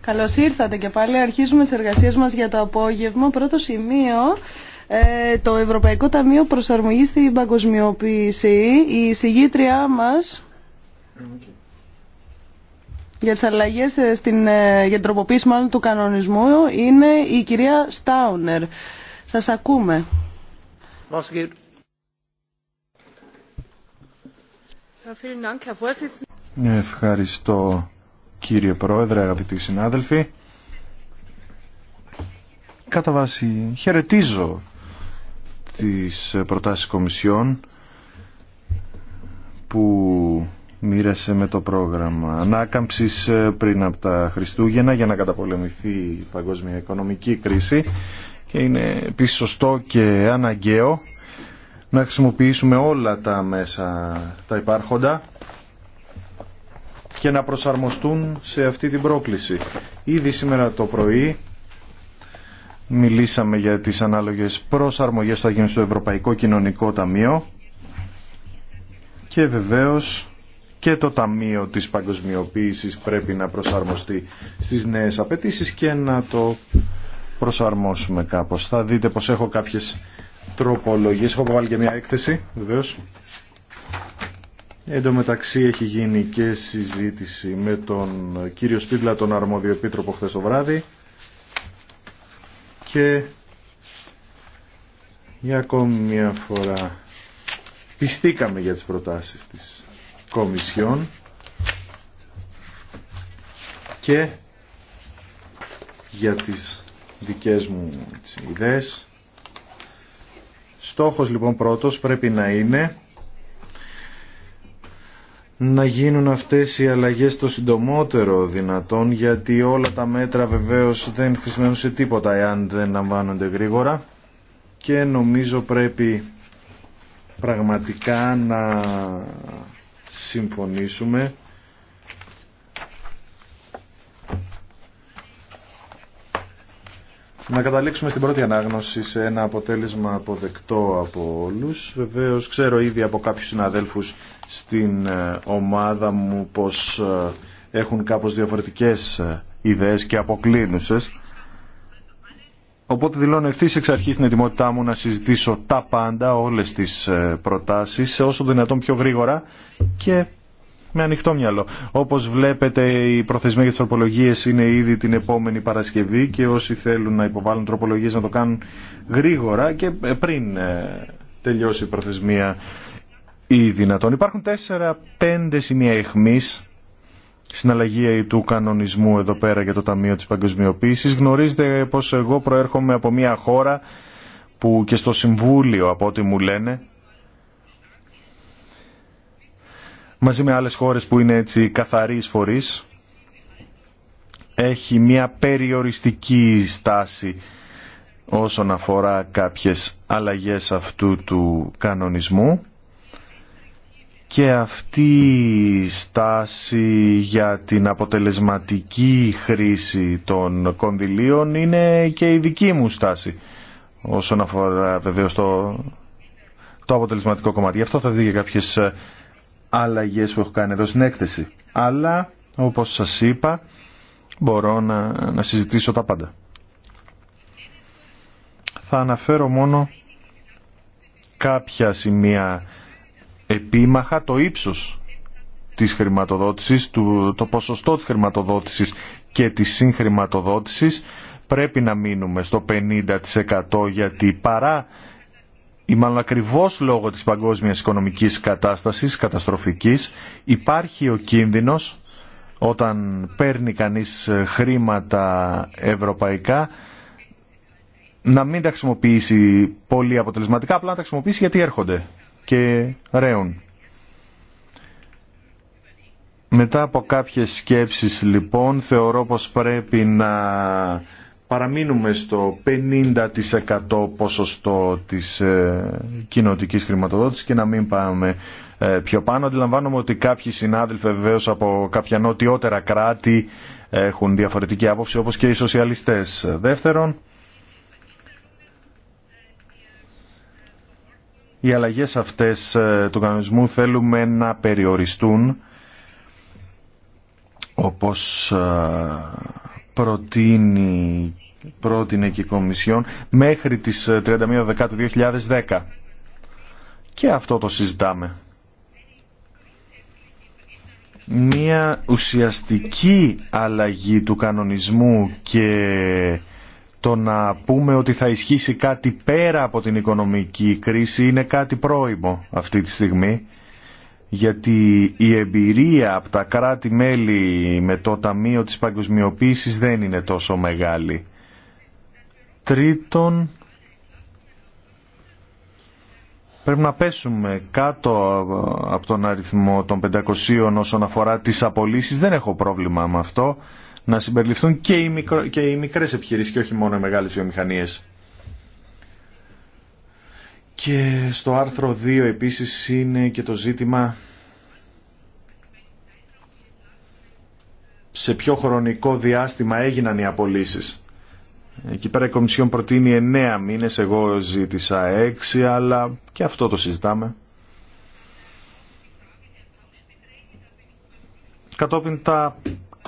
Καλώ ήρθατε και πάλι αρχίζουμε τι εργασίε μα για το απόγευμα. Πρώτο σημείο, ε, το Ευρωπαϊκό Ταμείο Προσαρμογής στην Παγκοσμιοποίηση. Η συγγήτριά μας για τι αλλαγέ ε, στην, ε, για τροποποίηση μάλλον του κανονισμού είναι η κυρία Στάουνερ. Σα ακούμε. Ευχαριστώ κύριε Πρόεδρε, αγαπητοί συνάδελφοι. Κατά βάση χαιρετίζω τις προτάσεις Κομισιόν που μοίρασε με το πρόγραμμα ανάκαμψης ε, πριν από τα Χριστούγεννα για να καταπολεμηθεί η παγκόσμια οικονομική κρίση και είναι επίσης σωστό και αναγκαίο να χρησιμοποιήσουμε όλα τα μέσα τα υπάρχοντα και να προσαρμοστούν σε αυτή την πρόκληση. Ήδη σήμερα το πρωί μιλήσαμε για τις ανάλογες προσαρμογές που θα γίνουν στο Ευρωπαϊκό Κοινωνικό Ταμείο και βεβαίως και το Ταμείο της Παγκοσμιοποίησης πρέπει να προσαρμοστεί στις νέες απαιτήσεις και να το προσαρμόσουμε κάπως. Θα δείτε πως έχω κάποιες τροπολογίες. Έχω βάλει και μια έκθεση, βεβαίω. Εν τω μεταξύ έχει γίνει και συζήτηση με τον κύριο Σπίτλα, τον αρμόδιο επίτροπο χθες το βράδυ. Και για ακόμη μια φορά πιστήκαμε για τις προτάσεις της Κομισιόν και για τις δικές μου ιδέες Στόχος λοιπόν πρώτος πρέπει να είναι να γίνουν αυτές οι αλλαγές το συντομότερο δυνατόν γιατί όλα τα μέτρα βεβαίως δεν χρησιμεύουν σε τίποτα εάν δεν λαμβάνονται γρήγορα και νομίζω πρέπει πραγματικά να συμφωνήσουμε να καταλήξουμε στην πρώτη ανάγνωση σε ένα αποτέλεσμα αποδεκτό από όλους. Βεβαίως ξέρω ήδη από κάποιους συναδέλφους στην ε, ομάδα μου πως ε, έχουν κάπως διαφορετικές ε, ιδέες και αποκλίνουσες. Οπότε δηλώνω ευθύ εξ αρχή την ετοιμότητά μου να συζητήσω τα πάντα, όλες τις προτάσεις, όσο δυνατόν πιο γρήγορα και με ανοιχτό μυαλό. Όπως βλέπετε οι προθεσμία για τις τροπολογίες είναι ήδη την επόμενη Παρασκευή και όσοι θέλουν να υποβάλουν τροπολογίες να το κάνουν γρήγορα και ε, πριν ε, τελειώσει η προθεσμία ή δυνατόν. Υπάρχουν τέσσερα-πέντε σημεία εχμής στην αλλαγή του κανονισμού εδώ πέρα για το Ταμείο της Παγκοσμιοποίησης. Γνωρίζετε πως εγώ προέρχομαι από μια χώρα που και στο Συμβούλιο από ό,τι μου λένε μαζί με άλλες χώρες που είναι έτσι καθαρής φορής έχει μια περιοριστική στάση όσον αφορά κάποιες αλλαγές αυτού του κανονισμού και αυτή η στάση για την αποτελεσματική χρήση των κονδυλίων είναι και η δική μου στάση όσον αφορά βεβαίως το, το αποτελεσματικό κομμάτι. αυτό θα δείτε κάποιες ε, αλλαγές που έχω κάνει εδώ στην έκθεση. Αλλά, όπως σας είπα, μπορώ να, να συζητήσω τα πάντα. Θα αναφέρω μόνο κάποια σημεία επίμαχα το ύψος της χρηματοδότησης, του, το ποσοστό της χρηματοδότησης και της συγχρηματοδότησης πρέπει να μείνουμε στο 50% γιατί παρά ή μάλλον ακριβώς λόγω της παγκόσμιας οικονομικής κατάστασης, καταστροφικής, υπάρχει ο κίνδυνος όταν παίρνει κανείς χρήματα ευρωπαϊκά να μην τα χρησιμοποιήσει πολύ αποτελεσματικά, απλά να τα χρησιμοποιήσει γιατί έρχονται και ρέουν. Μετά από κάποιες σκέψεις λοιπόν θεωρώ πως πρέπει να παραμείνουμε στο 50% ποσοστό της ε, κοινοτικής χρηματοδότησης και να μην πάμε ε, πιο πάνω. Αντιλαμβάνομαι ότι κάποιοι συνάδελφοι βεβαίω από κάποια νοτιότερα κράτη έχουν διαφορετική άποψη όπως και οι σοσιαλιστές. Δεύτερον, οι αλλαγές αυτές ε, του κανονισμού θέλουμε να περιοριστούν όπως ε, προτείνει, πρότεινε και η Κομισιόν μέχρι τις 31 Δεκάτου 2010. Και αυτό το συζητάμε. Μία ουσιαστική αλλαγή του κανονισμού και το να πούμε ότι θα ισχύσει κάτι πέρα από την οικονομική κρίση είναι κάτι πρόημο αυτή τη στιγμή γιατί η εμπειρία από τα κράτη-μέλη με το Ταμείο της Παγκοσμιοποίησης δεν είναι τόσο μεγάλη. Τρίτον, πρέπει να πέσουμε κάτω από τον αριθμό των 500 όσον αφορά τις απολύσεις. Δεν έχω πρόβλημα με αυτό. Να συμπεριληφθούν και οι, μικρο... και οι μικρές επιχειρήσεις και όχι μόνο οι μεγάλες βιομηχανίες. Και στο άρθρο 2 επίσης είναι και το ζήτημα σε ποιο χρονικό διάστημα έγιναν οι απολύσεις. Εκεί πέρα η Κομισιόν προτείνει 9 μήνες, εγώ ζήτησα 6, αλλά και αυτό το συζητάμε. Κατόπιν τα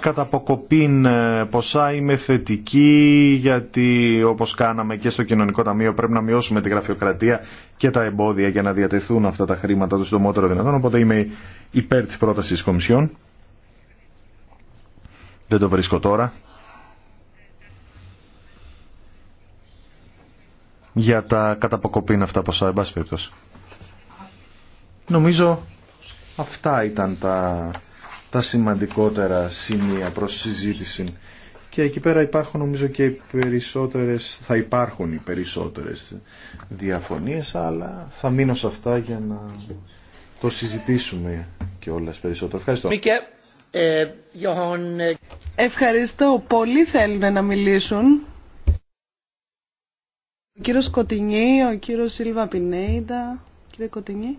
κατά αποκοπήν ε, ποσά είμαι θετική γιατί όπως κάναμε και στο κοινωνικό ταμείο πρέπει να μειώσουμε τη γραφειοκρατία και τα εμπόδια για να διατεθούν αυτά τα χρήματα το συντομότερο δυνατόν οπότε είμαι υπέρ της πρότασης της Κομισιόν δεν το βρίσκω τώρα για τα κατά αποκοπήν αυτά ποσά εν Νομίζω αυτά ήταν τα τα σημαντικότερα σημεία προς συζήτηση. Και εκεί πέρα υπάρχουν νομίζω και οι περισσότερες, θα υπάρχουν οι περισσότερες διαφωνίες, αλλά θα μείνω σε αυτά για να το συζητήσουμε και όλες περισσότερο. Ευχαριστώ. Ε, ε, Ευχαριστώ. Πολλοί θέλουν να μιλήσουν. Ο κύριος Κοτινή, ο κύριος Σίλβα Πινέιντα. Κύριε Κοτινή.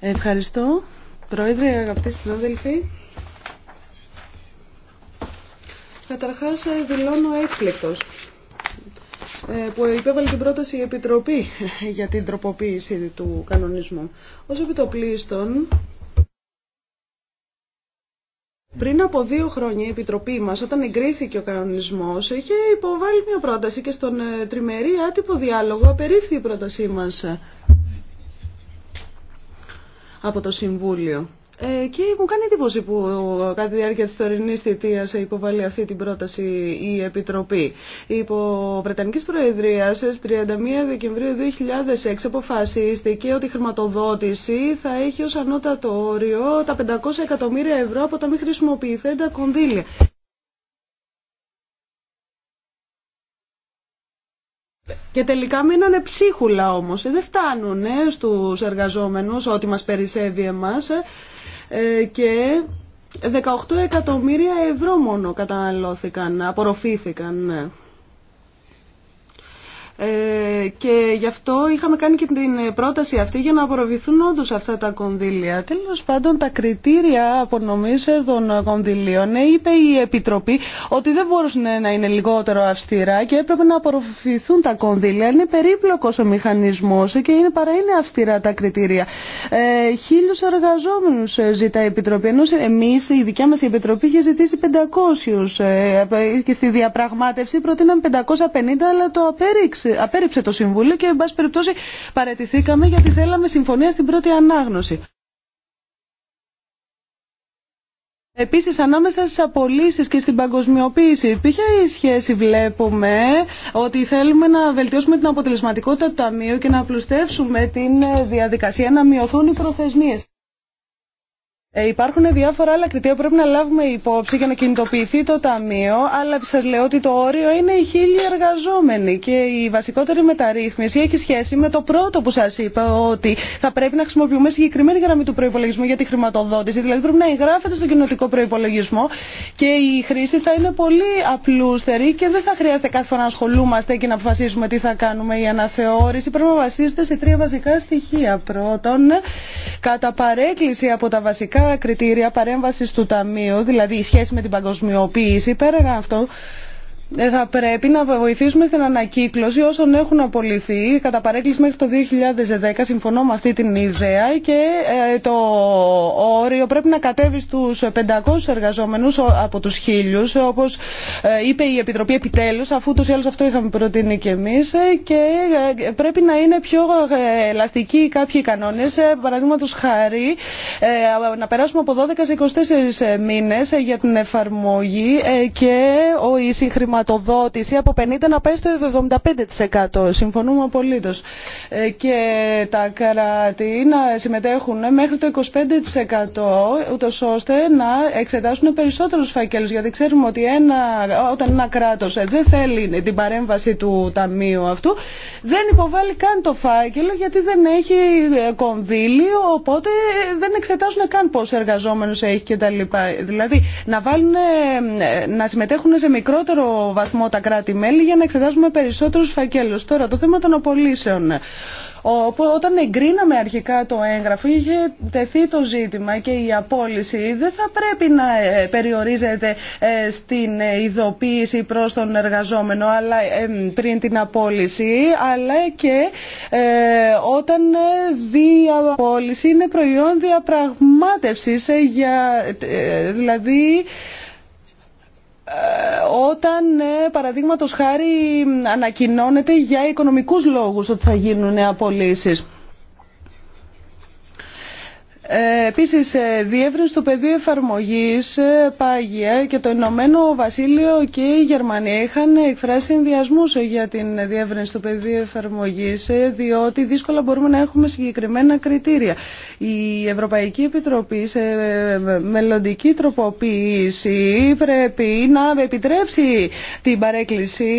Ευχαριστώ. Πρόεδρε, αγαπητοί συνάδελφοι. Καταρχάς ε, δηλώνω έκπληκτος ε, που υπέβαλε την πρόταση η Επιτροπή για την τροποποίηση του κανονισμού. Ω επιτοπλίστων, πριν από δύο χρόνια η Επιτροπή μας, όταν εγκρίθηκε ο κανονισμός, είχε υποβάλει μια πρόταση και στον ε, τριμερή άτυπο διάλογο απερίφθη η πρότασή μας από το Συμβούλιο. Ε, και μου κάνει εντύπωση που κατά τη διάρκεια τη τωρινή θητεία υποβάλλει αυτή την πρόταση η Επιτροπή. Υπό Βρετανική Προεδρίας 31 Δεκεμβρίου 2006 αποφασίστηκε ότι η χρηματοδότηση θα έχει ω ανώτατο όριο τα 500 εκατομμύρια ευρώ από τα μη χρησιμοποιηθέντα κονδύλια. Και τελικά μείνανε ψίχουλα όμως. Ε, δεν φτάνουν ε, στους εργαζόμενους ό,τι μας περισσεύει εμάς ε. και 18 εκατομμύρια ευρώ μόνο καταναλώθηκαν, απορροφήθηκαν. Ναι. Ε, και γι' αυτό είχαμε κάνει και την πρόταση αυτή για να απορροβηθούν όντω αυτά τα κονδύλια. Τέλο πάντων, τα κριτήρια απονομή των κονδυλίων ε, είπε η Επιτροπή ότι δεν μπορούσαν να είναι λιγότερο αυστηρά και έπρεπε να απορροφηθούν τα κονδύλια. Είναι περίπλοκο ο μηχανισμό και είναι, παρά είναι αυστηρά τα κριτήρια. Ε, Χίλιου εργαζόμενου ε, ζητά η Επιτροπή, ενώ εμεί, η δικιά μα Επιτροπή, είχε ζητήσει 500 και στη διαπραγμάτευση προτείναμε 550, αλλά το απέριξε απέρριψε το Συμβούλιο και, εν πάση περιπτώσει, παρατηθήκαμε γιατί θέλαμε συμφωνία στην πρώτη ανάγνωση. Επίσης ανάμεσα στις απολύσεις και στην παγκοσμιοποίηση, υπήρχε η σχέση βλέπουμε ότι θέλουμε να βελτιώσουμε την αποτελεσματικότητα του Ταμείου και να απλουστεύσουμε την διαδικασία, να μειωθούν οι προθεσμίες. Ε, υπάρχουν διάφορα άλλα κριτήρια που πρέπει να λάβουμε υπόψη για να κινητοποιηθεί το Ταμείο, αλλά σα λέω ότι το όριο είναι οι χίλιοι εργαζόμενοι και η βασικότερη μεταρρύθμιση έχει σχέση με το πρώτο που σα είπα, ότι θα πρέπει να χρησιμοποιούμε συγκεκριμένη γραμμή του προπολογισμού για τη χρηματοδότηση, δηλαδή πρέπει να εγγράφεται στο κοινοτικό προπολογισμό και η χρήση θα είναι πολύ απλούστερη και δεν θα χρειάζεται κάθε φορά να ασχολούμαστε και να αποφασίσουμε τι θα κάνουμε. Η αναθεώρηση πρέπει να βασίζεται σε τρία βασικά στοιχεία. Πρώτον, κατά παρέκκληση από τα βασικά κριτήρια παρέμβασης του Ταμείου, δηλαδή η σχέση με την παγκοσμιοποίηση, πέραν αυτό ε, θα πρέπει να βοηθήσουμε στην ανακύκλωση όσων έχουν απολυθεί κατά παρέκκληση μέχρι το 2010. Συμφωνώ με αυτή την ιδέα και ε, το όριο πρέπει να κατέβει στους 500 εργαζόμενους από τους 1000 όπως ε, είπε η Επιτροπή επιτέλους αφού τους ή άλλους αυτό είχαμε προτείνει και εμείς και πρέπει να είναι πιο ελαστικοί κάποιοι κανόνες παραδείγματο χάρη να περάσουμε από 12 σε 24 μήνες για την εφαρμογή και ο χρηματοδότηση από 50% να πάει στο 75%. Συμφωνούμε απολύτως. Ε, και τα κράτη να συμμετέχουν μέχρι το 25% ούτω ώστε να εξετάσουν περισσότερου φακέλους. Γιατί ξέρουμε ότι ένα, όταν ένα κράτο δεν θέλει την παρέμβαση του ταμείου αυτού δεν υποβάλλει καν το φάκελο γιατί δεν έχει ε, κονδύλιο οπότε ε, δεν εξετάζουν καν πόσο εργαζόμενους έχει κτλ. Δηλαδή να, βάλουν, να συμμετέχουν σε μικρότερο βαθμό τα κράτη-μέλη για να εξετάσουμε περισσότερους φακέλους. Τώρα το θέμα των απολύσεων. Όταν εγκρίναμε αρχικά το έγγραφο είχε τεθεί το ζήτημα και η απόλυση δεν θα πρέπει να ε, περιορίζεται ε, στην ε, ειδοποίηση προς τον εργαζόμενο αλλά πριν την απόλυση αλλά και όταν η απόλυση είναι προϊόν διαπραγμάτευσης για, δηλαδή ε, όταν ε, παραδείγματος χάρη ανακοινώνεται για οικονομικούς λόγους ότι θα γίνουν απολύσεις. Ε, επίσης, ε, διεύρυνση του πεδίου εφαρμογής ε, πάγια και το Ηνωμένο Βασίλειο και η Γερμανία είχαν εκφράσει συνδυασμού για την διεύρυνση του πεδίου εφαρμογής, διότι δύσκολα μπορούμε να έχουμε συγκεκριμένα κριτήρια. Η Ευρωπαϊκή Επιτροπή σε μελλοντική τροποποίηση πρέπει να επιτρέψει την παρέκκληση,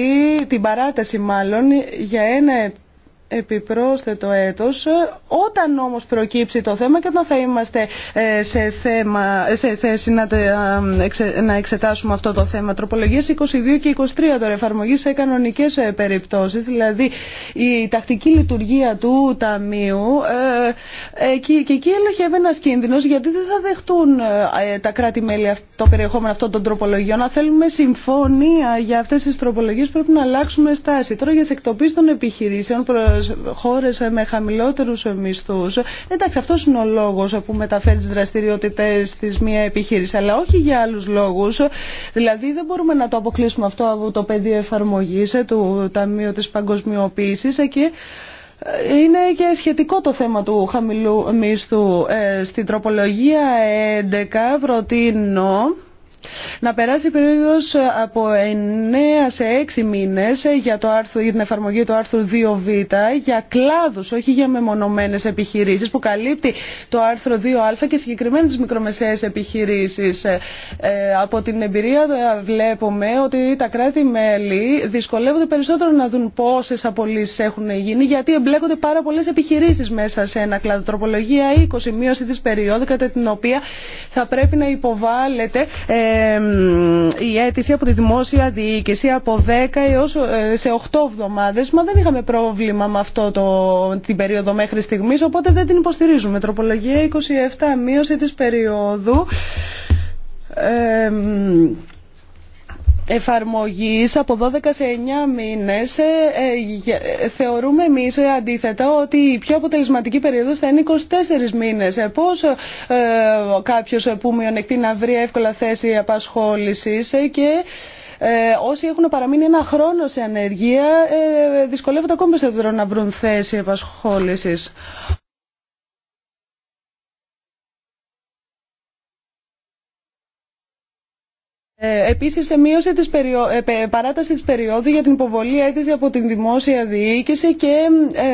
την παράταση μάλλον, για ένα επιπρόσθετο έτος όταν όμως προκύψει το θέμα και όταν θα είμαστε ε, σε, θέμα, σε θέση να, ε, να εξετάσουμε αυτό το θέμα. Τροπολογίες 22 και 23 τώρα εφαρμογή σε κανονικές ε, περιπτώσεις δηλαδή η τακτική λειτουργία του Ταμείου και, εκεί ελοχεύει ένα κίνδυνο γιατί δεν θα δεχτούν τα κράτη-μέλη το περιεχόμενο αυτών των τροπολογιών. Αν θέλουμε συμφωνία για αυτές τις τροπολογίες πρέπει να αλλάξουμε στάση. Τώρα για τις των επιχειρήσεων χώρες με χαμηλότερου μισθού. Εντάξει, αυτό είναι ο λόγο που μεταφέρει τι δραστηριότητε τη μία επιχείρηση, αλλά όχι για άλλους λόγους. Δηλαδή δεν μπορούμε να το αποκλείσουμε αυτό από το πεδίο εφαρμογής ε, του Ταμείου της παγκοσμιοποίηση, και ε, είναι και σχετικό το θέμα του χαμηλού μισθού. Ε, στην τροπολογία 11 προτείνω να περάσει η περίοδος ε, από 9 σε 6 μήνες ε, για, για την εφαρμογή του άρθρου 2β για κλάδους, όχι για μεμονωμένες επιχειρήσεις που καλύπτει το άρθρο 2α και συγκεκριμένα τις μικρομεσαίες επιχειρήσεις. Ε, ε από την εμπειρία βλέπουμε ότι τα κράτη-μέλη δυσκολεύονται περισσότερο να δουν πόσες απολύσεις έχουν γίνει γιατί εμπλέκονται πάρα πολλές επιχειρήσεις μέσα σε ένα κλάδο. Τροπολογία 20, μείωση της περίοδου κατά την οποία θα πρέπει να υποβάλλεται ε, ε, η αίτηση από τη δημόσια διοίκηση από 10 έως ε, σε 8 εβδομάδες. Μα δεν είχαμε πρόβλημα με αυτό το, την περίοδο μέχρι στιγμής, οπότε δεν την υποστηρίζουμε. Τροπολογία 27, μείωση της περίοδου. Ε, εφαρμογής από 12 σε 9 μήνες ε, ε, θεωρούμε εμείς ε, αντίθετα ότι η πιο αποτελεσματική περίοδος θα είναι 24 μήνες. Πώς κάποιος που μειονεκτεί να βρει εύκολα θέση απασχόλησης και όσοι έχουν παραμείνει ένα χρόνο σε ανεργία δυσκολεύονται ακόμη περισσότερο να βρουν θέση απασχόλησης. Ε, επίσης, μείωση της περιο... Ε, παράταση της περίοδου για την υποβολή αίτηση από την δημόσια διοίκηση και ε,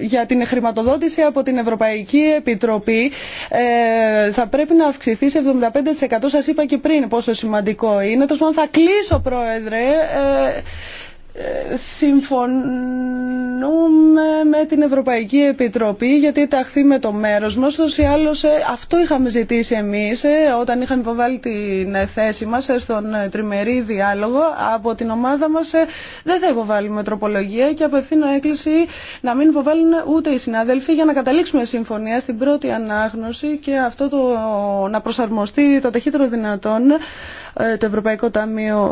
για την χρηματοδότηση από την Ευρωπαϊκή Επιτροπή θα πρέπει να αυξηθεί σε 75%. Σα είπα και πριν πόσο σημαντικό είναι. Τόσο θα κλείσω, Πρόεδρε συμφωνούμε με την Ευρωπαϊκή Επιτροπή γιατί ταχθεί με το μέρος μας. Ωστόσο, ή άλλως ε, αυτό είχαμε ζητήσει εμείς ε, όταν είχαμε υποβάλει την ε, θέση μας στον τριμερή διάλογο από την ομάδα μας δεν θα υποβάλουμε τροπολογία και απευθύνω έκκληση να μην υποβάλουν ούτε οι συνάδελφοι για να καταλήξουμε συμφωνία στην πρώτη ανάγνωση και αυτό το, να προσαρμοστεί το ταχύτερο δυνατόν ε, το Ευρωπαϊκό Ταμείο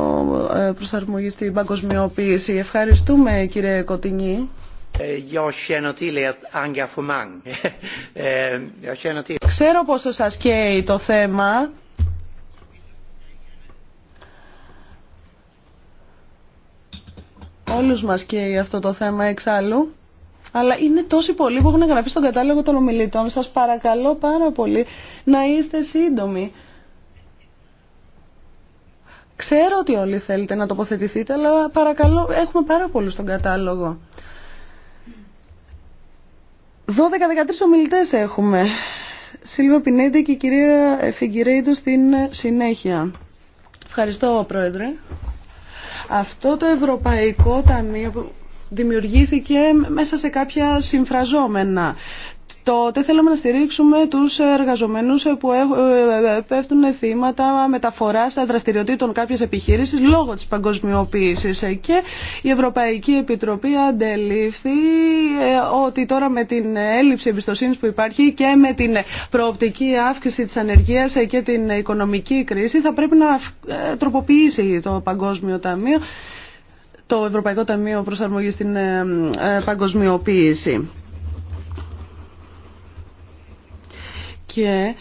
ε, Προσαρμογής στην Παγκοσμιοποίηση. Ευχαριστούμε κύριε Κοτινή. Ε, Ξέρω πόσο σας καίει το θέμα. Όλους μας καίει αυτό το θέμα εξάλλου. Αλλά είναι τόσοι πολλοί που έχουν γραφεί στον κατάλογο των ομιλητών. Σας παρακαλώ πάρα πολύ να είστε σύντομοι. Ξέρω ότι όλοι θέλετε να τοποθετηθείτε, αλλά παρακαλώ, έχουμε πάρα πολλού στον κατάλογο. 12-13 ομιλητέ έχουμε. Σίλβα Πινέντε και η κυρία Φιγκυρέιντο στην συνέχεια. Ευχαριστώ, Πρόεδρε. Αυτό το Ευρωπαϊκό Ταμείο δημιουργήθηκε μέσα σε κάποια συμφραζόμενα τότε θέλουμε να στηρίξουμε τους εργαζομένους που ε, ε, ε, πέφτουν θύματα μεταφοράς δραστηριοτήτων κάποιες επιχείρησης λόγω της παγκοσμιοποίησης και η Ευρωπαϊκή Επιτροπή αντελήφθη ότι τώρα με την έλλειψη εμπιστοσύνης που υπάρχει και με την προοπτική αύξηση της ανεργίας και την οικονομική κρίση θα πρέπει να τροποποιήσει το Παγκόσμιο Ταμείο το Ευρωπαϊκό Ταμείο Προσαρμογής στην Παγκοσμιοποίηση. και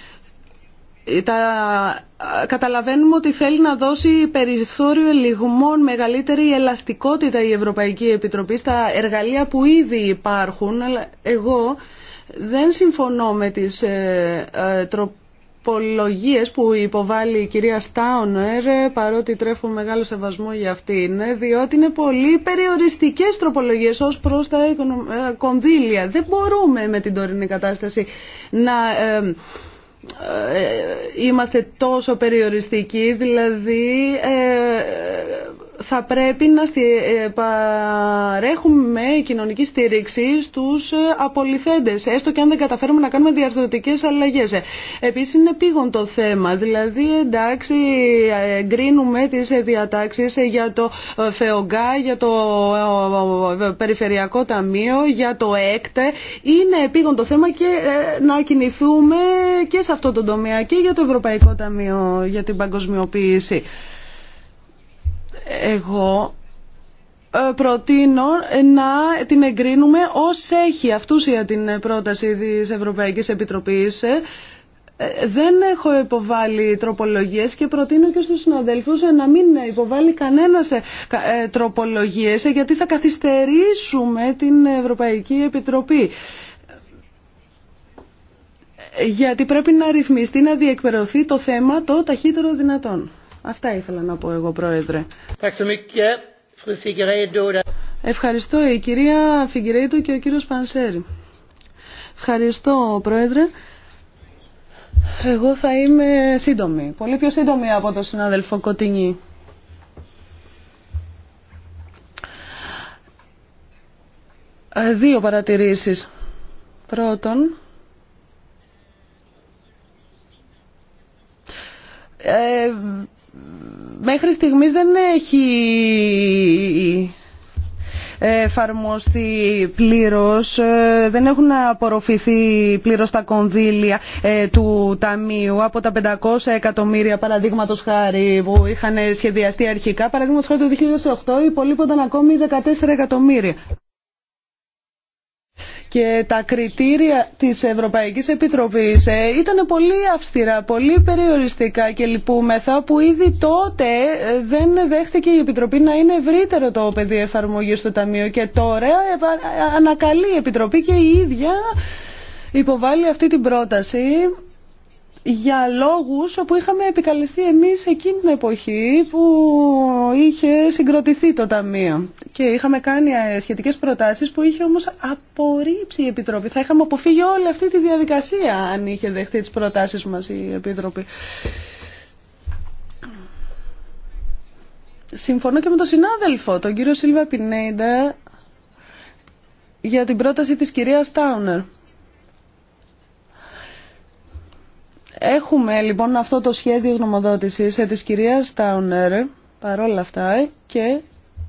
τα... καταλαβαίνουμε ότι θέλει να δώσει περιθώριο λιγμών μεγαλύτερη ελαστικότητα η Ευρωπαϊκή Επιτροπή στα εργαλεία που ήδη υπάρχουν, αλλά εγώ δεν συμφωνώ με τις ε, ε τροπολογίες που υποβάλλει η κυρία Στάουνερ, παρότι τρέφω μεγάλο σεβασμό για αυτήν, διότι είναι πολύ περιοριστικές τροπολογίες ως προς τα ε, κονδύλια. Δεν μπορούμε με την τωρινή κατάσταση να ε, ε, είμαστε τόσο περιοριστικοί, δηλαδή θα πρέπει να ε, παρέχουμε κοινωνική στήριξη στους ε, απολυθέντες, έστω και αν δεν καταφέρουμε να κάνουμε διαρθρωτικές αλλαγές. Ε, επίσης είναι πήγον το θέμα, δηλαδή εντάξει εγκρίνουμε τις διατάξεις για το ΦΕΟΓΚΑ, για το Περιφερειακό Ταμείο, για το ΕΚΤΕ. Είναι πήγον το θέμα και να κινηθούμε και σε αυτό το τομέα και για το Ευρωπαϊκό Ταμείο για την παγκοσμιοποίηση. Εγώ ε, προτείνω να την εγκρίνουμε ως έχει για την πρόταση της Ευρωπαϊκής Επιτροπής. Ε, δεν έχω υποβάλει τροπολογίες και προτείνω και στους συναδέλφους ε, να μην υποβάλει κανένας τροπολογίες γιατί θα καθυστερήσουμε την Ευρωπαϊκή Επιτροπή γιατί πρέπει να ρυθμιστεί, να διεκπαιρεωθεί το θέμα το ταχύτερο δυνατόν. Αυτά ήθελα να πω εγώ, Πρόεδρε. Ευχαριστώ η κυρία Φιγκρέιντο και ο κύριος Πανσέρη. Ευχαριστώ, Πρόεδρε. Εγώ θα είμαι σύντομη, πολύ πιο σύντομη από τον συνάδελφο Κοτίνι. Ε, δύο παρατηρήσεις. Πρώτον, ε, μέχρι στιγμής δεν έχει ε, εφαρμοστεί πλήρως, ε, δεν έχουν απορροφηθεί πλήρως τα κονδύλια ε, του Ταμείου από τα 500 εκατομμύρια παραδείγματος χάρη που είχαν σχεδιαστεί αρχικά. Παραδείγματος χάρη το 2008 υπολείπονταν ακόμη 14 εκατομμύρια και τα κριτήρια της Ευρωπαϊκής Επιτροπής ε, ήταν πολύ αυστηρά, πολύ περιοριστικά και λυπούμεθα που ήδη τότε ε, δεν δέχτηκε η Επιτροπή να είναι ευρύτερο το πεδίο εφαρμογής του Ταμείου και τώρα ε, ανακαλεί η Επιτροπή και η ίδια υποβάλλει αυτή την πρόταση για λόγους όπου είχαμε επικαλεστεί εμείς εκείνη την εποχή που είχε συγκροτηθεί το Ταμείο και είχαμε κάνει ε, σχετικές προτάσεις που είχε όμως απορρίψει η Επιτροπή. Θα είχαμε αποφύγει όλη αυτή τη διαδικασία αν είχε δεχτεί τις προτάσεις μας η Επιτροπή. Συμφωνώ και με τον συνάδελφο, τον κύριο Σίλβα Πινέιντα, για την πρόταση της κυρίας Τάουνερ. Έχουμε λοιπόν αυτό το σχέδιο γνωμοδότησης ε, της κυρία Τάουνερ παρόλα αυτά και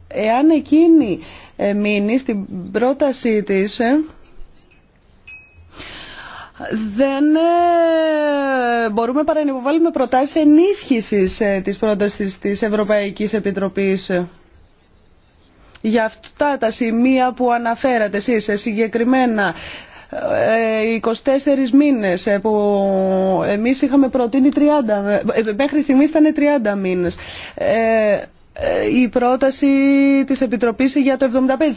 εάν εκείνη ε, μείνει στην πρότασή της ε, δεν μπορούμε παρά να υποβάλουμε προτάσεις ενίσχυσης της πρότασης της Ευρωπαϊκής Επιτροπής για αυτά τα σημεία που αναφέρατε εσείς συγκεκριμένα 24 ε, ε, μήνες ε, που εμείς είχαμε προτείνει 30, μέχρι στιγμής ήταν 30 μήνες. Η πρόταση της Επιτροπής για το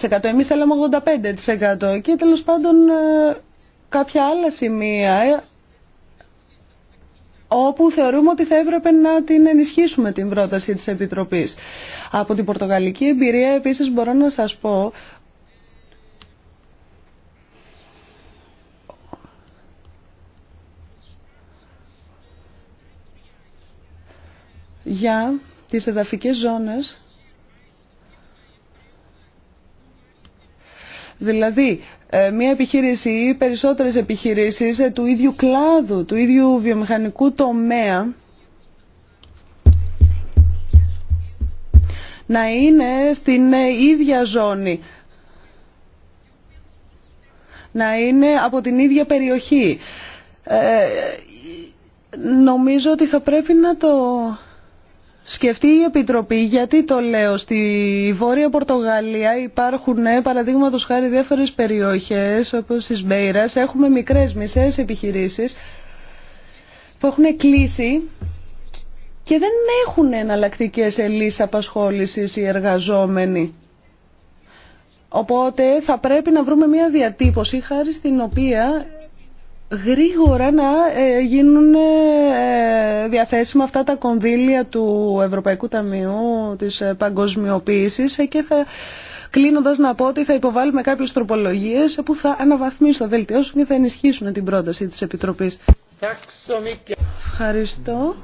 75%, εμείς θέλαμε 85% και τέλος πάντων κάποια άλλα σημεία όπου θεωρούμε ότι θα έπρεπε να την ενισχύσουμε την πρόταση της Επιτροπής. Από την πορτογαλική εμπειρία επίσης μπορώ να σας πω για τις εδαφικές ζώνες Δηλαδή, ε, μία επιχείρηση ή περισσότερες επιχειρήσεις ε, του ίδιου κλάδου, του ίδιου βιομηχανικού τομέα να είναι στην ε, ίδια ζώνη, να είναι από την ίδια περιοχή. νομίζω ότι θα πρέπει να το σκεφτεί η Επιτροπή γιατί το λέω. Στη Βόρεια Πορτογαλία υπάρχουν ε, παραδείγματος χάρη διάφορες περιοχές όπως της Μπέιρας. Έχουμε μικρές μισές επιχειρήσεις που έχουν κλείσει και δεν έχουν εναλλακτικέ λύσεις απασχόλησης οι εργαζόμενοι. Οπότε θα πρέπει να βρούμε μια διατύπωση χάρη στην οποία γρήγορα να ε, γίνουν ε, διαθέσιμα αυτά τα κονδύλια του Ευρωπαϊκού Ταμείου της ε, Παγκοσμιοποίησης και θα κλείνοντας να πω ότι θα υποβάλουμε κάποιες τροπολογίες που θα αναβαθμίσουν, θα βελτιώσουν και θα ενισχύσουν την πρόταση της Επιτροπής. Ευχαριστώ.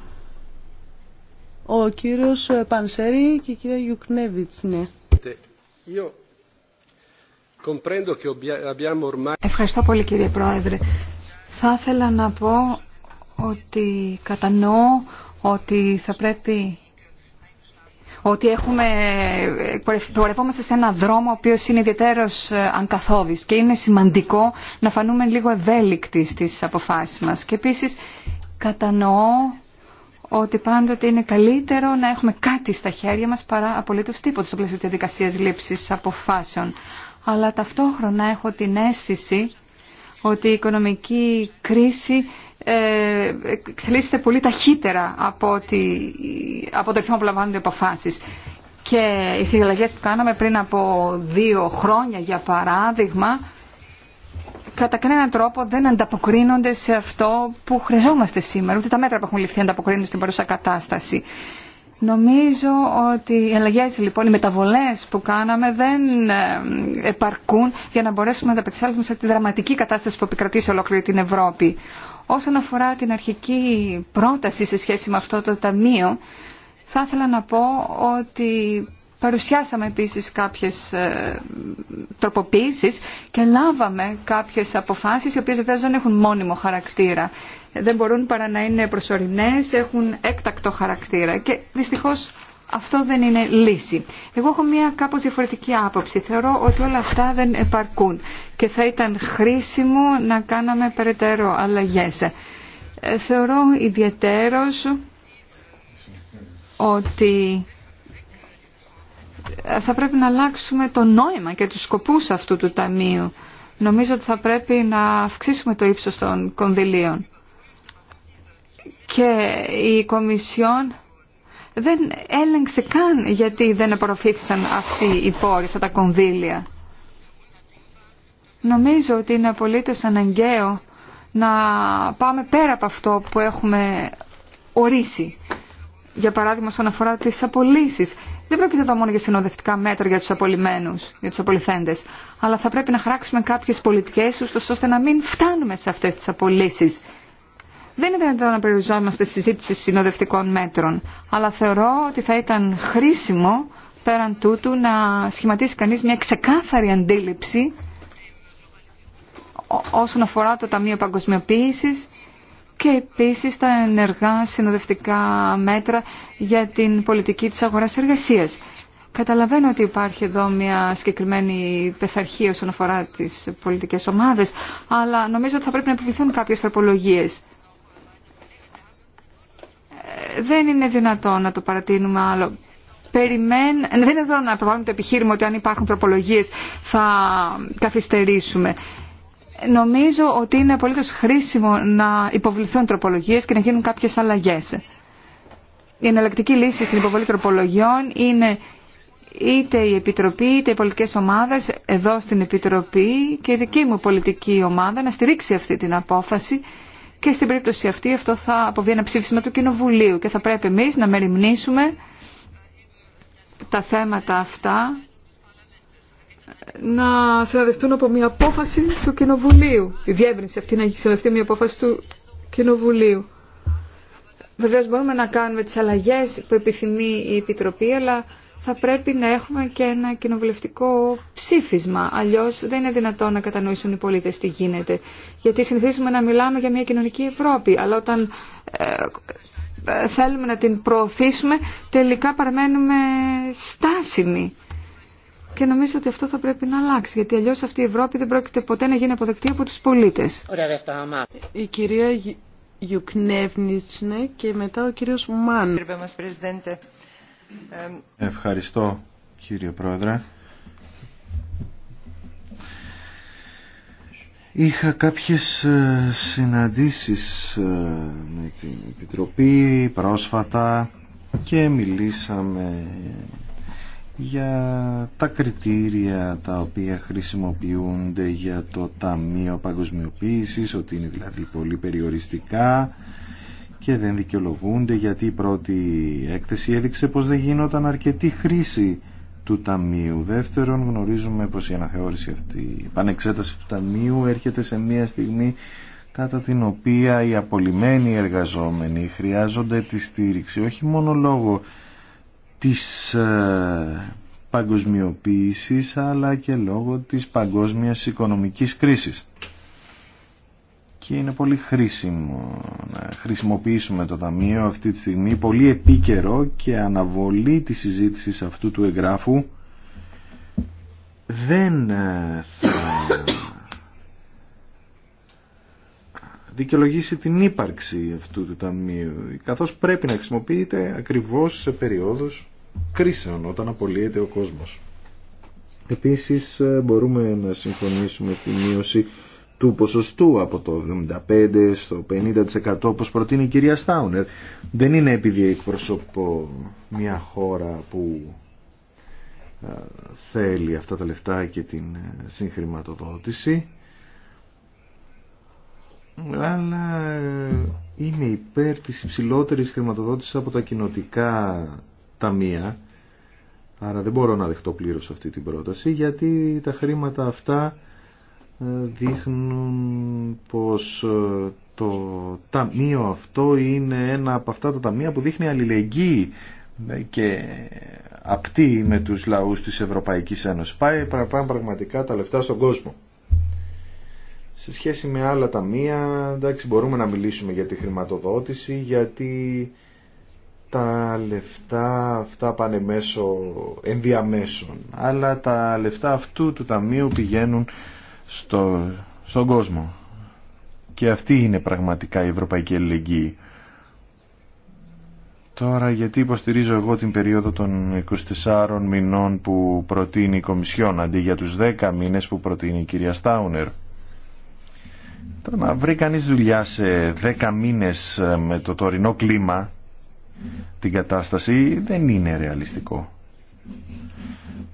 Ο κύριος Πανσέρη και η κυρία Γιουκνέβιτς, ναι. Ευχαριστώ πολύ κύριε Πρόεδρε. Θα ήθελα να πω ότι κατανοώ ότι θα πρέπει ότι έχουμε, πορευόμαστε σε ένα δρόμο ο οποίος είναι ιδιαίτερος ε, ανκαθόδης και είναι σημαντικό να φανούμε λίγο ευέλικτοι στις αποφάσεις μας. Και επίσης κατανοώ ότι πάντοτε είναι καλύτερο να έχουμε κάτι στα χέρια μας παρά απολύτως τίποτα στο πλαίσιο της διαδικασίας λήψης αποφάσεων. Αλλά ταυτόχρονα έχω την αίσθηση ότι η οικονομική κρίση ε, εξελίσσεται πολύ ταχύτερα από, ότι, από το ρυθμό που λαμβάνονται οι αποφάσεις. Και οι συλλαγές που κάναμε πριν από δύο χρόνια, για παράδειγμα, κατά κανέναν τρόπο δεν ανταποκρίνονται σε αυτό που χρειαζόμαστε σήμερα. Ούτε τα μέτρα που έχουν ληφθεί ανταποκρίνονται στην παρούσα κατάσταση. Νομίζω ότι οι αλλαγέ λοιπόν, οι μεταβολές που κάναμε δεν ε, επαρκούν για να μπορέσουμε να ανταπεξέλθουμε σε τη δραματική κατάσταση που επικρατεί σε ολόκληρη την Ευρώπη. Όσον αφορά την αρχική πρόταση σε σχέση με αυτό το ταμείο, θα ήθελα να πω ότι παρουσιάσαμε επίσης κάποιες ε, τροποποίησεις και λάβαμε κάποιες αποφάσεις οι οποίες βέβαια δεν έχουν μόνιμο χαρακτήρα δεν μπορούν παρά να είναι προσωρινές, έχουν έκτακτο χαρακτήρα και δυστυχώς αυτό δεν είναι λύση. Εγώ έχω μια κάπως διαφορετική άποψη. Θεωρώ ότι όλα αυτά δεν επαρκούν και θα ήταν χρήσιμο να κάναμε περαιτέρω αλλαγές. Ε, θεωρώ ιδιαίτερος ότι ε, θα πρέπει να αλλάξουμε το νόημα και τους σκοπούς αυτού του ταμείου. Νομίζω ότι θα πρέπει να αυξήσουμε το ύψος των κονδυλίων και η Κομισιόν δεν έλεγξε καν γιατί δεν απορροφήθησαν αυτοί οι πόροι, αυτά τα κονδύλια. Νομίζω ότι είναι απολύτως αναγκαίο να πάμε πέρα από αυτό που έχουμε ορίσει. Για παράδειγμα, στον αφορά τις απολύσεις. Δεν πρέπει να μόνο για συνοδευτικά μέτρα για τους απολυμένους, για τους απολυθέντες. Αλλά θα πρέπει να χράξουμε κάποιες πολιτικές, ώστε να μην φτάνουμε σε αυτές τις απολύσεις δεν είναι δυνατόν να περιοριζόμαστε στη συζήτηση συνοδευτικών μέτρων, αλλά θεωρώ ότι θα ήταν χρήσιμο πέραν τούτου να σχηματίσει κανείς μια ξεκάθαρη αντίληψη όσον αφορά το Ταμείο Παγκοσμιοποίησης και επίσης τα ενεργά συνοδευτικά μέτρα για την πολιτική της αγοράς εργασίας. Καταλαβαίνω ότι υπάρχει εδώ μια συγκεκριμένη πεθαρχία όσον αφορά τις πολιτικές ομάδες, αλλά νομίζω ότι θα πρέπει να επιβληθούν κάποιες τροπολογίες δεν είναι δυνατόν να το παρατείνουμε άλλο. Περιμέν... Δεν είναι εδώ να προβάλλουμε το επιχείρημα ότι αν υπάρχουν τροπολογίες θα καθυστερήσουμε. Νομίζω ότι είναι απολύτως χρήσιμο να υποβληθούν τροπολογίες και να γίνουν κάποιες αλλαγές. Η εναλλακτική λύση στην υποβολή τροπολογιών είναι είτε η Επιτροπή είτε οι πολιτικές ομάδες εδώ στην Επιτροπή και η δική μου πολιτική ομάδα να στηρίξει αυτή την απόφαση και στην περίπτωση αυτή αυτό θα αποβεί ένα ψήφισμα του Κοινοβουλίου και θα πρέπει εμείς να μεριμνήσουμε τα θέματα αυτά να συναδευτούν από μια απόφαση του Κοινοβουλίου. Η διεύρυνση αυτή να έχει συναδευτεί μια απόφαση του Κοινοβουλίου. Βεβαίως μπορούμε να κάνουμε τις αλλαγές που επιθυμεί η Επιτροπή, αλλά θα πρέπει να έχουμε και ένα κοινοβουλευτικό ψήφισμα. Αλλιώς δεν είναι δυνατόν να κατανοήσουν οι πολίτες τι γίνεται. Γιατί συνηθίζουμε να μιλάμε για μια κοινωνική Ευρώπη, αλλά όταν ε, ε, θέλουμε να την προωθήσουμε τελικά παραμένουμε στάσιμοι. Και νομίζω ότι αυτό θα πρέπει να αλλάξει, γιατί αλλιώς αυτή η Ευρώπη δεν πρόκειται ποτέ να γίνει αποδεκτή από τους πολίτες. Η κυρία και μετά ο κύριος Μάν. Ε, ευχαριστώ κύριε Πρόεδρε. Είχα κάποιες ε, συναντήσεις ε, με την Επιτροπή πρόσφατα και μιλήσαμε για τα κριτήρια τα οποία χρησιμοποιούνται για το Ταμείο Παγκοσμιοποίησης, ότι είναι δηλαδή πολύ περιοριστικά και δεν δικαιολογούνται γιατί η πρώτη έκθεση έδειξε πως δεν γινόταν αρκετή χρήση του Ταμείου. Δεύτερον, γνωρίζουμε πως η αναθεώρηση αυτή, η πανεξέταση του Ταμείου έρχεται σε μια στιγμή κατά την οποία οι απολυμμένοι εργαζόμενοι χρειάζονται τη στήριξη, όχι μόνο λόγω της ε, παγκοσμιοποίησης, αλλά και λόγω της παγκόσμιας οικονομικής κρίσης και είναι πολύ χρήσιμο να χρησιμοποιήσουμε το Ταμείο αυτή τη στιγμή πολύ επίκαιρο και αναβολή της συζήτησης αυτού του εγγράφου δεν ε, θα δικαιολογήσει την ύπαρξη αυτού του Ταμείου καθώς πρέπει να χρησιμοποιείται ακριβώς σε περιόδους κρίσεων όταν απολύεται ο κόσμος. Επίσης ε, μπορούμε να συμφωνήσουμε στη μείωση του ποσοστού από το 75% στο 50% όπως προτείνει η κυρία Στάουνερ. Δεν είναι επειδή εκπροσωπώ μια χώρα που ε, θέλει αυτά τα λεφτά και την ε, συγχρηματοδότηση αλλά ε, είμαι υπέρ της υψηλότερης χρηματοδότησης από τα κοινοτικά ταμεία άρα δεν μπορώ να δεχτώ πλήρως αυτή την πρόταση γιατί τα χρήματα αυτά δείχνουν πως ε, το ταμείο αυτό είναι ένα από αυτά τα ταμεία που δείχνει αλληλεγγύη ε, και απτή με τους λαούς της Ευρωπαϊκής Ένωσης. Πάει πραγματικά τα λεφτά στον κόσμο. Σε σχέση με άλλα ταμεία, εντάξει, μπορούμε να μιλήσουμε για τη χρηματοδότηση, γιατί τα λεφτά αυτά πάνε μέσω ενδιαμέσων, αλλά τα λεφτά αυτού του ταμείου πηγαίνουν στο, στον κόσμο. Και αυτή είναι πραγματικά η ευρωπαϊκή ελληνική. Τώρα γιατί υποστηρίζω εγώ την περίοδο των 24 μηνών που προτείνει η Κομισιόν αντί για τους 10 μήνες που προτείνει η κυρία Στάουνερ. Το να βρει κανεί δουλειά σε 10 μήνες ε, με το τωρινό κλίμα την κατάσταση δεν είναι ρεαλιστικό.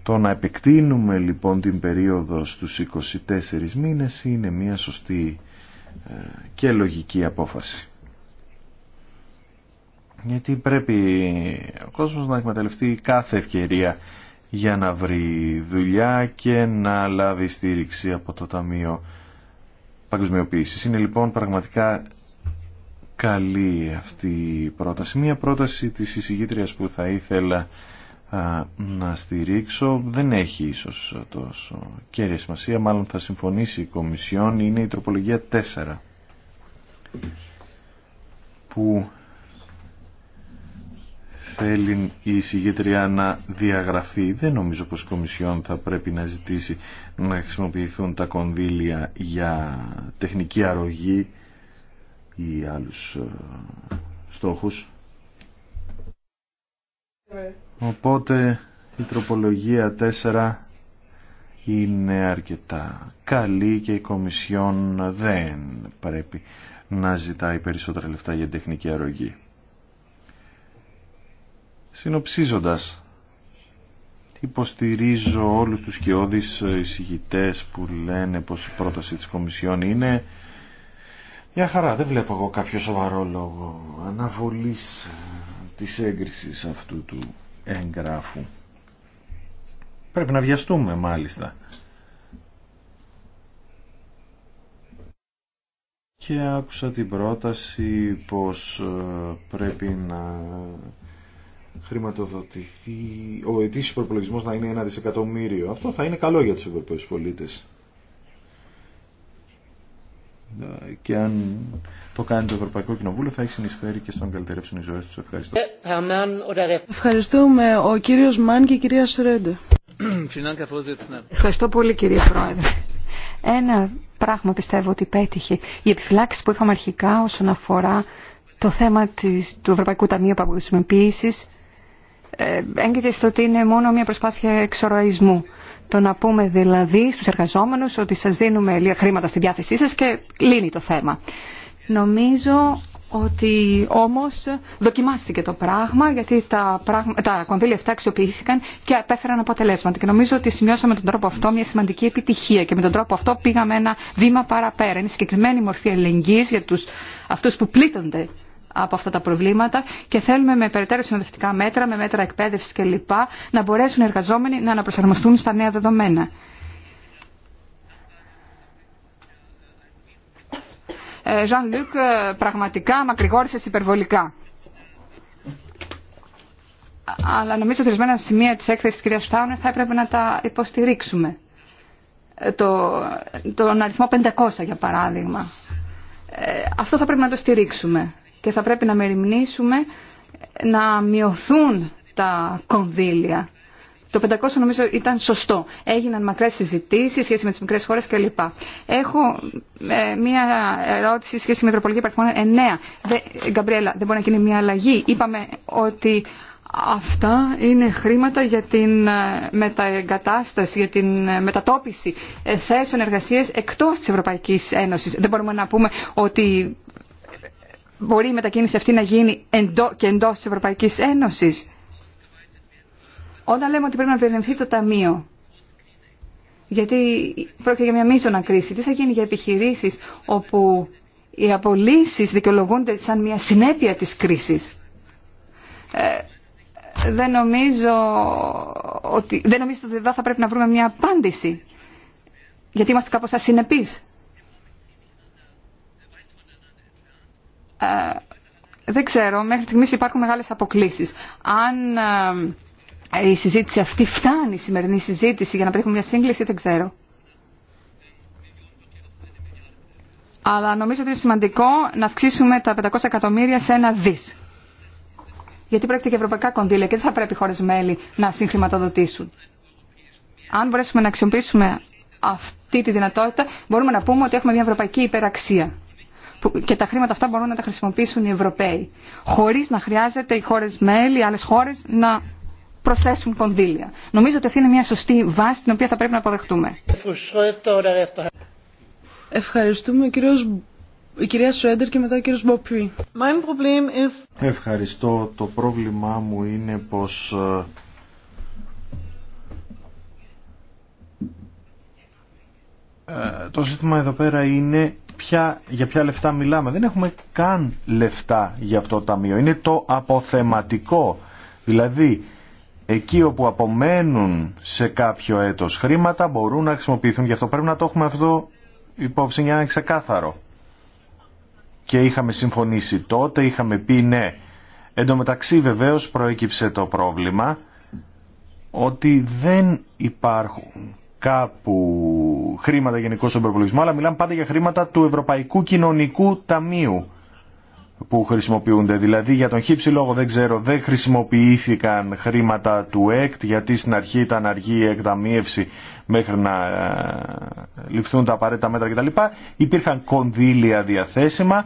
Το να επεκτείνουμε λοιπόν την περίοδο στους 24 μήνες είναι μια σωστή ε, και λογική απόφαση. Γιατί πρέπει ο κόσμος να εκμεταλλευτεί κάθε ευκαιρία για να βρει δουλειά και να λάβει στήριξη από το Ταμείο Παγκοσμιοποίησης. Είναι λοιπόν πραγματικά καλή αυτή η πρόταση. Μια πρόταση της εισηγήτριας που θα ήθελα να στηρίξω δεν έχει ίσως τόσο κέρια σημασία μάλλον θα συμφωνήσει η Κομισιόν είναι η τροπολογία 4 που θέλει η εισηγήτρια να διαγραφεί δεν νομίζω πως η Κομισιόν θα πρέπει να ζητήσει να χρησιμοποιηθούν τα κονδύλια για τεχνική αρρωγή ή άλλους ε, στόχους Οπότε η τροπολογία 4 είναι αρκετά καλή και η Κομισιόν δεν πρέπει να ζητάει περισσότερα λεφτά για τεχνική αρρωγή. Συνοψίζοντας, υποστηρίζω όλους τους κοιόδης εισηγητές που λένε πως η πρόταση της Κομισιόν είναι μια χαρά, δεν βλέπω εγώ κάποιο σοβαρό λόγο αναβολής της έγκρισης αυτού του εγγράφου. Πρέπει να βιαστούμε μάλιστα. Και άκουσα την πρόταση πως ε, πρέπει να χρηματοδοτηθεί ο ετήσιος προπολογισμός να είναι ένα δισεκατομμύριο. Αυτό θα είναι καλό για τους ευρωπαίους πολίτες. Ε, και αν το κάνει το Ευρωπαϊκό Κοινοβούλιο θα έχει συνεισφέρει και στον καλυτερεύσουν οι ζωές τους. Ευχαριστώ. Ε, Ευχαριστούμε ο κύριος Μαν και η κυρία Σρέντε. Ευχαριστώ πολύ κύριε Πρόεδρε. Ένα πράγμα πιστεύω ότι πέτυχε. Οι επιφυλάξει που είχαμε αρχικά όσον αφορά το θέμα της, του Ευρωπαϊκού Ταμείου Παγκοσμιοποίησης ε, έγκυται στο ότι είναι μόνο μια προσπάθεια εξοραϊσμού. Το να πούμε δηλαδή στους εργαζόμενους ότι σας δίνουμε λίγα χρήματα στη διάθεσή σας και λύνει το θέμα. Νομίζω ότι όμως δοκιμάστηκε το πράγμα γιατί τα, πράγμα, τα κονδύλια αυτά αξιοποιήθηκαν και απέφεραν αποτελέσματα και νομίζω ότι σημειώσαμε τον τρόπο αυτό μια σημαντική επιτυχία και με τον τρόπο αυτό πήγαμε ένα βήμα παραπέρα. Είναι συγκεκριμένη μορφή ελεγγύης για τους, αυτούς που πλήττονται από αυτά τα προβλήματα και θέλουμε με περαιτέρω συνοδευτικά μέτρα, με μέτρα εκπαίδευση κλπ. να μπορέσουν οι εργαζόμενοι να αναπροσαρμοστούν στα νέα δεδομένα. Ζαν ε, Λουκ, ε, πραγματικά μακρηγόρησε υπερβολικά. Αλλά νομίζω ότι ορισμένα σημεία τη έκθεση τη κυρία Φτάουνερ θα έπρεπε να τα υποστηρίξουμε. Ε, τον αριθμό 500 για παράδειγμα. αυτό θα πρέπει να το στηρίξουμε και θα πρέπει να μεριμνήσουμε να μειωθούν τα κονδύλια. Το 500 νομίζω ήταν σωστό. Έγιναν μακρές συζητήσεις σχέση με τις μικρές χώρες κλπ. Έχω ε, μια αλλαγή. τροπολογια 9 ότι αυτά είναι χρήματα για την ε, μεταεγκατάσταση, για την ε, μετατόπιση θέσεων εργασίες εκτός της Ευρωπαϊκής Ένωσης. Δεν μπορούμε να πούμε ότι μπορεί η μετακίνηση αυτή να γίνει και εντός της Ευρωπαϊκής Ένωσης. Όταν λέμε ότι πρέπει να περιεμφθεί το Ταμείο, γιατί πρόκειται για μια μείζωνα κρίση, τι θα γίνει για επιχειρήσεις όπου οι απολύσεις δικαιολογούνται σαν μια συνέπεια της κρίσης. Ε, δεν νομίζω ότι δεν νομίζω ότι θα πρέπει να βρούμε μια απάντηση. Γιατί είμαστε κάπως ασυνεπείς. Ε, δεν ξέρω, μέχρι στιγμή υπάρχουν μεγάλες αποκλήσεις. Αν ε, η συζήτηση αυτή φτάνει, η σημερινή συζήτηση, για να πετύχουμε μια σύγκληση, δεν ξέρω. Αλλά νομίζω ότι είναι σημαντικό να αυξήσουμε τα 500 εκατομμύρια σε ένα δις. Γιατί πρόκειται και ευρωπαϊκά κονδύλια και δεν θα πρέπει οι χώρες μέλη να συγχρηματοδοτήσουν. Αν μπορέσουμε να αξιοποιήσουμε αυτή τη δυνατότητα, μπορούμε να πούμε ότι έχουμε μια ευρωπαϊκή υπεραξία και τα χρήματα αυτά μπορούν να τα χρησιμοποιήσουν οι Ευρωπαίοι, Χωρί να χρειάζεται οι χώρε μέλη, οι άλλε χώρε να προσθέσουν κονδύλια. Νομίζω ότι αυτή είναι μια σωστή βάση την οποία θα πρέπει να αποδεχτούμε. Ευχαριστούμε η κυρία Σουέντερ και μετά ο κύριος Ευχαριστώ. Το πρόβλημά μου είναι πως ε, ε, το ζήτημα εδώ πέρα είναι για ποια λεφτά μιλάμε. Δεν έχουμε καν λεφτά για αυτό το ταμείο. Είναι το αποθεματικό. Δηλαδή, εκεί όπου απομένουν σε κάποιο έτος χρήματα μπορούν να χρησιμοποιηθούν. Γι' αυτό πρέπει να το έχουμε αυτό υπόψη για να είναι ξεκάθαρο. Και είχαμε συμφωνήσει τότε, είχαμε πει ναι. Εν τω μεταξύ βεβαίως προέκυψε το πρόβλημα ότι δεν υπάρχουν κάπου χρήματα γενικώ στον προπολογισμό, αλλά μιλάμε πάντα για χρήματα του Ευρωπαϊκού Κοινωνικού Ταμείου που χρησιμοποιούνται. Δηλαδή για τον χύψη λόγο δεν ξέρω, δεν χρησιμοποιήθηκαν χρήματα του ΕΚΤ γιατί στην αρχή ήταν αργή η εκταμείευση μέχρι να ε, ληφθούν τα απαραίτητα μέτρα κτλ. Υπήρχαν κονδύλια διαθέσιμα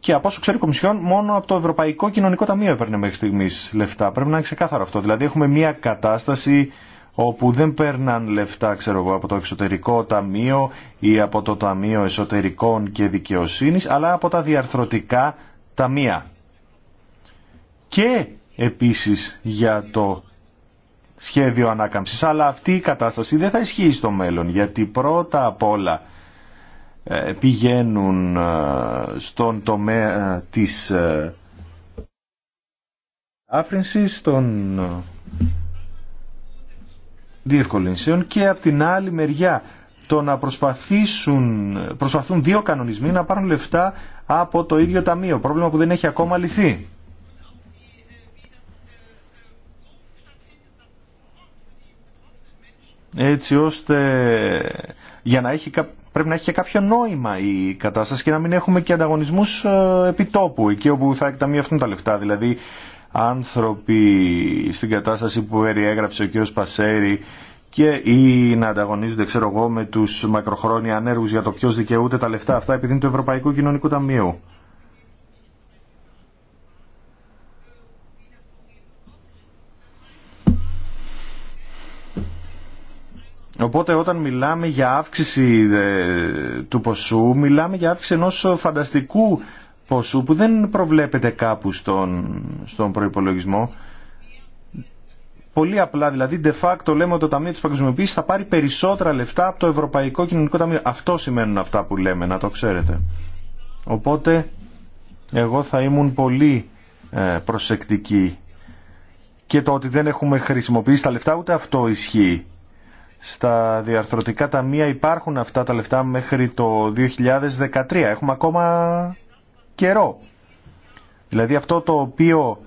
και από όσο ξέρει η Κομισιόν μόνο από το Ευρωπαϊκό Κοινωνικό Ταμείο έπαιρνε μέχρι στιγμή λεφτά. Πρέπει να είναι ξεκάθαρο αυτό. Δηλαδή έχουμε μια κατάσταση όπου δεν παίρναν λεφτά ξέρω εγώ, από το εξωτερικό ταμείο ή από το Ταμείο Εσωτερικών και Δικαιοσύνης, αλλά από τα διαρθρωτικά ταμεία. Και επίσης για το σχέδιο ανάκαμψης, αλλά αυτή η κατάσταση δεν θα ισχύει στο μέλλον, γιατί πρώτα απ' όλα ε, πηγαίνουν ε, στον τομέα της ε, άφρυνσης, στον διευκολύνσεων και από την άλλη μεριά το να προσπαθήσουν, προσπαθούν δύο κανονισμοί να πάρουν λεφτά από το ίδιο ταμείο, πρόβλημα που δεν έχει ακόμα λυθεί. Έτσι ώστε για να έχει, πρέπει να έχει και κάποιο νόημα η κατάσταση και να μην έχουμε και ανταγωνισμούς ε, επιτόπου, εκεί όπου θα εκταμιευτούν τα λεφτά, δηλαδή άνθρωποι στην κατάσταση που περιέγραψε ο κ. Πασέρη και ή να ανταγωνίζονται ξέρω εγώ με τους μακροχρόνια ανέργους για το ποιο δικαιούται τα λεφτά αυτά επειδή είναι του Ευρωπαϊκού Κοινωνικού Ταμείου. Οπότε όταν μιλάμε για αύξηση ε, του ποσού, μιλάμε για αύξηση ενός φανταστικού ποσού που δεν προβλέπεται κάπου στον, στον προϋπολογισμό. Πολύ απλά δηλαδή, de facto λέμε ότι το Ταμείο της Παγκοσμιοποίησης θα πάρει περισσότερα λεφτά από το Ευρωπαϊκό Κοινωνικό Ταμείο. Αυτό σημαίνουν αυτά που λέμε, να το ξέρετε. Οπότε, εγώ θα ήμουν πολύ ε, προσεκτική και το ότι δεν έχουμε χρησιμοποιήσει τα λεφτά ούτε αυτό ισχύει. Στα διαρθρωτικά ταμεία υπάρχουν αυτά τα λεφτά μέχρι το 2013. Έχουμε ακόμα καιρό. Δηλαδή αυτό το οποίο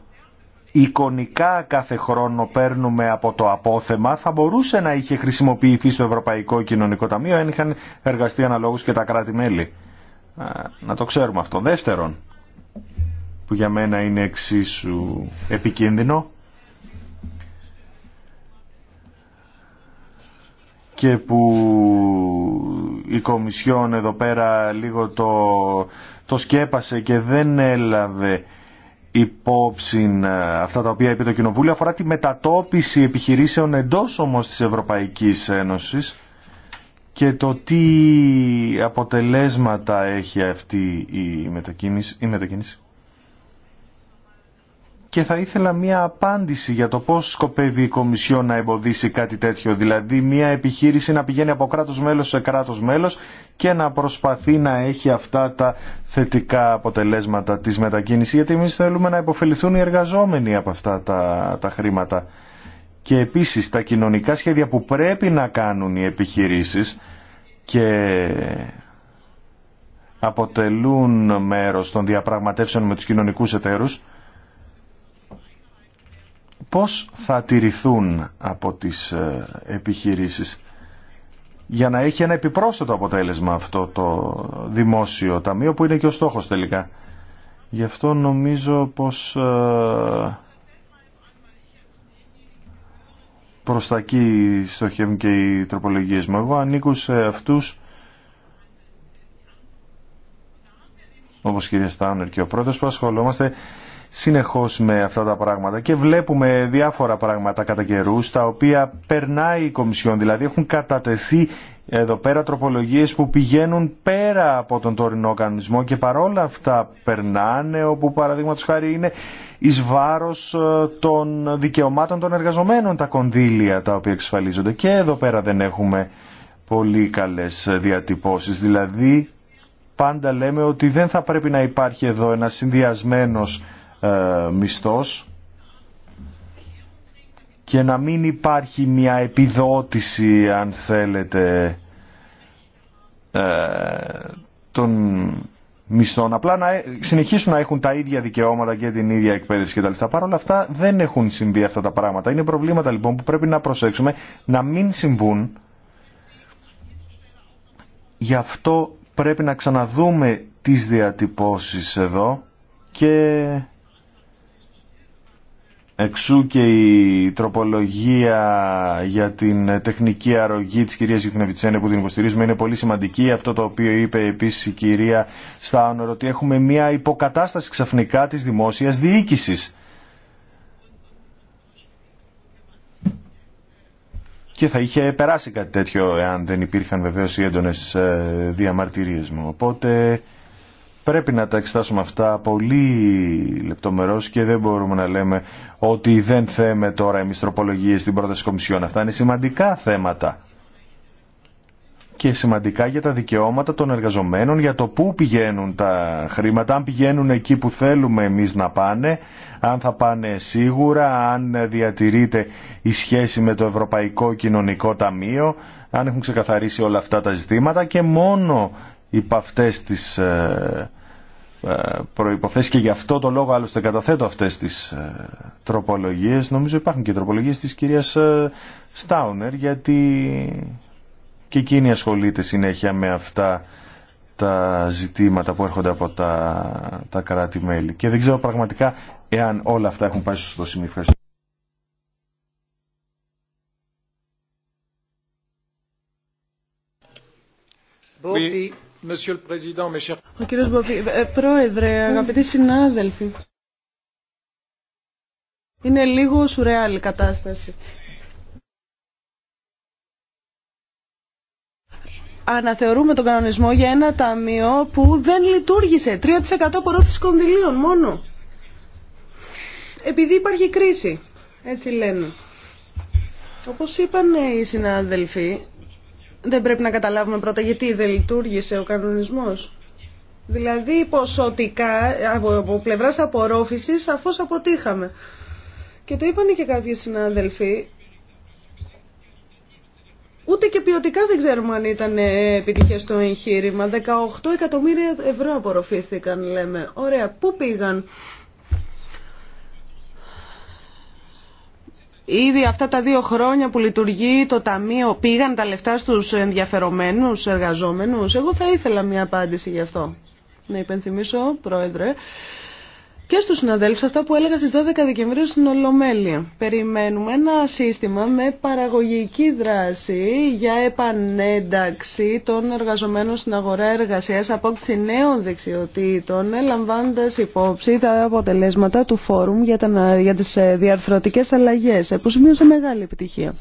εικονικά κάθε χρόνο παίρνουμε από το απόθεμα θα μπορούσε να είχε χρησιμοποιηθεί στο Ευρωπαϊκό Κοινωνικό Ταμείο αν είχαν εργαστεί αναλόγως και τα κράτη-μέλη. Να το ξέρουμε αυτό. Δεύτερον, που για μένα είναι εξίσου επικίνδυνο και που η Κομισιόν εδώ πέρα λίγο το το σκέπασε και δεν έλαβε υπόψη ε, αυτά τα οποία είπε το Κοινοβούλιο αφορά τη μετατόπιση επιχειρήσεων εντός όμως της Ευρωπαϊκής Ένωσης και το τι αποτελέσματα έχει αυτή η μετακίνηση. Η μετακίνηση και θα ήθελα μία απάντηση για το πώς σκοπεύει η Κομισιό να εμποδίσει κάτι τέτοιο. Δηλαδή μία επιχείρηση να πηγαίνει από κράτος μέλος σε κράτος μέλος και να προσπαθεί να έχει αυτά τα θετικά αποτελέσματα της μετακίνησης. Γιατί εμείς θέλουμε να υποφεληθούν οι εργαζόμενοι από αυτά τα, τα χρήματα. Και επίσης τα κοινωνικά σχέδια που πρέπει να κάνουν οι επιχειρήσεις και αποτελούν μέρος των διαπραγματεύσεων με τους κοινωνικούς εταίρους πώς θα τηρηθούν από τις ε, επιχειρήσεις για να έχει ένα επιπρόσθετο αποτέλεσμα αυτό το δημόσιο ταμείο που είναι και ο στόχος τελικά. Γι' αυτό νομίζω πως ε, προς τα εκεί στοχεύουν και οι τροπολογίες μου. Εγώ ανήκω σε αυτούς όπως κυρία Στάνερ και ο πρώτος που ασχολούμαστε συνεχώς με αυτά τα πράγματα και βλέπουμε διάφορα πράγματα κατά καιρούς τα οποία περνάει η Κομισιόν, δηλαδή έχουν κατατεθεί εδώ πέρα τροπολογίες που πηγαίνουν πέρα από τον τωρινό κανονισμό και παρόλα αυτά περνάνε όπου παραδείγματος χάρη είναι εις βάρος ε, των δικαιωμάτων των εργαζομένων τα κονδύλια τα οποία εξασφαλίζονται και εδώ πέρα δεν έχουμε πολύ καλές διατυπώσεις δηλαδή πάντα λέμε ότι δεν θα πρέπει να υπάρχει εδώ ένα συνδυασμένος ε, μισθός και να μην υπάρχει μια επιδότηση αν θέλετε ε, των μισθών. Απλά να ε, συνεχίσουν να έχουν τα ίδια δικαιώματα και την ίδια εκπαίδευση κτλ. Παρ' όλα αυτά δεν έχουν συμβεί αυτά τα πράγματα. Είναι προβλήματα λοιπόν που πρέπει να προσέξουμε να μην συμβούν. Γι' αυτό πρέπει να ξαναδούμε τις διατυπώσεις εδώ και Εξού και η τροπολογία για την τεχνική αρρωγή της κυρίας Γιουχνεβιτσένε που την υποστηρίζουμε είναι πολύ σημαντική. Αυτό το οποίο είπε επίσης η κυρία Στάνορ ότι έχουμε μια υποκατάσταση ξαφνικά της δημόσιας διοίκησης. Και θα είχε περάσει κάτι τέτοιο εάν δεν υπήρχαν βεβαίως οι έντονες ε, διαμαρτυρίες μου. Οπότε Πρέπει να τα εξετάσουμε αυτά πολύ λεπτομερώς και δεν μπορούμε να λέμε ότι δεν θέμε τώρα εμείς τροπολογίες στην πρόταση Κομισιόν. Αυτά είναι σημαντικά θέματα και σημαντικά για τα δικαιώματα των εργαζομένων, για το πού πηγαίνουν τα χρήματα, αν πηγαίνουν εκεί που θέλουμε εμείς να πάνε, αν θα πάνε σίγουρα, αν διατηρείται η σχέση με το Ευρωπαϊκό Κοινωνικό Ταμείο, αν έχουν ξεκαθαρίσει όλα αυτά τα ζητήματα και μόνο υπ' αυτές τις ε, ε, προϋποθέσεις και γι' αυτό το λόγο άλλωστε καταθέτω αυτές τις ε, τροπολογίες. Νομίζω υπάρχουν και τροπολογίες της κυρίας Στάουνερ γιατί και εκείνη ασχολείται συνέχεια με αυτά τα ζητήματα που έρχονται από τα, τα κράτη-μέλη. Και δεν ξέρω πραγματικά εάν όλα αυτά έχουν πάει στο σημείο. Ευχαριστώ. Ο κύριος Μποβί, ε, πρόεδρε, αγαπητοί συνάδελφοι, είναι λίγο σουρεάλ η κατάσταση. Αναθεωρούμε τον κανονισμό για ένα ταμείο που δεν λειτουργήσε. 3% απορρόφηση κονδυλίων μόνο. Επειδή υπάρχει κρίση, έτσι λένε. Όπως είπαν οι συνάδελφοι, δεν πρέπει να καταλάβουμε πρώτα γιατί δεν λειτουργήσε ο κανονισμός. Δηλαδή ποσοτικά από πλευράς απορρόφησης σαφώς αποτύχαμε. Και το είπαν και κάποιοι συνάδελφοι, Ούτε και ποιοτικά δεν ξέρουμε αν ήταν ε, επιτυχέ το εγχείρημα. 18 εκατομμύρια ευρώ απορροφήθηκαν, λέμε. Ωραία, πού πήγαν Ήδη αυτά τα δύο χρόνια που λειτουργεί το Ταμείο πήγαν τα λεφτά στους ενδιαφερομένους εργαζόμενους. Εγώ θα ήθελα μια απάντηση γι' αυτό. Να υπενθυμίσω, Πρόεδρε, και στους συναδέλφους αυτά που έλεγα στις 12 Δεκεμβρίου στην Ολομέλεια. Περιμένουμε ένα σύστημα με παραγωγική δράση για επανένταξη των εργαζομένων στην αγορά εργασίας, απόκτηση νέων δεξιοτήτων, λαμβάνοντα υπόψη τα αποτελέσματα του φόρουμ για, για τις ε, διαρθρωτικές αλλαγές, που σημείωσε μεγάλη επιτυχία.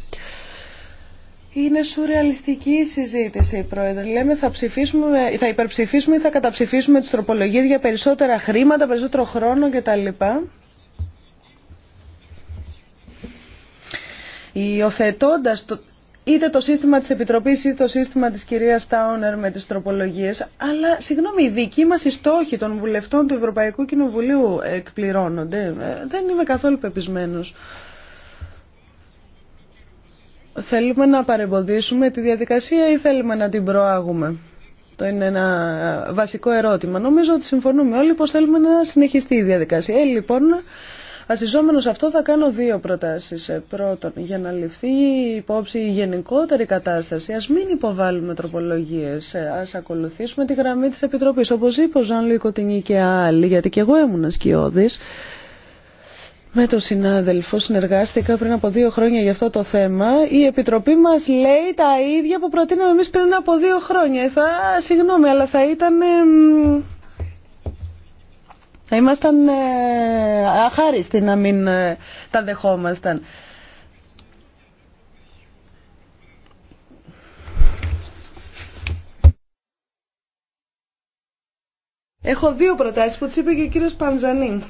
Είναι σουρεαλιστική η συζήτηση, Πρόεδρε. Λέμε θα, ψηφίσουμε, θα υπερψηφίσουμε ή θα καταψηφίσουμε τις τροπολογίες για περισσότερα χρήματα, περισσότερο χρόνο κτλ. Υιοθετώντα το, είτε το σύστημα της Επιτροπής είτε το σύστημα της κυρίας Τάουνερ με τις τροπολογίες, αλλά, συγγνώμη, οι δικοί μας οι στόχοι των βουλευτών του Ευρωπαϊκού Κοινοβουλίου εκπληρώνονται. Ε, δεν είμαι καθόλου πεπισμένος. Θέλουμε να παρεμποδίσουμε τη διαδικασία ή θέλουμε να την προάγουμε. Το είναι ένα ε, βασικό ερώτημα. Νομίζω ότι συμφωνούμε όλοι πως θέλουμε να συνεχιστεί η διαδικασία. Ε, λοιπόν, ασυζόμενος αυτό θα κάνω δύο προτάσεις. Ε, πρώτον, για να ληφθεί υπόψη η γενικότερη κατάσταση, ας μην υποβάλουμε τροπολογίες, ε, ας ακολουθήσουμε τη γραμμή της Επιτροπής. Όπως είπε ο Ζαν και άλλοι, γιατί και εγώ ήμουν σκιώδης, με τον συνάδελφο συνεργάστηκα πριν από δύο χρόνια για αυτό το θέμα. Η Επιτροπή μας λέει τα ίδια που προτείναμε εμείς πριν από δύο χρόνια. Θα, συγγνώμη, αλλά θα ήταν... Θα ήμασταν ε, αχάριστοι να μην ε, τα δεχόμασταν. Έχω δύο προτάσεις που τις είπε και ο κύριος Πανζανή.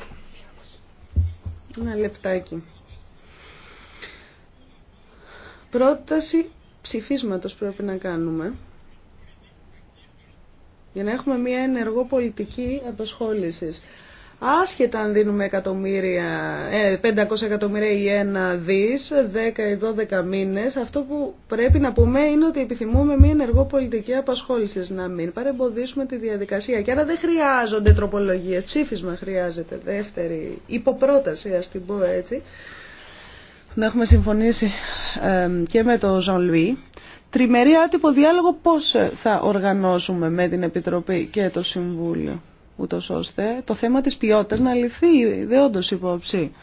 Ένα λεπτάκι. Πρόταση ψηφίσματος πρέπει να κάνουμε για να έχουμε μια ενεργό πολιτική απασχόλησης άσχετα αν δίνουμε εκατομμύρια, 500 ε, εκατομμύρια ή ένα δις, 10 ή 12 μήνες, αυτό που πρέπει να πούμε είναι ότι επιθυμούμε μια ενεργό πολιτική απασχόλησης, να μην παρεμποδίσουμε τη διαδικασία. Και άρα δεν χρειάζονται τροπολογίες, ψήφισμα χρειάζεται, δεύτερη υποπρόταση ας την πω έτσι. Να έχουμε συμφωνήσει και με τον Λουί. Τριμερή άτυπο διάλογο πώς θα οργανώσουμε με την Επιτροπή και το Συμβούλιο ούτω ώστε το θέμα της ποιότητας να ληφθεί δεόντως υπόψη.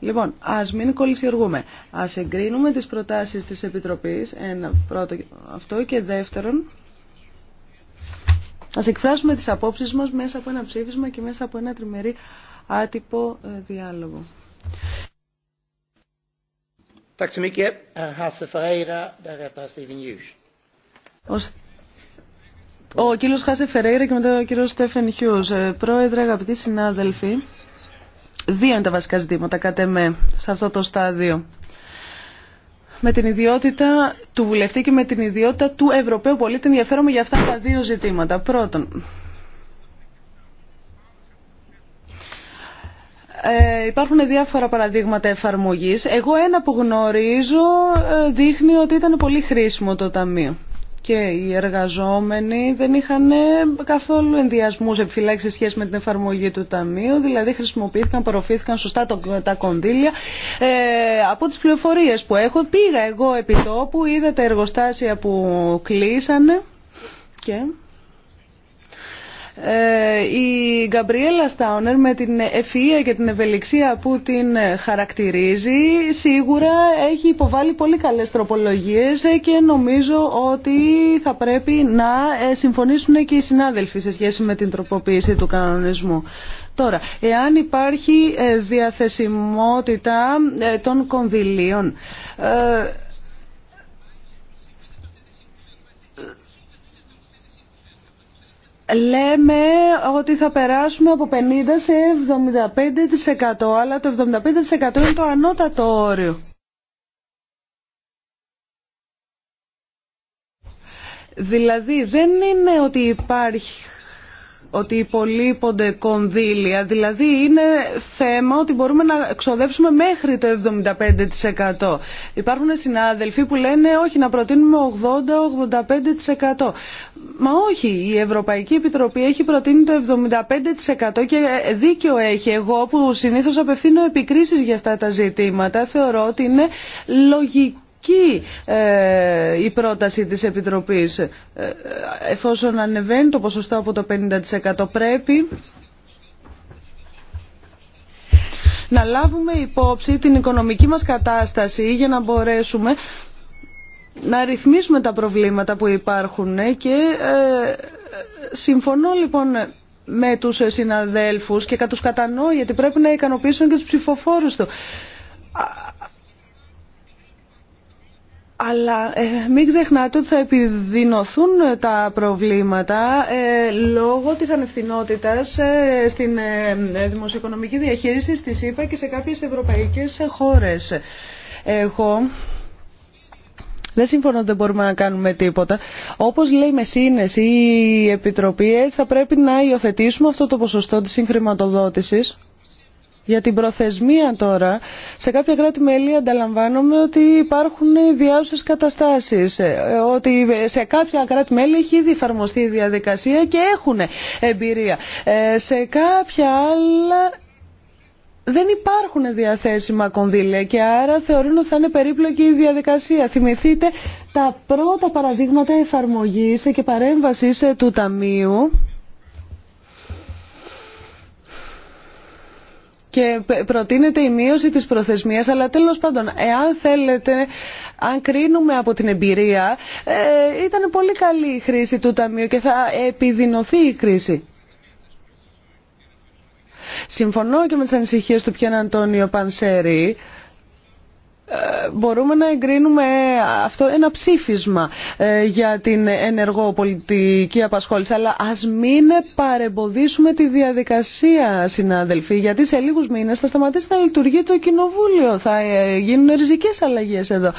Λοιπόν, α μην κολλησιεργούμε. Α εγκρίνουμε τις προτάσεις της Επιτροπής, ένα πρώτο αυτό και δεύτερον, ας εκφράσουμε τις απόψεις μας μέσα από ένα ψήφισμα και μέσα από ένα τριμερή άτυπο ε, διάλογο. Ο κύριος Χάσε Φερέιρα και μετά ο κύριος Στέφεν Χιούς. Ε, πρόεδρε, αγαπητοί συνάδελφοι, δύο είναι τα βασικά ζητήματα κατά με σε αυτό το στάδιο. Με την ιδιότητα του βουλευτή και με την ιδιότητα του Ευρωπαίου πολίτη ενδιαφέρομαι για αυτά τα δύο ζητήματα. Πρώτον, Ε, υπάρχουν διάφορα παραδείγματα εφαρμογής. Εγώ ένα που γνωρίζω ε, δείχνει ότι ήταν πολύ χρήσιμο το Ταμείο και οι εργαζόμενοι δεν είχαν ε, καθόλου ενδιασμού επιφυλάξει σχέση με την εφαρμογή του Ταμείου, δηλαδή χρησιμοποιήθηκαν, παροφήθηκαν σωστά τα κονδύλια. Ε, από τι πληροφορίε που έχω, πήγα εγώ επί τόπου, είδα τα εργοστάσια που κλείσανε και ε, η Γκαμπριέλα Στάουνερ με την ευφυΐα και την ευελιξία που την χαρακτηρίζει σίγουρα έχει υποβάλει πολύ καλές τροπολογίες και νομίζω ότι θα πρέπει να ε, συμφωνήσουν και οι συνάδελφοι σε σχέση με την τροποποίηση του κανονισμού. Τώρα, εάν υπάρχει ε, διαθεσιμότητα των κονδυλίων, λέμε ότι θα περάσουμε από 50% σε 75% αλλά το 75% είναι το ανώτατο όριο. Δηλαδή δεν είναι ότι υπάρχει ότι υπολείπονται κονδύλια. Δηλαδή είναι θέμα ότι μπορούμε να ξοδέψουμε μέχρι το 75%. Υπάρχουν συνάδελφοι που λένε όχι να προτείνουμε 80-85%. Μα όχι, η Ευρωπαϊκή Επιτροπή έχει προτείνει το 75% και ε, δίκιο έχει εγώ που συνήθως απευθύνω επικρίσεις για αυτά τα ζητήματα. Θεωρώ ότι είναι λογικό λογική ε, η πρόταση της Επιτροπής. Ε, εφόσον ανεβαίνει το ποσοστό από το 50% πρέπει να λάβουμε υπόψη την οικονομική μας κατάσταση για να μπορέσουμε να ρυθμίσουμε τα προβλήματα που υπάρχουν ε, και ε, συμφωνώ λοιπόν με τους συναδέλφους και τους κατανοώ γιατί πρέπει να ικανοποιήσουν και τους ψηφοφόρους του. Αλλά ε, μην ξεχνάτε ότι θα επιδεινωθούν ε, τα προβλήματα ε, λόγω της ανευθυνότητας στην δημοσιοοικονομική διαχείριση στη ΣΥΠΑ και σε κάποιες ευρωπαϊκές χώρες. Εγώ δεν συμφωνώ ότι δεν μπορούμε να κάνουμε τίποτα. Όπως λέει με σύνεση η Επιτροπή, θα πρέπει να υιοθετήσουμε αυτό το ποσοστό της συγχρηματοδότησης. Για την προθεσμία τώρα, σε κάποια κράτη-μέλη ανταλαμβάνομαι ότι υπάρχουν διάουσες καταστάσεις, ε, ότι σε κάποια κράτη-μέλη έχει ήδη εφαρμοστεί η διαδικασία και έχουν εμπειρία. Ε, σε κάποια άλλα δεν υπάρχουν διαθέσιμα κονδύλια και άρα θεωρούν ότι θα είναι περίπλοκη η διαδικασία. Θυμηθείτε τα πρώτα παραδείγματα εφαρμογής και παρέμβασης του Ταμείου και προτείνεται η μείωση της προθεσμίας αλλά τέλος πάντων εάν θέλετε αν κρίνουμε από την εμπειρία ε, ήταν πολύ καλή η χρήση του Ταμείου και θα επιδεινωθεί η κρίση. Συμφωνώ και με τις ανησυχίες του Πιέν Αντώνιο Πανσέρη μπορούμε να εγκρίνουμε αυτό ένα ψήφισμα ε, για την ενεργοπολιτική απασχόληση. Αλλά ας μην παρεμποδίσουμε τη διαδικασία, συνάδελφοι, γιατί σε λίγους μήνες θα σταματήσει να λειτουργεί το Κοινοβούλιο. Θα ε, γίνουν ριζικές αλλαγές εδώ.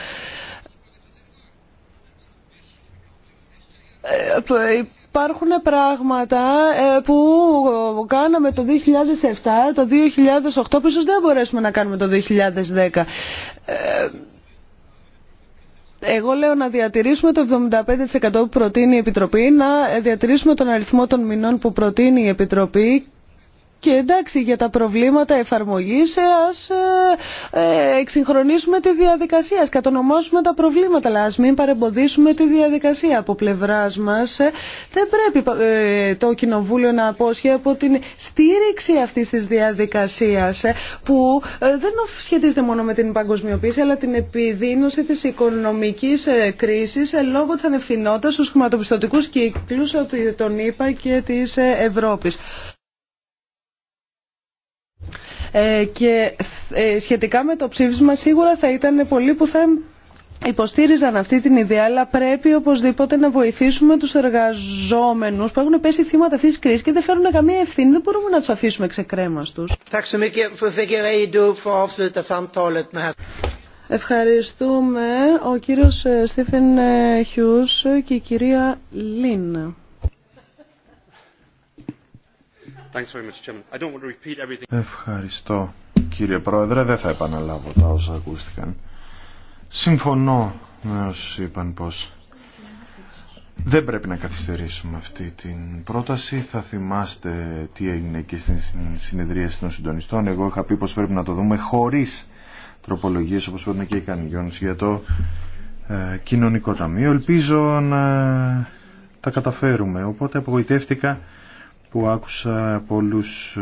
Ε, υπάρχουν πράγματα ε, που κάναμε το 2007, το 2008 που δεν μπορέσουμε να κάνουμε το 2010. Ε, εγώ λέω να διατηρήσουμε το 75% που προτείνει η Επιτροπή, να διατηρήσουμε τον αριθμό των μηνών που προτείνει η Επιτροπή και εντάξει για τα προβλήματα εφαρμογής ας ε, ε, εξυγχρονίσουμε τη διαδικασία, ας κατονομάσουμε τα προβλήματα, αλλά ας μην παρεμποδίσουμε τη διαδικασία από πλευράς μας. Ε, δεν πρέπει το Κοινοβούλιο να απόσχει από την στήριξη αυτής της διαδικασίας που δεν σχετίζεται μόνο με την παγκοσμιοποίηση αλλά την επιδείνωση της οικονομικής κρίσης λόγω της ανευθυνότητας στους χρηματοπιστωτικούς κύκλους τον είπα, και της Ευρώπης. Ε, και ε, σχετικά με το ψήφισμα σίγουρα θα ήταν πολλοί που θα υποστήριζαν αυτή την ιδέα, αλλά πρέπει οπωσδήποτε να βοηθήσουμε τους εργαζόμενους που έχουν πέσει θύματα αυτής της κρίσης και δεν φέρουν καμία ευθύνη, δεν μπορούμε να τους αφήσουμε ξεκρέμαστους. Ευχαριστούμε ο κύριος Στίφεν Χιούς ε, και η κυρία Λίνα. Ευχαριστώ κύριε Πρόεδρε, δεν θα επαναλάβω τα όσα ακούστηκαν. Συμφωνώ με όσους είπαν πως δεν πρέπει να καθυστερήσουμε αυτή την πρόταση. Θα θυμάστε τι έγινε και στην συνεδρία των συντονιστών. Εγώ είχα πει πως πρέπει να το δούμε χωρίς τροπολογίες όπως πρέπει και οι κανηγιώνες για το ε, κοινωνικό ταμείο. Ελπίζω να τα καταφέρουμε. Οπότε απογοητεύτηκα που άκουσα πολλούς, ε,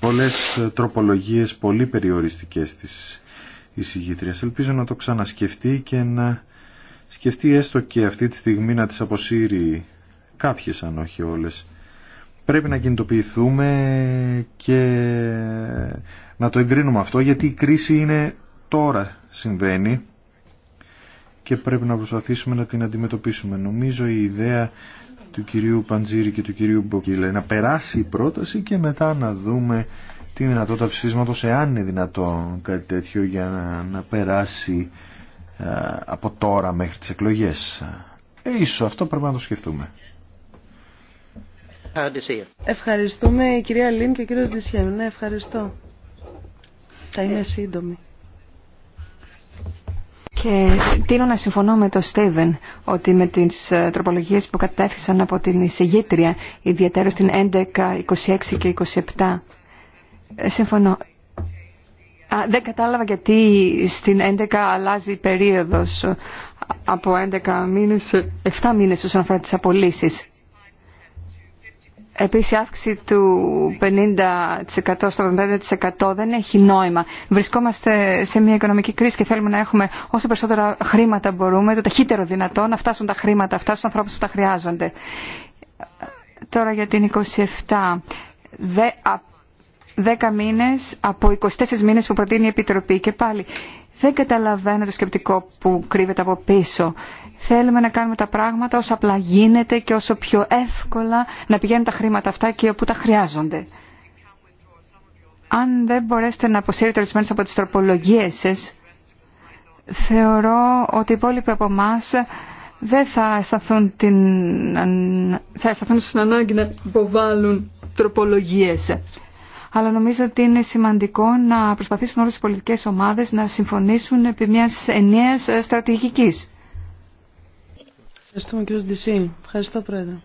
πολλές τροπολογίες πολύ περιοριστικές της εισηγήτριας. Ελπίζω να το ξανασκεφτεί και να σκεφτεί έστω και αυτή τη στιγμή να τις αποσύρει κάποιες αν όχι όλες. Πρέπει να κινητοποιηθούμε και να το εγκρίνουμε αυτό γιατί η κρίση είναι τώρα συμβαίνει και πρέπει να προσπαθήσουμε να την αντιμετωπίσουμε. Νομίζω η ιδέα του κυρίου Παντζήρη και του κυρίου Μποκίλε, Να περάσει η πρόταση και μετά να δούμε τη δυνατότητα ψηφίσματος εάν είναι δυνατό κάτι τέτοιο για να, περάσει από τώρα μέχρι τις εκλογές. Ε, ίσως αυτό πρέπει να το σκεφτούμε. Ευχαριστούμε η κυρία Λίν και ο κύριος Δησιέμ. Ναι, ευχαριστώ. Θα είναι σύντομη. Και τίνω να συμφωνώ με τον Στίβεν ότι με τις ε, τροπολογίες που κατέθεσαν από την εισηγήτρια, ιδιαίτερα στην 11, 26 και 27, ε, συμφωνώ. Α, δεν κατάλαβα γιατί στην 11 αλλάζει η περίοδος ε, από 11 μήνες σε 7 μήνες όσον αφορά τις απολύσεις. Επίσης η αύξηση του 50% στο 55% δεν έχει νόημα. Βρισκόμαστε σε μια οικονομική κρίση και θέλουμε να έχουμε όσο περισσότερα χρήματα μπορούμε, το ταχύτερο δυνατό, να φτάσουν τα χρήματα αυτά στους ανθρώπους που τα χρειάζονται. Τώρα για την 27. Δε, 10 μήνες από 24 μήνες που προτείνει η Επιτροπή και πάλι δεν καταλαβαίνω το σκεπτικό που κρύβεται από πίσω. Θέλουμε να κάνουμε τα πράγματα όσο απλά γίνεται και όσο πιο εύκολα να πηγαίνουν τα χρήματα αυτά και όπου τα χρειάζονται. Αν δεν μπορέσετε να αποσύρετε ορισμένε από τι τροπολογίε σα, θεωρώ ότι οι υπόλοιποι από εμά δεν θα αισθανθούν, την... θα αισθανθούν στην ανάγκη να υποβάλουν τροπολογίε, Αλλά νομίζω ότι είναι σημαντικό να προσπαθήσουν όλε οι πολιτικέ ομάδε να συμφωνήσουν επί μια ενιαία στρατηγικής. Ευχαριστούμε κύριο Ντισί. Ευχαριστώ πρόεδρε.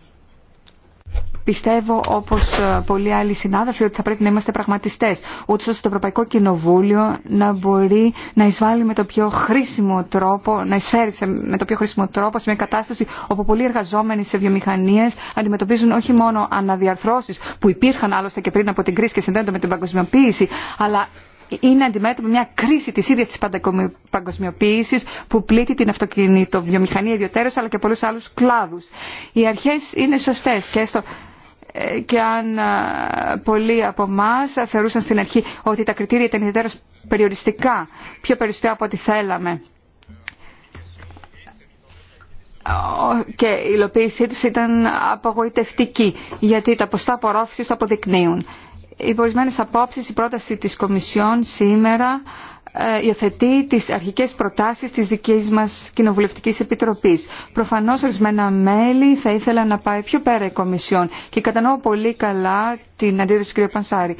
Πιστεύω, όπω ε, πολλοί άλλοι συνάδελφοι, ότι θα πρέπει να είμαστε πραγματιστέ, ούτω ώστε το Ευρωπαϊκό Κοινοβούλιο να μπορεί να εισβάλλει με το πιο χρήσιμο τρόπο, να εισφέρει με το πιο χρήσιμο τρόπο σε μια κατάσταση όπου πολλοί εργαζόμενοι σε βιομηχανίε αντιμετωπίζουν όχι μόνο αναδιαρθρώσει που υπήρχαν άλλωστε και πριν από την κρίση και συνδέονται με την παγκοσμιοποίηση, αλλά είναι αντιμέτωπη μια κρίση τη ίδια τη παγκοσμιοποίηση που πλήττει την αυτοκινητοβιομηχανία ιδιωτέρω αλλά και πολλού άλλου κλάδου. Οι αρχέ είναι σωστέ. Ε, και αν ε, πολλοί από εμά θεωρούσαν στην αρχή ότι τα κριτήρια ήταν ιδιαίτερα περιοριστικά, πιο περιοριστικά από ό,τι θέλαμε. Και η υλοποίησή τους ήταν απογοητευτική, γιατί τα ποστά απορρόφησης το αποδεικνύουν οι ορισμένε απόψει η πρόταση τη Κομισιόν σήμερα ε, υιοθετεί τι αρχικέ προτάσει τη δική μα κοινοβουλευτική επιτροπή. Προφανώς ορισμένα μέλη θα ήθελα να πάει πιο πέρα η Κομισιόν και κατανοώ πολύ καλά την αντίδραση του κ. Πανσάρη.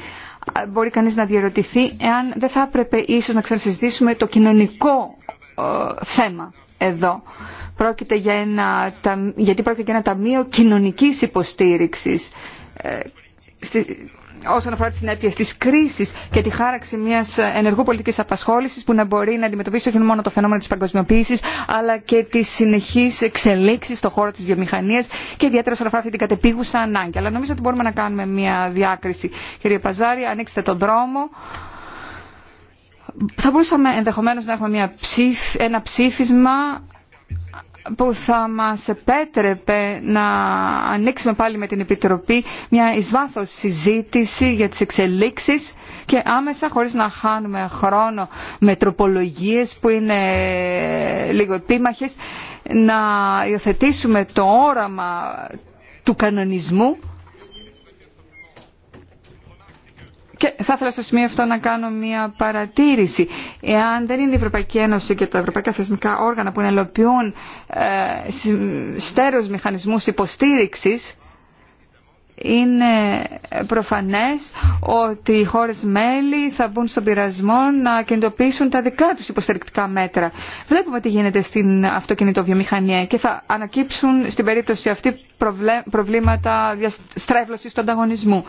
Ε, μπορεί κανεί να διαρωτηθεί εάν δεν θα έπρεπε ίσω να ξανασυζητήσουμε το κοινωνικό ε, θέμα εδώ. Πρόκειται για ένα, γιατί πρόκειται για ένα ταμείο κοινωνική υποστήριξη όσον αφορά τι συνέπειε τη κρίση και τη χάραξη μιας ενεργού πολιτικής απασχόλησης που να μπορεί να αντιμετωπίσει όχι μόνο το φαινόμενο της παγκοσμιοποίηση, αλλά και τι συνεχεί εξελίξει στον χώρο της βιομηχανίας και ιδιαίτερα όσον αφορά αυτή την κατεπίγουσα ανάγκη. Αλλά νομίζω ότι μπορούμε να κάνουμε μια διάκριση. Κύριε Παζάρη, ανοίξτε τον δρόμο θα μπορούσαμε ενδεχομένως να έχουμε μια ψήφ, ένα ψήφισμα που θα μας επέτρεπε να ανοίξουμε πάλι με την Επιτροπή μια εισβάθος συζήτηση για τις εξελίξεις και άμεσα χωρίς να χάνουμε χρόνο με τροπολογίες που είναι λίγο επίμαχες να υιοθετήσουμε το όραμα του κανονισμού Και θα ήθελα στο σημείο αυτό να κάνω μια παρατήρηση. Εάν δεν είναι η Ευρωπαϊκή Ένωση και τα ευρωπαϊκά θεσμικά όργανα που ενελοποιούν ε, στέρεους μηχανισμούς υποστήριξης, είναι προφανές ότι οι χώρες μέλη θα μπουν στον πειρασμό να κινητοποιήσουν τα δικά τους υποστηρικτικά μέτρα. Βλέπουμε τι γίνεται στην αυτοκινητοβιομηχανία και θα ανακύψουν στην περίπτωση αυτή προβλήματα διαστρέβλωσης του ανταγωνισμού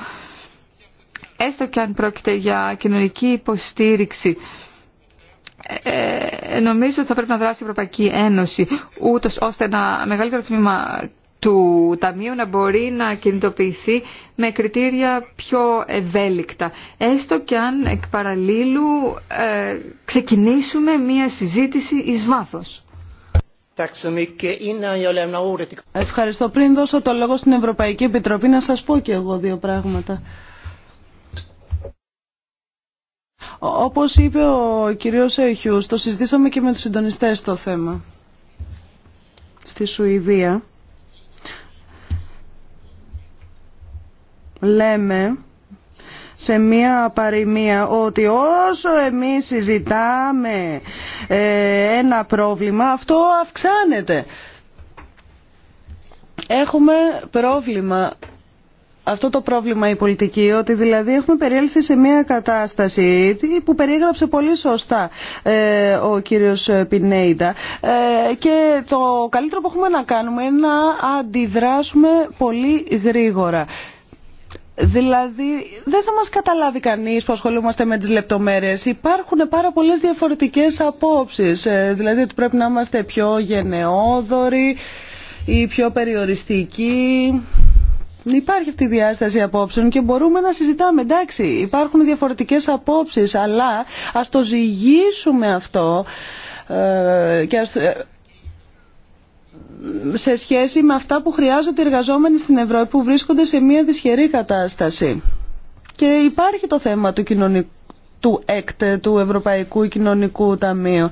έστω και αν πρόκειται για κοινωνική υποστήριξη. Ε, ε, νομίζω ότι θα πρέπει να δράσει η Ευρωπαϊκή Ένωση, ούτω ώστε ένα μεγαλύτερο τμήμα του Ταμείου να μπορεί να κινητοποιηθεί με κριτήρια πιο ευέλικτα. Έστω και αν εκ παραλίλου ε, ξεκινήσουμε μία συζήτηση εις βάθος. Ευχαριστώ. Πριν δώσω το λόγο στην Ευρωπαϊκή Επιτροπή να σας πω και εγώ δύο πράγματα. Όπως είπε ο κύριος Χιούς, το συζητήσαμε και με τους συντονιστές το θέμα στη Σουηδία. Λέμε σε μία παροιμία ότι όσο εμείς συζητάμε ε, ένα πρόβλημα, αυτό αυξάνεται. Έχουμε πρόβλημα αυτό το πρόβλημα η πολιτική, ότι δηλαδή έχουμε περιέλθει σε μια κατάσταση που περιέγραψε πολύ σωστά ε, ο κύριος Πινέιντα ε, και το καλύτερο που έχουμε να κάνουμε είναι να αντιδράσουμε πολύ γρήγορα. Δηλαδή δεν θα μας καταλάβει κανείς που ασχολούμαστε με τις λεπτομέρειες. Υπάρχουν πάρα πολλές διαφορετικές απόψεις. Ε, δηλαδή ότι πρέπει να είμαστε πιο γενναιόδοροι ή πιο περιοριστικοί. Υπάρχει αυτή η διάσταση απόψεων και μπορούμε να συζητάμε. Εντάξει, υπάρχουν διαφορετικές απόψεις, αλλά ας το ζυγίσουμε αυτό ε, και ας ε, σε σχέση με αυτά που χρειάζονται οι εργαζόμενοι στην Ευρώπη που βρίσκονται σε μια δυσχερή κατάσταση. Και υπάρχει το θέμα του, του του Ευρωπαϊκού Κοινωνικού Ταμείου.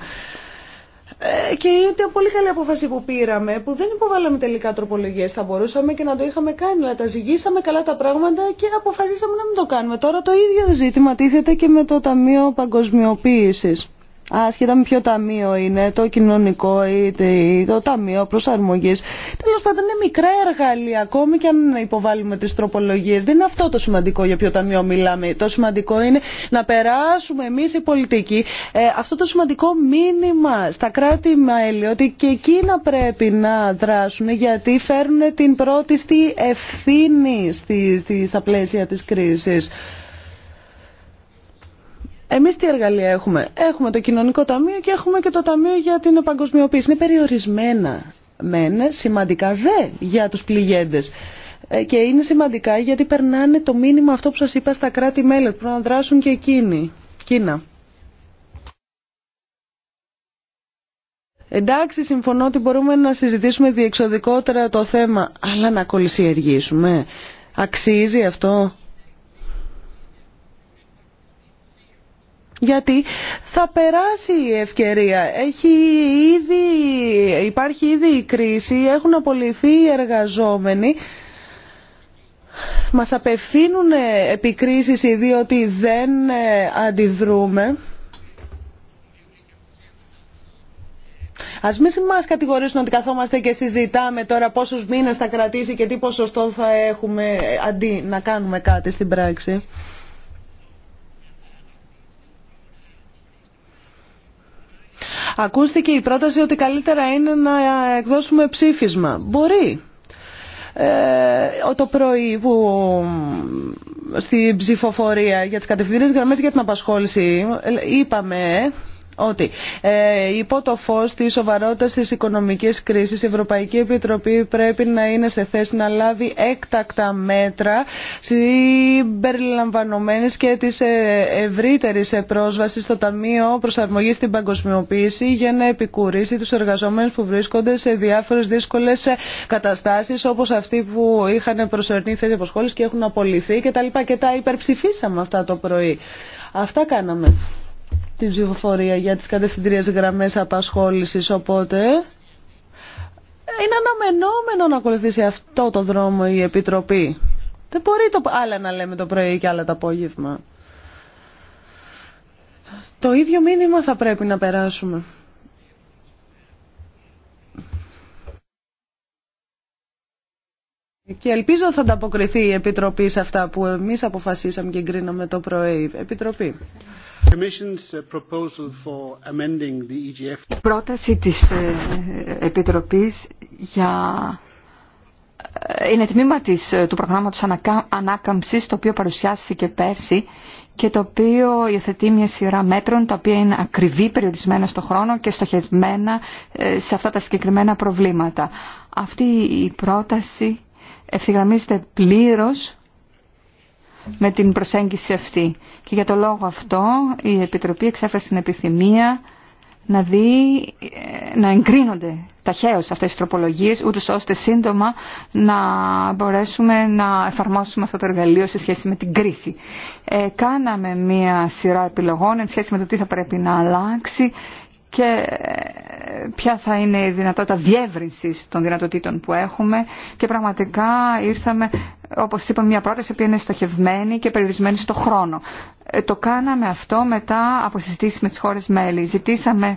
Ε, και ήταν πολύ καλή απόφαση που πήραμε, που δεν υποβάλαμε τελικά τροπολογίες. Θα μπορούσαμε και να το είχαμε κάνει, αλλά τα ζυγίσαμε καλά τα πράγματα και αποφασίσαμε να μην το κάνουμε. Τώρα το ίδιο ζήτημα τίθεται και με το Ταμείο Παγκοσμιοποίησης άσχετα με ποιο ταμείο είναι, το κοινωνικό ή το ταμείο προσαρμογής. Τέλος πάντων είναι μικρά εργαλεία ακόμη και αν υποβάλουμε τις τροπολογίες. Δεν είναι αυτό το σημαντικό για ποιο ταμείο μιλάμε. Το σημαντικό είναι να περάσουμε εμείς οι πολιτικοί ε, αυτό το σημαντικό μήνυμα στα κράτη μέλη ότι και εκείνα πρέπει να δράσουν γιατί φέρνουν την πρώτη στη ευθύνη στη, στα πλαίσια της κρίσης. Εμείς τι εργαλεία έχουμε. Έχουμε το κοινωνικό ταμείο και έχουμε και το ταμείο για την παγκοσμιοποίηση. Είναι περιορισμένα μεν, σημαντικά δε για τους πληγέντες. Ε, και είναι σημαντικά γιατί περνάνε το μήνυμα αυτό που σας είπα στα κράτη-μέλη, που να δράσουν και εκείνοι. Κίνα. Εντάξει, συμφωνώ ότι μπορούμε να συζητήσουμε διεξοδικότερα το θέμα, αλλά να κολυσιεργήσουμε. Αξίζει αυτό γιατί θα περάσει η ευκαιρία. Έχει ήδη, υπάρχει ήδη η κρίση, έχουν απολυθεί οι εργαζόμενοι. Μας απευθύνουν επικρίσεις διότι δεν ε, αντιδρούμε. ας μην μας κατηγορήσουν ότι καθόμαστε και συζητάμε τώρα πόσους μήνες θα κρατήσει και τι ποσοστό θα έχουμε ε, αντί να κάνουμε κάτι στην πράξη. Ακούστηκε η πρόταση ότι καλύτερα είναι να εκδώσουμε ψήφισμα. Μπορεί. Ε, το πρωί που στη ψηφοφορία για τις κατευθυντήρες γραμμές για την απασχόληση ε, είπαμε ότι ε, υπό το φως της σοβαρότητας της οικονομικής κρίσης η Ευρωπαϊκή Επιτροπή πρέπει να είναι σε θέση να λάβει έκτακτα μέτρα συμπεριλαμβανομένης και της ε, ευρύτερης ε, πρόσβασης στο Ταμείο Προσαρμογής στην Παγκοσμιοποίηση για να επικουρήσει τους εργαζόμενους που βρίσκονται σε διάφορες δύσκολες ε, καταστάσεις όπως αυτοί που είχαν προσωρινή θέση αποσχόληση και έχουν απολυθεί και τα και τα υπερψηφίσαμε αυτά το πρωί. Αυτά κάναμε στην ψηφοφορία για τις κατευθυντήριες γραμμές απασχόλησης, οπότε είναι αναμενόμενο να ακολουθήσει αυτό το δρόμο η Επιτροπή. Δεν μπορεί το άλλα να λέμε το πρωί και άλλα το απόγευμα. Το ίδιο μήνυμα θα πρέπει να περάσουμε. Και ελπίζω θα ανταποκριθεί η Επιτροπή σε αυτά που εμείς αποφασίσαμε και εγκρίναμε το πρωί. Επιτροπή. Η uh, e πρόταση της ε, Επιτροπής για... Ε, είναι τμήμα της, ε, του προγράμματος ανάκαμψης το οποίο παρουσιάστηκε πέρσι και το οποίο υιοθετεί μια σειρά μέτρων τα οποία είναι ακριβή, περιορισμένα στο χρόνο και στοχευμένα σε αυτά τα συγκεκριμένα προβλήματα. Αυτή η πρόταση ευθυγραμμίζεται πλήρως με την προσέγγιση αυτή. Και για το λόγο αυτό η Επιτροπή εξέφρασε την επιθυμία να δει, ε, να εγκρίνονται ταχαίως αυτές οι τροπολογίες, ούτως ώστε σύντομα να μπορέσουμε να εφαρμόσουμε αυτό το εργαλείο σε σχέση με την κρίση. Ε, κάναμε μία σειρά επιλογών σε σχέση με το τι θα πρέπει να αλλάξει και ε, ποια θα είναι η δυνατότητα διεύρυνσης των δυνατοτήτων που έχουμε και πραγματικά ήρθαμε, όπως είπαμε, μια πρόταση που είναι στοχευμένη και περιορισμένη στο χρόνο. Ε, το κάναμε αυτό μετά από συζητήσεις με τις χώρες μέλη. Ζητήσαμε,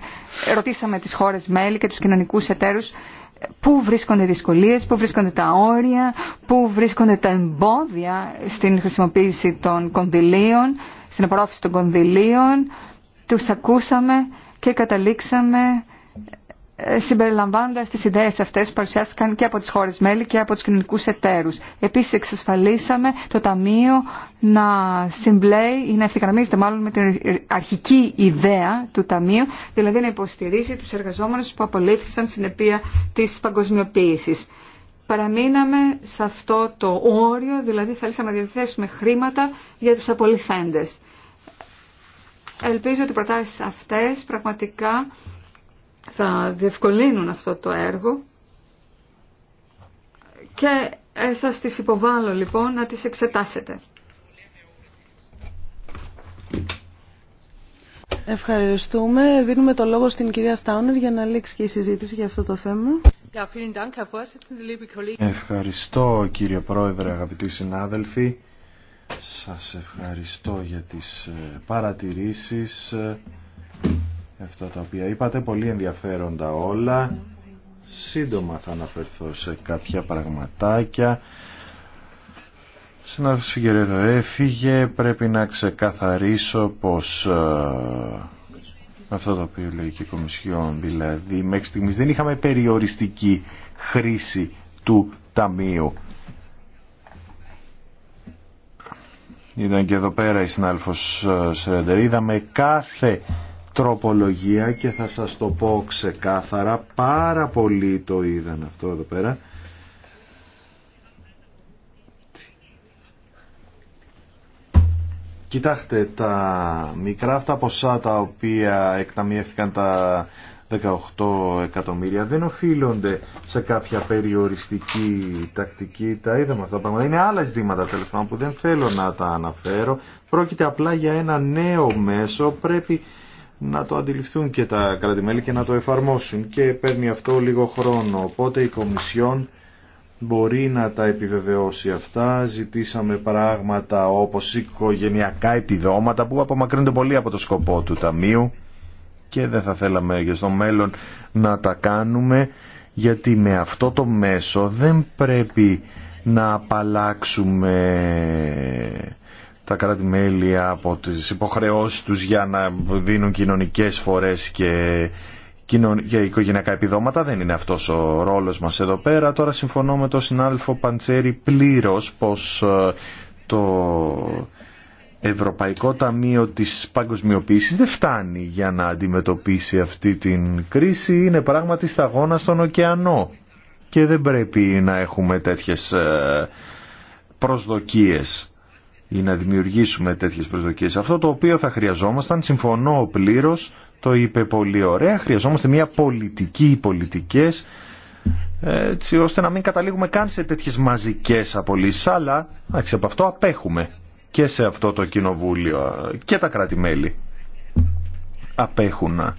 ρωτήσαμε τις χώρες μέλη και τους κοινωνικούς εταίρους πού βρίσκονται οι δυσκολίες, πού βρίσκονται τα όρια, πού βρίσκονται τα εμπόδια στην χρησιμοποίηση των κονδυλίων, στην απορρόφηση των κονδυλίων. Τους ακούσαμε και καταλήξαμε ε, συμπεριλαμβάνοντας τις ιδέες αυτές που παρουσιάστηκαν και από τις χώρες μέλη και από τους κοινωνικούς εταίρους. Επίσης εξασφαλίσαμε το Ταμείο να συμπλέει ή να ευθυγραμμίζεται μάλλον με την αρχική ιδέα του Ταμείου, δηλαδή να υποστηρίζει τους εργαζόμενους που απολύθησαν στην επία της παγκοσμιοποίησης. Παραμείναμε σε αυτό το όριο, δηλαδή θέλησαμε να διαθέσουμε χρήματα για τους απολυθέντες. Ελπίζω ότι οι προτάσεις αυτές πραγματικά θα διευκολύνουν αυτό το έργο και ε, σας τις υποβάλλω λοιπόν να τις εξετάσετε. Ευχαριστούμε. Δίνουμε το λόγο στην κυρία Στάουνερ για να λήξει και η συζήτηση για αυτό το θέμα. Ευχαριστώ κύριε Πρόεδρε, αγαπητοί συνάδελφοι. Σας ευχαριστώ για τις ε, παρατηρήσεις. Ε, αυτά τα οποία είπατε. Πολύ ενδιαφέροντα όλα. Σύντομα θα αναφερθώ σε κάποια πραγματάκια. Συνάδελφος Φιγερέδο έφυγε. Πρέπει να ξεκαθαρίσω πως ε, αυτό το οποίο λέει και η Κομισιόν, δηλαδή μέχρι στιγμής δεν είχαμε περιοριστική χρήση του Ταμείου. Ήταν και εδώ πέρα η συνάλφος ε, Σερεντερίδα με κάθε τροπολογία και θα σας το πω ξεκάθαρα, πάρα πολύ το είδαν αυτό εδώ πέρα. Κοιτάξτε, τα μικρά αυτά ποσά τα οποία εκταμιεύτηκαν τα 18 εκατομμύρια δεν οφείλονται σε κάποια περιοριστική τακτική. Τα είδαμε αυτά τα πράγματα. Είναι άλλα ζητήματα τελευταία που δεν θέλω να τα αναφέρω. Πρόκειται απλά για ένα νέο μέσο. Πρέπει να το αντιληφθούν και τα κρατημέλη και να το εφαρμόσουν και παίρνει αυτό λίγο χρόνο. Οπότε η Κομισιόν μπορεί να τα επιβεβαιώσει αυτά. Ζητήσαμε πράγματα όπως οικογενειακά επιδόματα που απομακρύνονται πολύ από το σκοπό του Ταμείου και δεν θα θέλαμε και στο μέλλον να τα κάνουμε γιατί με αυτό το μέσο δεν πρέπει να απαλλάξουμε τα κράτη-μέλη από τις υποχρεώσεις τους για να δίνουν κοινωνικές φορές και για οικογενειακά επιδόματα δεν είναι αυτός ο ρόλος μας εδώ πέρα. Τώρα συμφωνώ με τον συνάδελφο Παντσέρη πλήρως πως ε, το Ευρωπαϊκό Ταμείο της Παγκοσμιοποίησης δεν φτάνει για να αντιμετωπίσει αυτή την κρίση. Είναι πράγματι σταγόνα στον ωκεανό και δεν πρέπει να έχουμε τέτοιες ε, προσδοκίες ή να δημιουργήσουμε τέτοιες προσδοκίες. Αυτό το οποίο θα χρειαζόμασταν, συμφωνώ πλήρω, το είπε πολύ ωραία, χρειαζόμαστε μια πολιτική ή πολιτικές έτσι ώστε να μην καταλήγουμε καν σε τέτοιες μαζικές απολύσεις, αλλά έτσι, από αυτό απέχουμε και σε αυτό το κοινοβούλιο και τα κράτη-μέλη απέχουν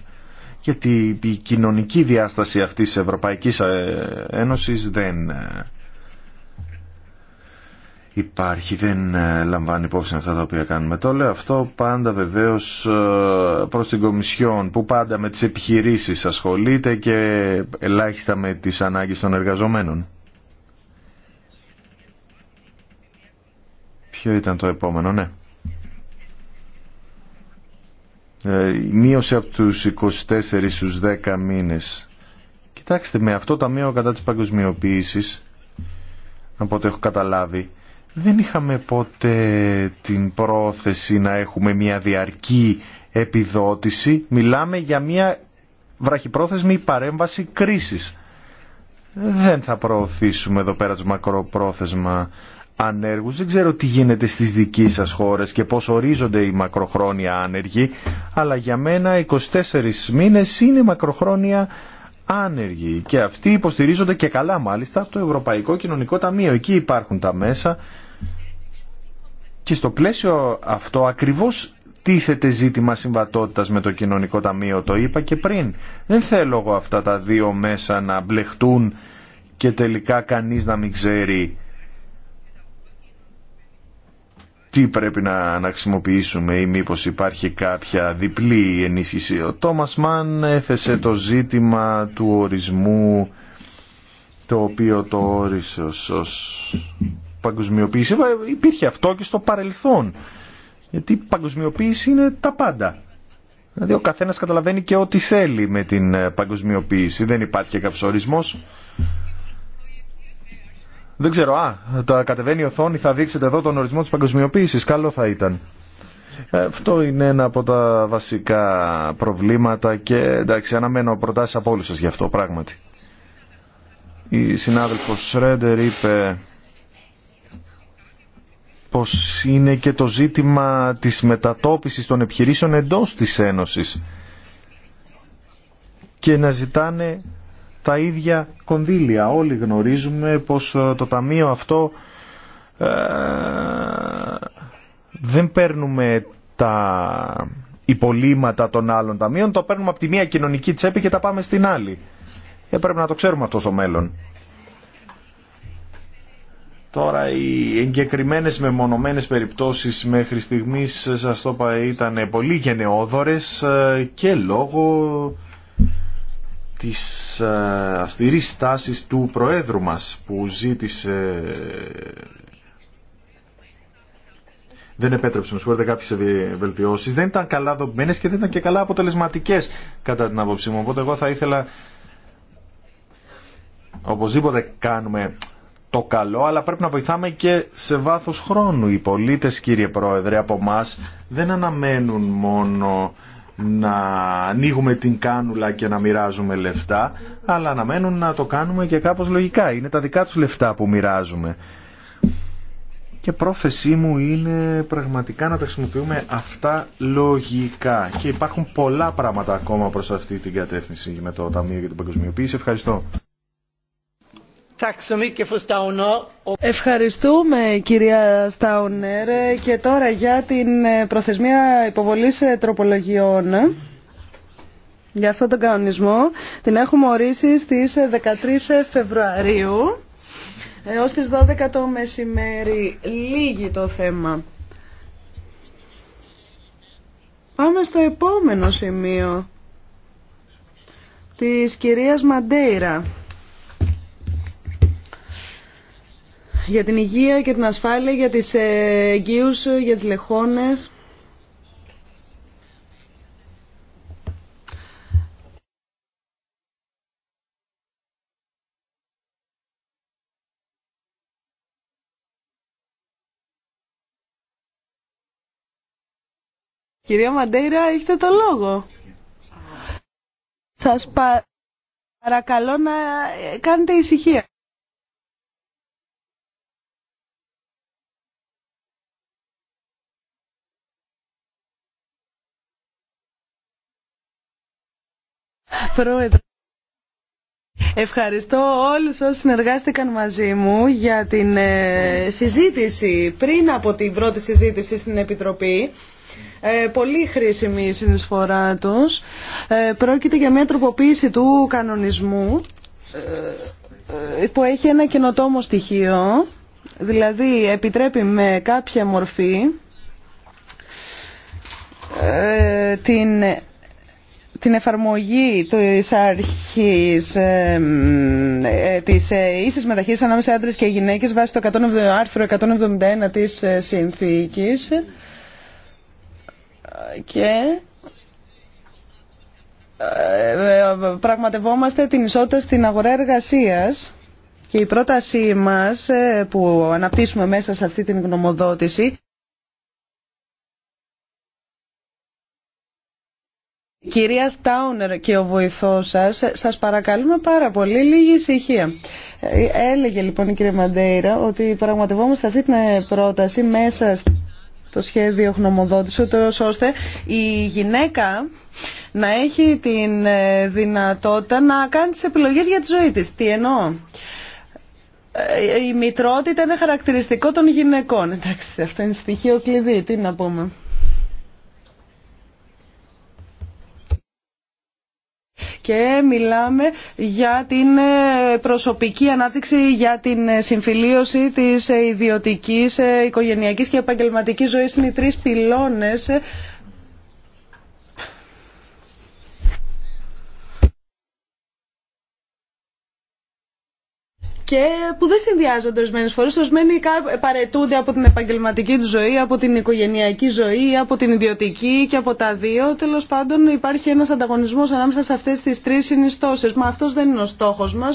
γιατί η κοινωνική διάσταση αυτής της Ευρωπαϊκής ε, Ένωσης δεν ε, υπάρχει, δεν ε, λαμβάνει υπόψη αυτά τα οποία κάνουμε. Το λέω αυτό πάντα βεβαίως ε, προς την Κομισιόν που πάντα με τις επιχειρήσεις ασχολείται και ελάχιστα με τις ανάγκες των εργαζομένων. Ποιο ήταν το επόμενο, ναι. Ε, η μείωση από τους 24 στους 10 μήνες. Κοιτάξτε, με αυτό το ταμείο κατά της παγκοσμιοποίησης, από ό,τι έχω καταλάβει, δεν είχαμε ποτέ την πρόθεση να έχουμε μια διαρκή επιδότηση. Μιλάμε για μια βραχυπρόθεσμη παρέμβαση κρίσης. Δεν θα προωθήσουμε εδώ πέρα τους μακροπρόθεσμα ανέργους. Δεν ξέρω τι γίνεται στις δικές σας χώρες και πώς ορίζονται οι μακροχρόνια άνεργοι, αλλά για μένα 24 μήνες είναι μακροχρόνια άνεργοι και αυτοί υποστηρίζονται και καλά μάλιστα από το Ευρωπαϊκό Κοινωνικό Ταμείο. Εκεί υπάρχουν τα μέσα και στο πλαίσιο αυτό ακριβώς τίθεται ζήτημα συμβατότητας με το κοινωνικό ταμείο, το είπα και πριν. Δεν θέλω εγώ αυτά τα δύο μέσα να μπλεχτούν και τελικά κανείς να μην ξέρει τι πρέπει να, να χρησιμοποιήσουμε ή μήπως υπάρχει κάποια διπλή ενίσχυση. Ο Τόμας Μαν έθεσε το ζήτημα του ορισμού το οποίο το όρισε ως παγκοσμιοποίηση. Ε, υπήρχε αυτό και στο παρελθόν. Γιατί η παγκοσμιοποίηση είναι τα πάντα. Δηλαδή ο καθένας καταλαβαίνει και ό,τι θέλει με την ε, παγκοσμιοποίηση. Δεν υπάρχει και κάποιος ορισμός. Δεν ξέρω, α, τα κατεβαίνει η οθόνη, θα δείξετε εδώ τον ορισμό της παγκοσμιοποίησης. Καλό θα ήταν. Ε, αυτό είναι ένα από τα βασικά προβλήματα και εντάξει αναμένω προτάσεις από όλους σας γι' αυτό πράγματι. Η συνάδελφος Σρέντερ είπε πως είναι και το ζήτημα της μετατόπισης των επιχειρήσεων εντός της Ένωσης και να ζητάνε τα ίδια κονδύλια. Όλοι γνωρίζουμε πως ε, το ταμείο αυτό ε, δεν παίρνουμε τα υπολείμματα των άλλων ταμείων, το παίρνουμε από τη μία κοινωνική τσέπη και τα πάμε στην άλλη. Ε, πρέπει να το ξέρουμε αυτό στο μέλλον. Τώρα οι εγκεκριμένες μεμονωμένες περιπτώσεις μέχρι στιγμής σας το είπα ήταν πολύ γενναιόδορες ε, και λόγω της ε, αυστηρής στάσης του Προέδρου μας που ζήτησε δεν επέτρεψε, μου συγχωρείτε, κάποιε βελτιώσει. Δεν ήταν καλά δομημένε και δεν ήταν και καλά αποτελεσματικέ, κατά την άποψή μου. Οπότε, εγώ θα ήθελα οπωσδήποτε κάνουμε το καλό, αλλά πρέπει να βοηθάμε και σε βάθος χρόνου. Οι πολίτες, κύριε Πρόεδρε, από εμά δεν αναμένουν μόνο να ανοίγουμε την κάνουλα και να μοιράζουμε λεφτά, αλλά αναμένουν να το κάνουμε και κάπως λογικά. Είναι τα δικά τους λεφτά που μοιράζουμε. Και πρόθεσή μου είναι πραγματικά να τα χρησιμοποιούμε αυτά λογικά. Και υπάρχουν πολλά πράγματα ακόμα προς αυτή την κατεύθυνση με το Ταμείο για την Παγκοσμιοποίηση. Ευχαριστώ. Ευχαριστούμε κυρία Στάουνερ και τώρα για την ε, προθεσμία υποβολής ε, τροπολογιών ε, για αυτόν τον κανονισμό την έχουμε ορίσει στις 13 Φεβρουαρίου έως τις 12 το μεσημέρι λίγη το θέμα. Πάμε στο επόμενο σημείο της κυρίας Μαντέιρα. για την υγεία και την ασφάλεια, για τις ε, εγγύους, για τις λεχόνες. Κυρία Μαντέιρα, έχετε το λόγο. Σας παρακαλώ να κάνετε ησυχία. Ευχαριστώ όλους όσοι συνεργάστηκαν μαζί μου για την ε, συζήτηση πριν από την πρώτη συζήτηση στην Επιτροπή. Ε, πολύ χρήσιμη η συνεισφορά τους. Ε, πρόκειται για μια τροποποίηση του κανονισμού ε, ε, που έχει ένα καινοτόμο στοιχείο, δηλαδή επιτρέπει με κάποια μορφή την την εφαρμογή της αρχής ε, ε της ε, ίσης μεταχείρισης ανάμεσα άντρες και γυναίκες βάσει το 170, άρθρο 171 της ε, συνθήκης και πραγματευόμαστε την ισότητα στην αγορά εργασίας και η πρότασή μας που αναπτύσσουμε μέσα σε αυτή την γνωμοδότηση Κυρία Στάουνερ και ο βοηθός σας, σας παρακαλούμε πάρα πολύ λίγη ησυχία. Ε, έλεγε λοιπόν η κυρία Μαντέιρα ότι πραγματευόμαστε αυτή την ε, πρόταση μέσα στο σχέδιο χνομοδότηση, ώστε η γυναίκα να έχει την ε, δυνατότητα να κάνει τις επιλογές για τη ζωή της. Τι εννοώ η μητρότητα είναι χαρακτηριστικό των γυναικών. Εντάξει, αυτό είναι στοιχείο κλειδί, τι να πούμε. και μιλάμε για την ε, προσωπική ανάπτυξη, για την ε, συμφιλίωση της ε, ιδιωτικής, οικογενειακής και επαγγελματικής ζωής. Είναι οι τρεις πυλώνες και που δεν συνδυάζονται ορισμένε φορέ. Ορισμένοι παρετούνται από την επαγγελματική του ζωή, από την οικογενειακή ζωή, από την ιδιωτική και από τα δύο. Τέλο πάντων, υπάρχει ένα ανταγωνισμό ανάμεσα σε αυτέ τι τρει συνιστώσει. Μα αυτό δεν είναι ο στόχο μα,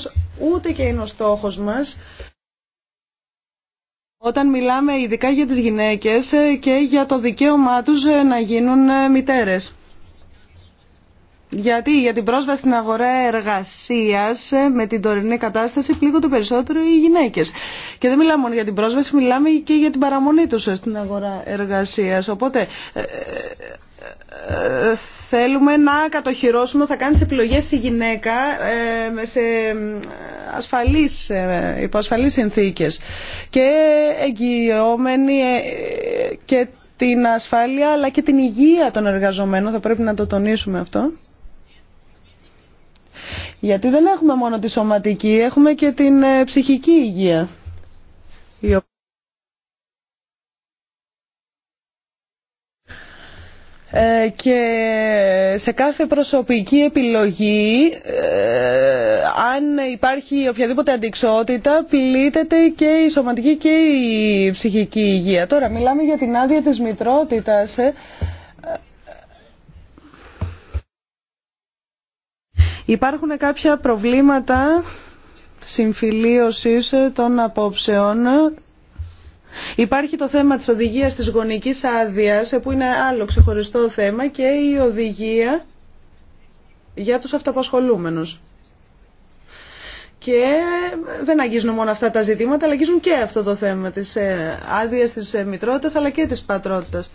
ούτε και είναι ο στόχο μα. Όταν μιλάμε ειδικά για τις γυναίκες και για το δικαίωμά τους να γίνουν μητέρες. Γιατί για την πρόσβαση στην αγορά εργασία ε, με την τωρινή κατάσταση πλήγονται περισσότερο οι γυναίκες. Και δεν μιλάμε μόνο για την πρόσβαση, μιλάμε και για την παραμονή τους ε, στην αγορά εργασία. Οπότε ε, θέλουμε να κατοχυρώσουμε θα κάνει επιλογές η γυναίκα σε ασφαλείς, υπό ασφαλείς συνθήκες και εγγυόμενη και την ασφάλεια αλλά και την υγεία των εργαζομένων θα πρέπει να το τονίσουμε αυτό γιατί δεν έχουμε μόνο τη σωματική, έχουμε και την ε, ψυχική υγεία. Ε, και σε κάθε προσωπική επιλογή ε, αν υπάρχει οποιαδήποτε αντικσότητα πλήττεται και η σωματική και η ψυχική υγεία. Τώρα μιλάμε για την άδεια της μητρότητας. Υπάρχουν κάποια προβλήματα συμφιλίωσης των απόψεων. Υπάρχει το θέμα της οδηγίας της γονικής άδειας, που είναι άλλο ξεχωριστό θέμα, και η οδηγία για τους αυτοαπασχολούμενους. Και δεν αγγίζουν μόνο αυτά τα ζητήματα, αλλά αγγίζουν και αυτό το θέμα της ε, άδειας της ε, μητρότητας, αλλά και της πατρότητας.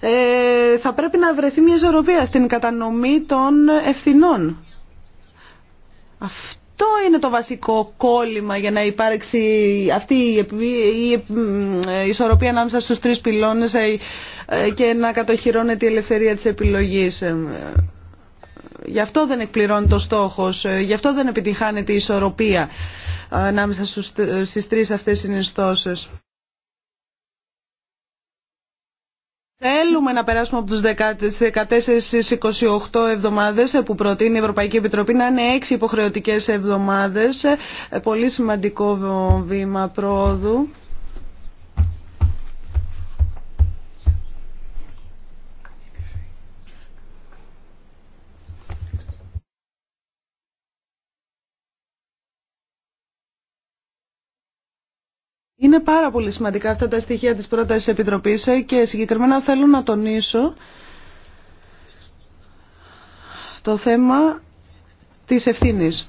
Ε, θα πρέπει να βρεθεί μια ισορροπία στην κατανομή των ευθυνών. Αυτό είναι το βασικό κόλλημα για να υπάρξει αυτή η ισορροπία ανάμεσα στους τρεις πυλώνες ε, ε, και να κατοχυρώνεται η ελευθερία της επιλογής. Γι' αυτό δεν εκπληρώνει το στόχος, γι' αυτό δεν επιτυχάνεται η ισορροπία ανάμεσα στις τρεις αυτές συνιστώσεις. Θέλουμε να περάσουμε από τους 14 28 εβδομάδες που προτείνει η Ευρωπαϊκή Επιτροπή να είναι 6 υποχρεωτικές εβδομάδες. Πολύ σημαντικό βήμα πρόοδου. Είναι πάρα πολύ σημαντικά αυτά τα στοιχεία της πρότασης Επιτροπής ε, και συγκεκριμένα θέλω να τονίσω το θέμα της ευθύνης.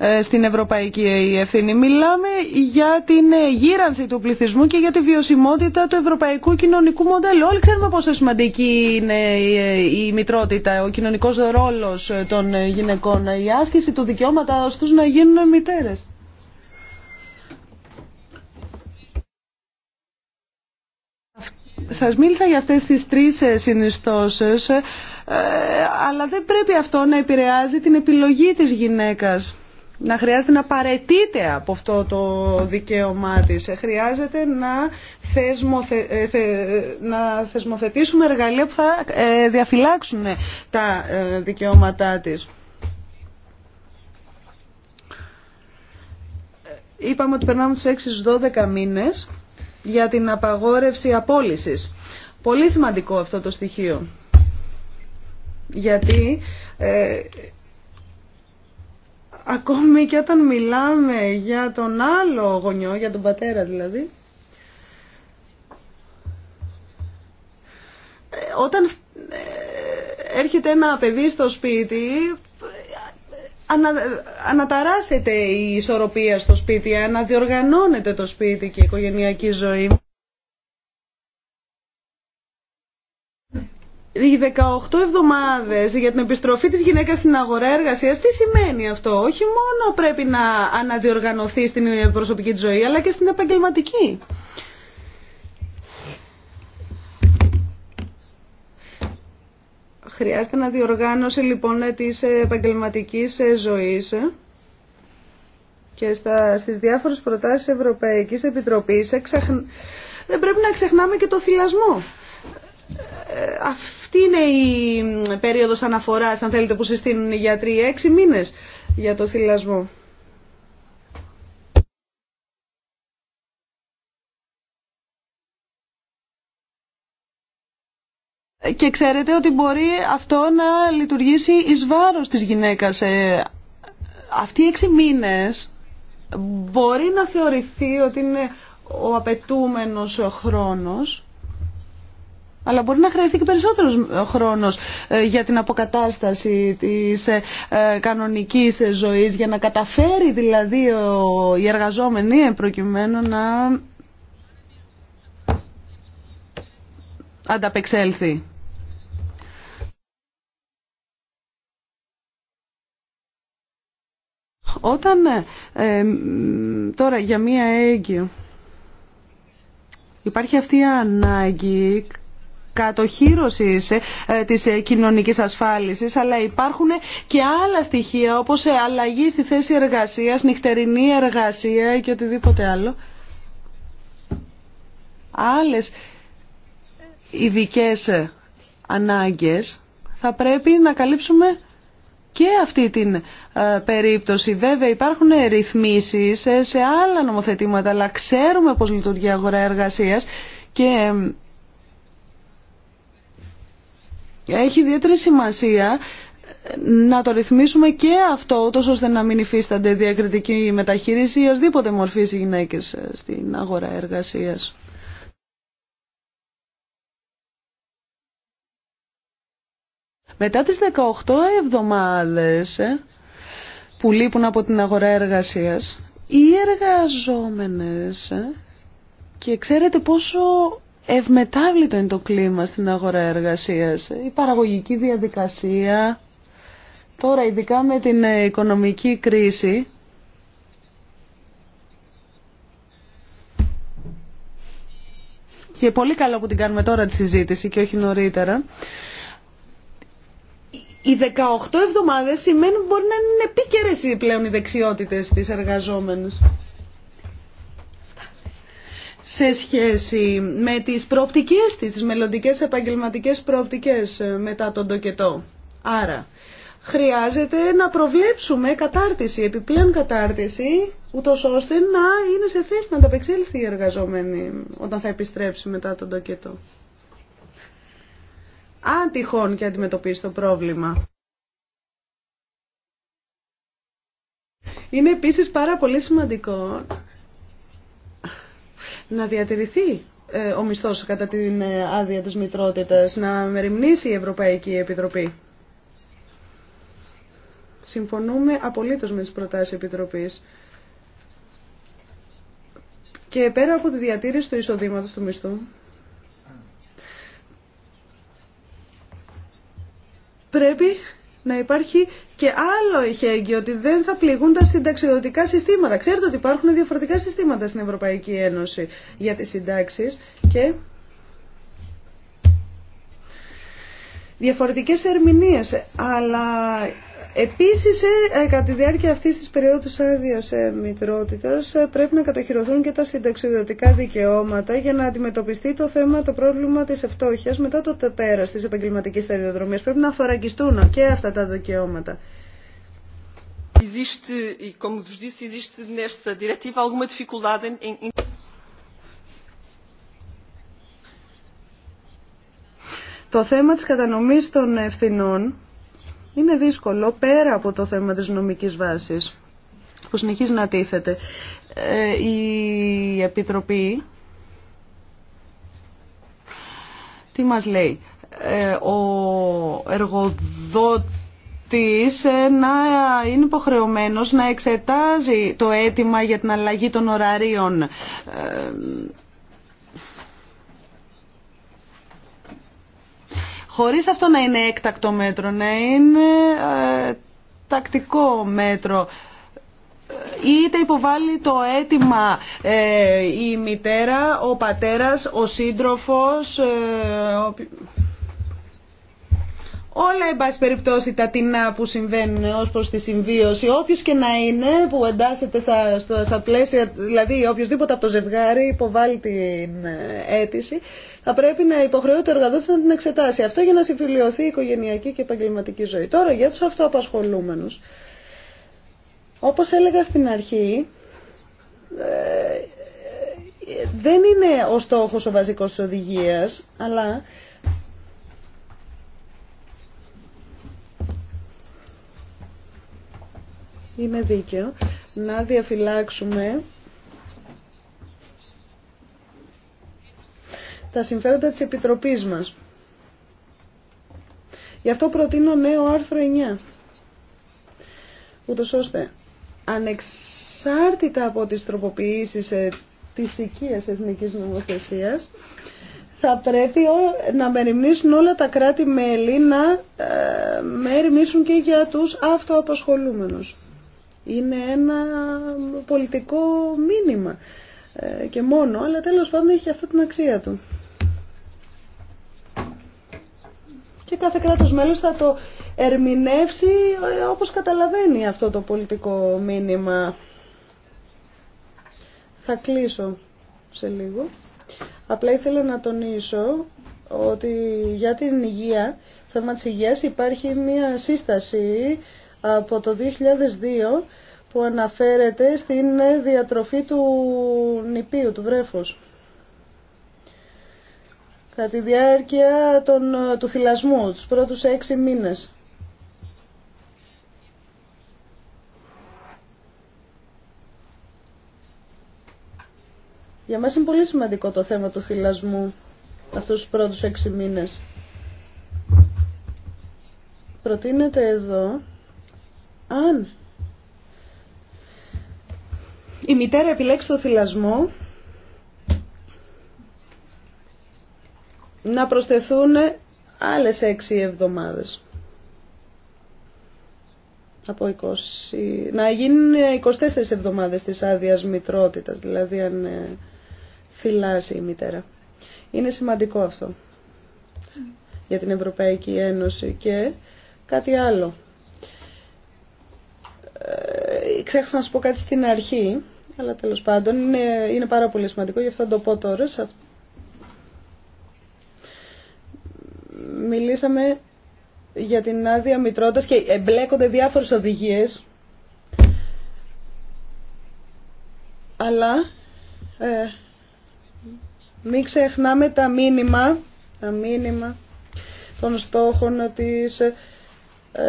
Ε, στην ευρωπαϊκή ευθύνη. Μιλάμε για την γύρανση του πληθυσμού και για τη βιωσιμότητα του ευρωπαϊκού κοινωνικού μοντέλου. Όλοι ξέρουμε πόσο σημαντική είναι η μητρότητα, ο κοινωνικός ρόλος των γυναικών, η άσκηση του δικαιώματα στους να γίνουν μητέρες. Σας μίλησα για αυτές τις τρεις συνιστώσεις, ε, αλλά δεν πρέπει αυτό να επηρεάζει την επιλογή της γυναίκας να χρειάζεται να παρετείται από αυτό το δικαίωμά της. Χρειάζεται να, ε, να θεσμοθετήσουμε εργαλεία που θα ε, διαφυλάξουν τα ε, δικαιώματά της. Είπαμε ότι περνάμε τους 6 12 μήνες για την απαγόρευση απόλυσης. Πολύ σημαντικό αυτό το στοιχείο. Γιατί Ακόμη και όταν μιλάμε για τον άλλο γονιό, για τον πατέρα δηλαδή, ε, όταν ε, έρχεται ένα παιδί στο σπίτι, ανα, αναταράσσεται η ισορροπία στο σπίτι, αναδιοργανώνεται το σπίτι και η οικογενειακή ζωή. οι 18 εβδομάδες για την επιστροφή της γυναίκας στην αγορά εργασία. τι σημαίνει αυτό. Όχι μόνο πρέπει να αναδιοργανωθεί στην προσωπική ζωή, αλλά και στην επαγγελματική. Χρειάζεται να διοργάνωση λοιπόν τη επαγγελματική ζωή και στα, στις διάφορες προτάσεις Ευρωπαϊκής Επιτροπής δεν πρέπει να ξεχνάμε και το θυλασμό αυτή είναι η περίοδος αναφοράς, αν θέλετε, που συστήνουν οι γιατροί, έξι μήνες για το θυλασμό. Και ξέρετε ότι μπορεί αυτό να λειτουργήσει εις βάρος της γυναίκας. Ε, αυτοί οι έξι μήνες μπορεί να θεωρηθεί ότι είναι ο απαιτούμενος χρόνος αλλά μπορεί να χρειαστεί και περισσότερος ε, χρόνος ε, για την αποκατάσταση της ε, κανονικής ζωής, για να καταφέρει δηλαδή οι εργαζόμενοι προκειμένου να ανταπεξέλθει. Όταν τώρα για μία έγκυο υπάρχει αυτή η ανάγκη τη ε, της ε, κοινωνική ασφάλισης, αλλά υπάρχουν και άλλα στοιχεία όπως ε, αλλαγή στη θέση εργασίας, νυχτερινή εργασία και οτιδήποτε άλλο. Άλλε ειδικέ ανάγκες θα πρέπει να καλύψουμε και αυτή την περίπτωση. Βέβαια υπάρχουν ρυθμίσεις σε άλλα νομοθετήματα, αλλά ξέρουμε πώς λειτουργεί η αγορά εργασίας και έχει ιδιαίτερη σημασία να το ρυθμίσουμε και αυτό, ούτως ώστε να μην υφίστανται διακριτική μεταχείριση ή οσδήποτε μορφή οι γυναίκες ε, στην αγορά εργασίας. Μετά τις 18 εβδομάδες ε, που λείπουν από την αγορά εργασίας, οι εργαζόμενες ε, και ξέρετε πόσο ευμετάβλητο είναι το κλίμα στην αγορά εργασίας. Η παραγωγική διαδικασία, τώρα ειδικά με την ε, οικονομική κρίση, και πολύ καλό που την κάνουμε τώρα τη συζήτηση και όχι νωρίτερα, οι 18 εβδομάδες σημαίνουν μπορεί να είναι επίκαιρες πλέον οι δεξιότητες της εργαζόμενης σε σχέση με τις προοπτικές της, τις μελλοντικές επαγγελματικές προοπτικές ε, μετά τον τοκετό. Άρα, χρειάζεται να προβλέψουμε κατάρτιση, επιπλέον κατάρτιση, ούτω ώστε να είναι σε θέση να ανταπεξέλθει η εργαζόμενη όταν θα επιστρέψει μετά τον τοκετό. Αν τυχόν και αντιμετωπίσει το πρόβλημα. Είναι επίσης πάρα πολύ σημαντικό να διατηρηθεί ε, ο μισθός κατά την ε, άδεια της μητρότητας, να μεριμνήσει η Ευρωπαϊκή Επιτροπή. Συμφωνούμε απολύτως με τις προτάσεις Επιτροπής. Και πέρα από τη διατήρηση του εισοδήματος του μισθού, πρέπει να υπάρχει και άλλο ηχέγγυο ότι δεν θα πληγούν τα συνταξιδοτικά συστήματα. Ξέρετε ότι υπάρχουν διαφορετικά συστήματα στην Ευρωπαϊκή Ένωση για τις συντάξεις και διαφορετικές ερμηνείες, αλλά Επίσης, ε, ε, κατά τη διάρκεια αυτής της περίοδου της άδειας ε, πρέπει να κατοχυρωθούν και τα συνταξιδιωτικά δικαιώματα για να αντιμετωπιστεί το θέμα, το πρόβλημα της ευτόχειας μετά το τεπέρας της επαγγελματικής σταδιοδρομίας. Πρέπει να θωρακιστούν και αυτά τα δικαιώματα. Το θέμα της κατανομής των ευθυνών είναι δύσκολο πέρα από το θέμα της νομικής βάσης που συνεχίζει να τίθεται. Ε, η Επιτροπή τι μας λέει. Ε, ο εργοδότης ε, να είναι υποχρεωμένος να εξετάζει το αίτημα για την αλλαγή των ωραρίων χωρίς αυτό να είναι έκτακτο μέτρο, να είναι ε, τακτικό μέτρο. Ε, είτε υποβάλλει το αίτημα ε, η μητέρα, ο πατέρας, ο σύντροφος, όλα εν πάση περιπτώσει τα τεινά που συμβαίνουν ω προ τη συμβίωση, όποιο και να είναι που εντάσσεται στα, στα, πλαίσια, δηλαδή οποιοδήποτε από το ζευγάρι υποβάλλει την ε, αίτηση, θα πρέπει να υποχρεώται ο εργαδό να την εξετάσει. Αυτό για να συμφιλειωθεί η οικογενειακή και επαγγελματική ζωή. Τώρα για του αυτοαπασχολούμενου. Όπω έλεγα στην αρχή, ε, ε, δεν είναι ο στόχος ο βασικός της οδηγίας, αλλά είναι δίκαιο να διαφυλάξουμε τα συμφέροντα της Επιτροπής μας. Γι' αυτό προτείνω νέο άρθρο 9, ούτως ώστε ανεξάρτητα από τις τροποποιήσεις ε, της οικίας εθνικής νομοθεσίας, θα πρέπει να μεριμνήσουν όλα τα κράτη-μέλη να ε, μεριμνήσουν και για τους αυτοαπασχολούμενους είναι ένα πολιτικό μήνυμα ε, και μόνο, αλλά τέλος πάντων έχει αυτή την αξία του. Και κάθε κράτος μέλος θα το ερμηνεύσει ε, όπως καταλαβαίνει αυτό το πολιτικό μήνυμα. Θα κλείσω σε λίγο. Απλά ήθελα να τονίσω ότι για την υγεία, θέμα της υγείας, υπάρχει μία σύσταση από το 2002 που αναφέρεται στην διατροφή του νηπίου, του βρέφους. Κατά τη διάρκεια των, του θυλασμού, τους πρώτους έξι μήνες. Για μας είναι πολύ σημαντικό το θέμα του θυλασμού αυτούς τους πρώτους έξι μήνες. Προτείνεται εδώ αν η μητέρα επιλέξει το θυλασμό, να προσθεθούν άλλες έξι εβδομάδες. Από 20... Να γίνουν 24 εβδομάδες της άδεια μητρότητας, δηλαδή αν ε, θυλάσει η μητέρα. Είναι σημαντικό αυτό για την Ευρωπαϊκή Ένωση και κάτι άλλο ξέχασα να σου πω κάτι στην αρχή, αλλά τέλος πάντων είναι, είναι πάρα πολύ σημαντικό, γι' αυτό το πω τώρα. Μιλήσαμε για την άδεια μητρότητας και εμπλέκονται διάφορες οδηγίες, αλλά ε, μην ξεχνάμε τα μήνυμα, τα μήνυμα των στόχων της τις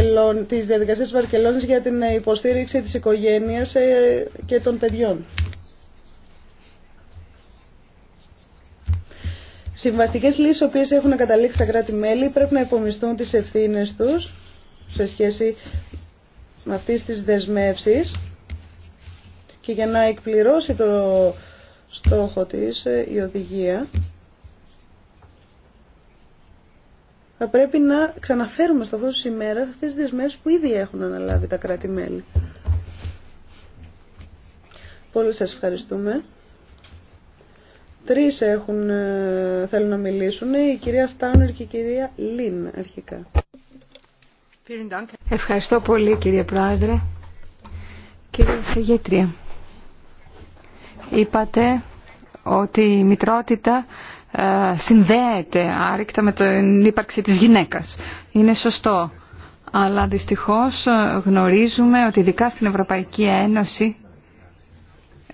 ε, της διαδικασίας της Βαρκελόνης για την υποστήριξη της οικογένειας ε, και των παιδιών. Συμβαστικές λύσεις, οι οποίες έχουν καταλήξει τα κράτη-μέλη, πρέπει να υπομισθούν τις ευθύνες τους σε σχέση με αυτές τις δεσμεύσεις και για να εκπληρώσει το στόχο της ε, η οδηγία θα πρέπει να ξαναφέρουμε στο φως της ημέρας αυτές τις δεσμεύσεις που ήδη έχουν αναλάβει τα κράτη-μέλη. Πολύ σας ευχαριστούμε. Τρεις έχουν, ε, θέλουν να μιλήσουν, η κυρία Στάνερ και η κυρία Λίν αρχικά. Ευχαριστώ πολύ κύριε Πρόεδρε. Κύριε Σεγέτρια, είπατε ότι η μητρότητα ε, συνδέεται άρρηκτα με την ύπαρξη της γυναίκας. Είναι σωστό. Αλλά δυστυχώς ε, γνωρίζουμε ότι ειδικά στην Ευρωπαϊκή Ένωση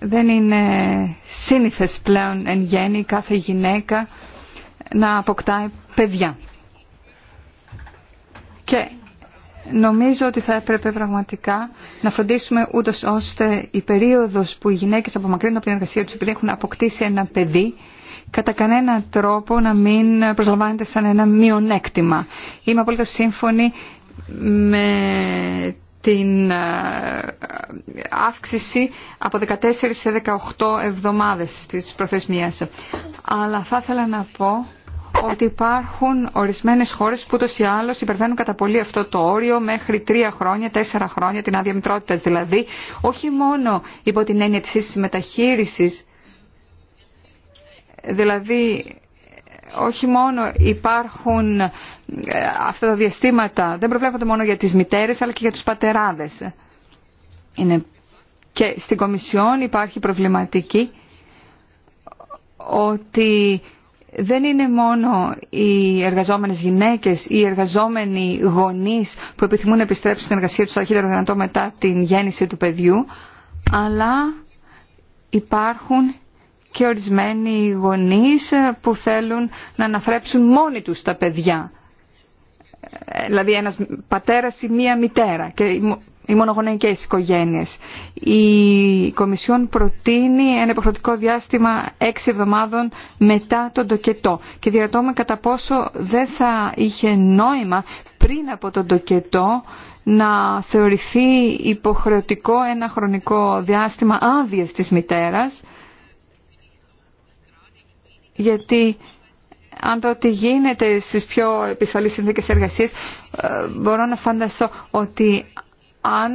δεν είναι σύνηθες πλέον εν γέννη κάθε γυναίκα να αποκτάει παιδιά. Και νομίζω ότι θα έπρεπε πραγματικά να φροντίσουμε ούτως ώστε η περίοδος που οι γυναίκες απομακρύνουν από την εργασία τους επειδή έχουν αποκτήσει ένα παιδί κατά κανένα τρόπο να μην προσλαμβάνεται σαν ένα μειονέκτημα. Είμαι απόλυτα σύμφωνη με την ε, αύξηση από 14 σε 18 εβδομάδες της προθεσμίας. Αλλά θα ήθελα να πω ότι υπάρχουν ορισμένες χώρες που ούτως ή άλλως υπερβαίνουν κατά πολύ αυτό το όριο μέχρι τρία χρόνια, τέσσερα χρόνια την άδεια δηλαδή όχι μόνο υπό την έννοια της μεταχείρισης Δηλαδή όχι μόνο υπάρχουν ε, αυτά τα διαστήματα, δεν προβλέπονται μόνο για τις μητέρες αλλά και για τους πατεράδες. Είναι και στην Κομισιόν υπάρχει προβληματική ότι δεν είναι μόνο οι εργαζόμενες γυναίκες ή οι εργαζόμενοι γονείς που επιθυμούν να επιστρέψουν στην εργασία τους το δυνατό μετά την γέννηση του παιδιού, αλλά υπάρχουν και ορισμένοι γονείς που θέλουν να αναθρέψουν μόνοι τους τα παιδιά. Ε, δηλαδή ένας πατέρας ή μία μητέρα και οι μονογονεϊκές οικογένειες. Η Κομισιόν προτείνει ένα υποχρεωτικό διάστημα έξι εβδομάδων μετά τον τοκετό και διαρωτώμε κατά πόσο δεν θα είχε νόημα πριν από τον τοκετό να θεωρηθεί υποχρεωτικό ένα χρονικό διάστημα άδειας της μητέρας γιατί αν το ότι γίνεται στις πιο επισφαλείς συνθήκες εργασίας ε, μπορώ να φανταστώ ότι αν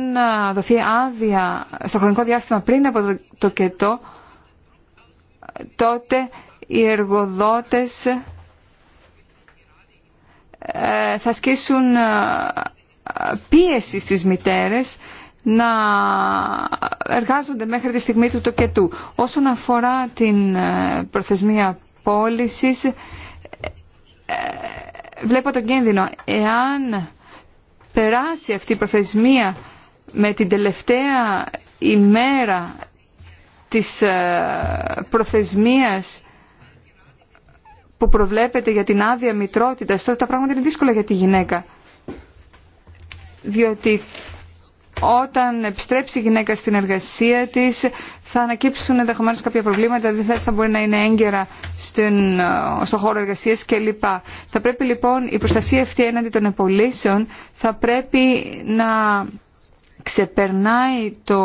δοθεί άδεια στο χρονικό διάστημα πριν από το κετό τότε οι εργοδότες ε, θα ασκήσουν ε, πίεση στις μητέρες να εργάζονται μέχρι τη στιγμή του τοκετού. Όσον αφορά την προθεσμία ε, βλέπω τον κίνδυνο. Εάν περάσει αυτή η προθεσμία με την τελευταία ημέρα της ε, προθεσμίας που προβλέπεται για την άδεια μητρότητας, τότε τα πράγματα είναι δύσκολα για τη γυναίκα. Διότι όταν επιστρέψει η γυναίκα στην εργασία της θα ανακύψουν ενδεχομένω κάποια προβλήματα, δηλαδή θα μπορεί να είναι έγκαιρα στην, στο χώρο εργασία κλπ. Θα πρέπει λοιπόν η προστασία αυτή έναντι των επολύσεων θα πρέπει να ξεπερνάει το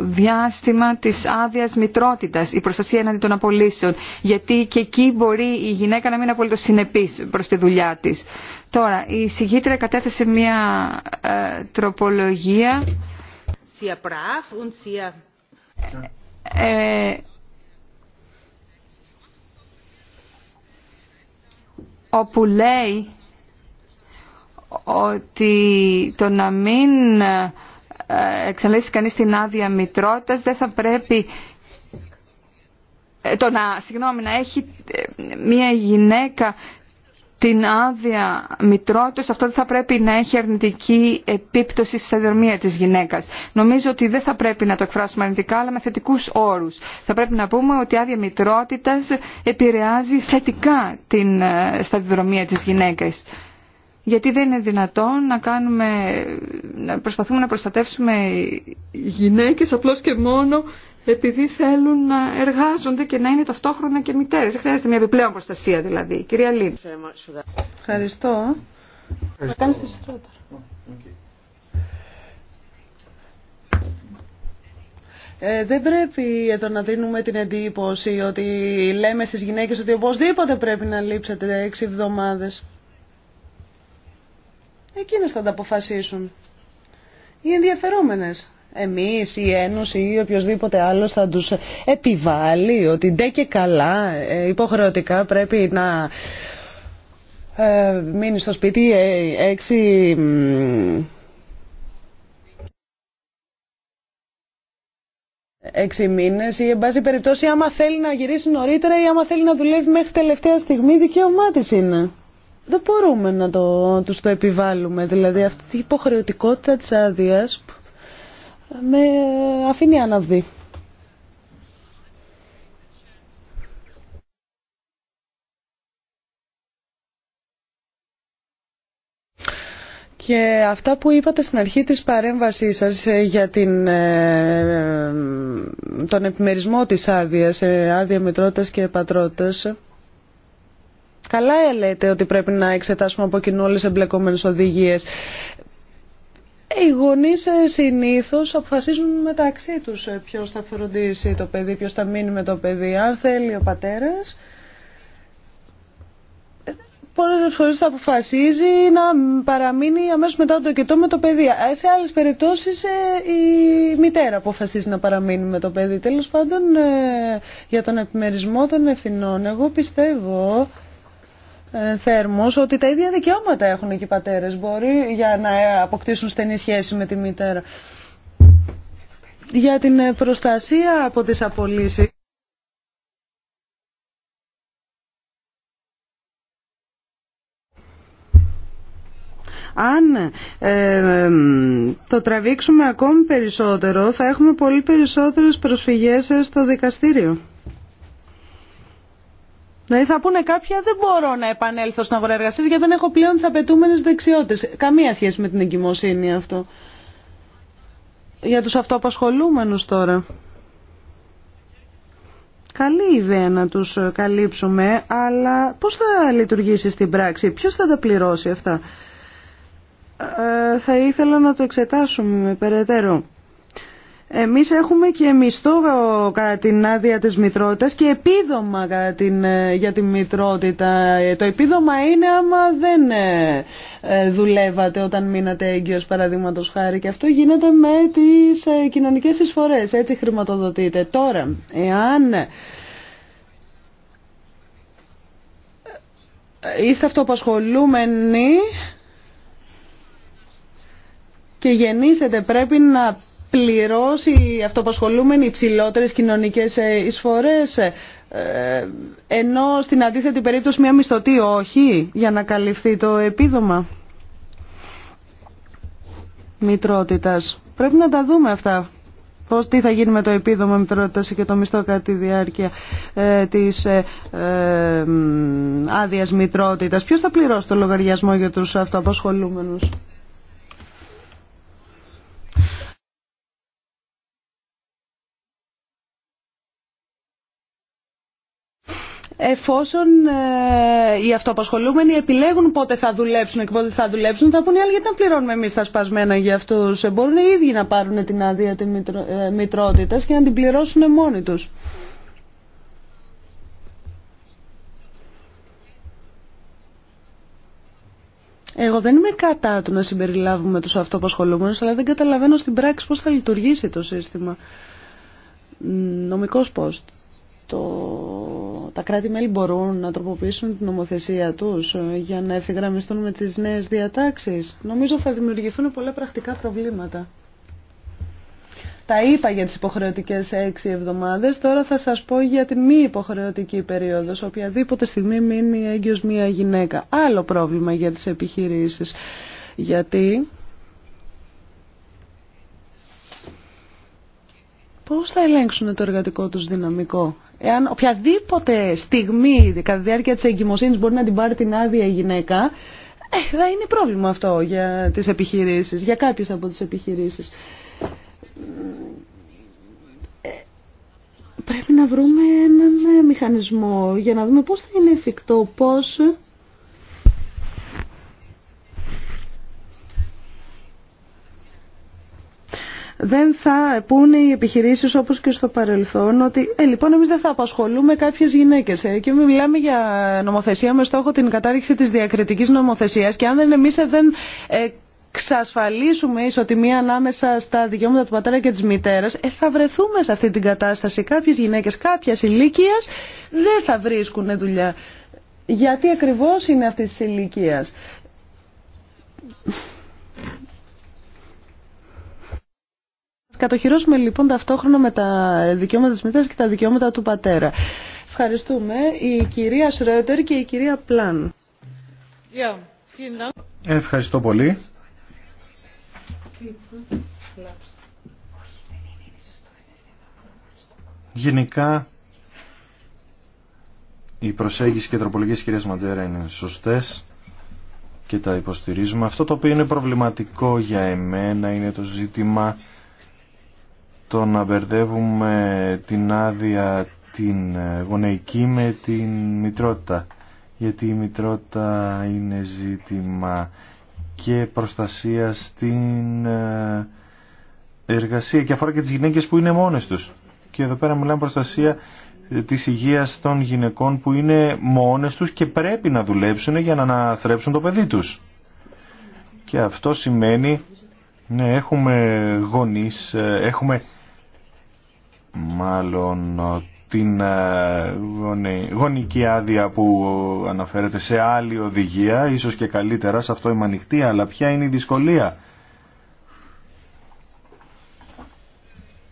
διάστημα της άδεια μητρότητας, η προστασία έναντι των απολύσεων. Γιατί και εκεί μπορεί η γυναίκα να μην είναι απολύτω συνεπή προ τη δουλειά τη. Τώρα, η συγγήτρια κατέθεσε μια ε, τροπολογία ε, όπου λέει ότι το να μην ε, εξαλείψει κανείς την άδεια μητρότητας δεν θα πρέπει ε, το να, συγγνώμη, να έχει ε, μια γυναίκα την άδεια μητρότητας αυτό δεν θα πρέπει να έχει αρνητική επίπτωση στη σταδιοδρομία της γυναίκας. Νομίζω ότι δεν θα πρέπει να το εκφράσουμε αρνητικά, αλλά με θετικούς όρους. Θα πρέπει να πούμε ότι η άδεια μητρότητας επηρεάζει θετικά την ε, σταδιοδρομία της γυναίκας. Γιατί δεν είναι δυνατόν να, κάνουμε, να προσπαθούμε να προστατεύσουμε γυναίκες απλώς και μόνο επειδή θέλουν να εργάζονται και να είναι ταυτόχρονα και μητέρες. Δεν χρειάζεται μια επιπλέον προστασία δηλαδή. Κυρία Λίν. Ευχαριστώ. Θα Ε, δεν πρέπει εδώ να δίνουμε την εντύπωση ότι λέμε στις γυναίκες ότι οπωσδήποτε πρέπει να λείψετε έξι εβδομάδες. Εκείνες θα τα αποφασίσουν. Οι ενδιαφερόμενες εμείς η Ένωση ή οποιοδήποτε άλλος θα τους επιβάλλει ότι ντε και καλά ε, υποχρεωτικά πρέπει να ε, μείνει στο σπίτι ε, έξι έξι μήνε ή, εν πάση περιπτώσει, άμα θέλει να γυρίσει νωρίτερα ή άμα θέλει να δουλεύει μέχρι τελευταία στιγμή, δικαίωμά τη είναι. Δεν μπορούμε να το, τους το επιβάλλουμε. Δηλαδή, αυτή η υποχρεωτικότητα της άδεια με αφήνει αναβδί. Και αυτά που είπατε στην αρχή της παρέμβασής σας ε, για την, ε, ε, τον επιμερισμό της άδειας, άδεια μητρότητας και πατρότητας, Καλά λέτε ότι πρέπει να εξετάσουμε από κοινού όλες εμπλεκόμενες οδηγίες. Οι γονεί ε, συνήθως αποφασίζουν μεταξύ τους ε, ποιος θα φροντίσει το παιδί, ποιος θα μείνει με το παιδί. Αν θέλει ο πατέρας, ε, πολλέ φορέ θα αποφασίζει να παραμείνει αμέσως μετά το τοκετό με το παιδί. Σε άλλες περιπτώσεις η μητέρα αποφασίζει να παραμείνει με το παιδί. Τέλος πάντων, για τον επιμερισμό των ευθυνών, εγώ πιστεύω ε, θέρμος ότι τα ίδια δικαιώματα έχουν και οι πατέρες μπορεί για να αποκτήσουν στενή σχέση με τη μητέρα. Για την ε, προστασία από τις απολύσεις. Αν ε, το τραβήξουμε ακόμη περισσότερο θα έχουμε πολύ περισσότερες προσφυγές στο δικαστήριο. Δηλαδή θα πούνε κάποια, δεν μπορώ να επανέλθω στην αγορά εργασία γιατί δεν έχω πλέον τι απαιτούμενε δεξιότητε. Καμία σχέση με την εγκυμοσύνη αυτό. Για τους αυτοαπασχολούμενους τώρα. Καλή ιδέα να τους ε, καλύψουμε, αλλά πώς θα λειτουργήσει στην πράξη, ποιος θα τα πληρώσει αυτά. Ε, θα ήθελα να το εξετάσουμε με περαιτέρω. Εμείς έχουμε και μισθό κατά την άδεια της μητρότητας και επίδομα την, ε, για τη μητρότητα. Ε, το επίδομα είναι άμα δεν ε, δουλεύατε όταν μείνατε έγκυος παραδείγματος χάρη και αυτό γίνεται με τις κοινωνικές εισφορές, έτσι χρηματοδοτείται. Τώρα, εάν είστε αυτοπασχολούμενοι και γεννήσετε πρέπει να πληρώσει οι αυτοπασχολούμενοι υψηλότερες κοινωνικές ε, εισφορές ε, ενώ στην αντίθετη περίπτωση μια μισθωτή όχι για να καλυφθεί το επίδομα μητρότητας. Πρέπει να τα δούμε αυτά. Πώς, τι θα γίνει με το επίδομα μητρότητας και το μισθό κατά τη διάρκεια ε, της ε, ε, άδειας μητρότητας. Ποιος θα πληρώσει το λογαριασμό για τους αυτοαπασχολούμενους. εφόσον ε, οι αυτοαπασχολούμενοι επιλέγουν πότε θα δουλέψουν και πότε θα δουλέψουν, θα πούνε οι άλλοι γιατί να πληρώνουμε εμεί τα σπασμένα για αυτού. Ε, μπορούν οι ίδιοι να πάρουν την άδεια τη ε, μητρότητα και να την πληρώσουν μόνοι του. Εγώ δεν είμαι κατά του να συμπεριλάβουμε τους αυτοπασχολούμενους, αλλά δεν καταλαβαίνω στην πράξη πώς θα λειτουργήσει το σύστημα. Νομικός πώς το, τα κράτη-μέλη μπορούν να τροποποιήσουν την νομοθεσία τους για να ευθυγραμμιστούν με τις νέες διατάξεις. Νομίζω θα δημιουργηθούν πολλά πρακτικά προβλήματα. Τα είπα για τις υποχρεωτικές έξι εβδομάδες, τώρα θα σας πω για τη μη υποχρεωτική περίοδος, οποιαδήποτε στιγμή μείνει έγκυος μία γυναίκα. Άλλο πρόβλημα για τις επιχειρήσεις, γιατί πώς θα ελέγξουν το εργατικό τους δυναμικό Εάν οποιαδήποτε στιγμή κατά τη διάρκεια της εγκυμοσύνης μπορεί να την πάρει την άδεια η γυναίκα, ε, θα είναι πρόβλημα αυτό για τις επιχειρήσεις, για κάποιες από τις επιχειρήσεις. Ε, πρέπει να βρούμε έναν ε, μηχανισμό για να δούμε πώς θα είναι εφικτό, πώς δεν θα πούνε οι επιχειρήσεις όπως και στο παρελθόν ότι ε, λοιπόν εμείς δεν θα απασχολούμε κάποιες γυναίκες ε, και μιλάμε για νομοθεσία με στόχο την κατάρριξη της διακριτικής νομοθεσίας και αν δεν εμείς ε, δεν ε, ξασφαλίσουμε ισοτιμία ανάμεσα στα δικαιώματα του πατέρα και της μητέρας, ε, θα βρεθούμε σε αυτή την κατάσταση. Κάποιες γυναίκες κάποιας ηλικία δεν θα βρίσκουν δουλειά. Γιατί ακριβώς είναι αυτή τη ηλικία. Κατοχυρώσουμε λοιπόν ταυτόχρονα με τα δικαιώματα της μητέρας και τα δικαιώματα του πατέρα. Ευχαριστούμε. Η κυρία Σρέτερ και η κυρία Πλάν. Ευχαριστώ πολύ. Γενικά η προσέγγιση και η τροπολογία της κυρίας Μαντέρα είναι σωστές και τα υποστηρίζουμε. Αυτό το οποίο είναι προβληματικό για εμένα είναι το ζήτημα το να μπερδεύουμε την άδεια την ε, γονεϊκή με την μητρότητα γιατί η μητρότητα είναι ζήτημα και προστασία στην ε, εργασία και αφορά και τις γυναίκες που είναι μόνες τους και εδώ πέρα μιλάμε προστασία ε, της υγείας των γυναικών που είναι μόνες τους και πρέπει να δουλέψουν για να αναθρέψουν το παιδί τους και αυτό σημαίνει ναι, έχουμε γονείς, έχουμε μάλλον ε, την ε, γονική άδεια που αναφέρεται σε άλλη οδηγία, ίσως και καλύτερα, σε αυτό είμαι ανοιχτή, αλλά ποια είναι η δυσκολία.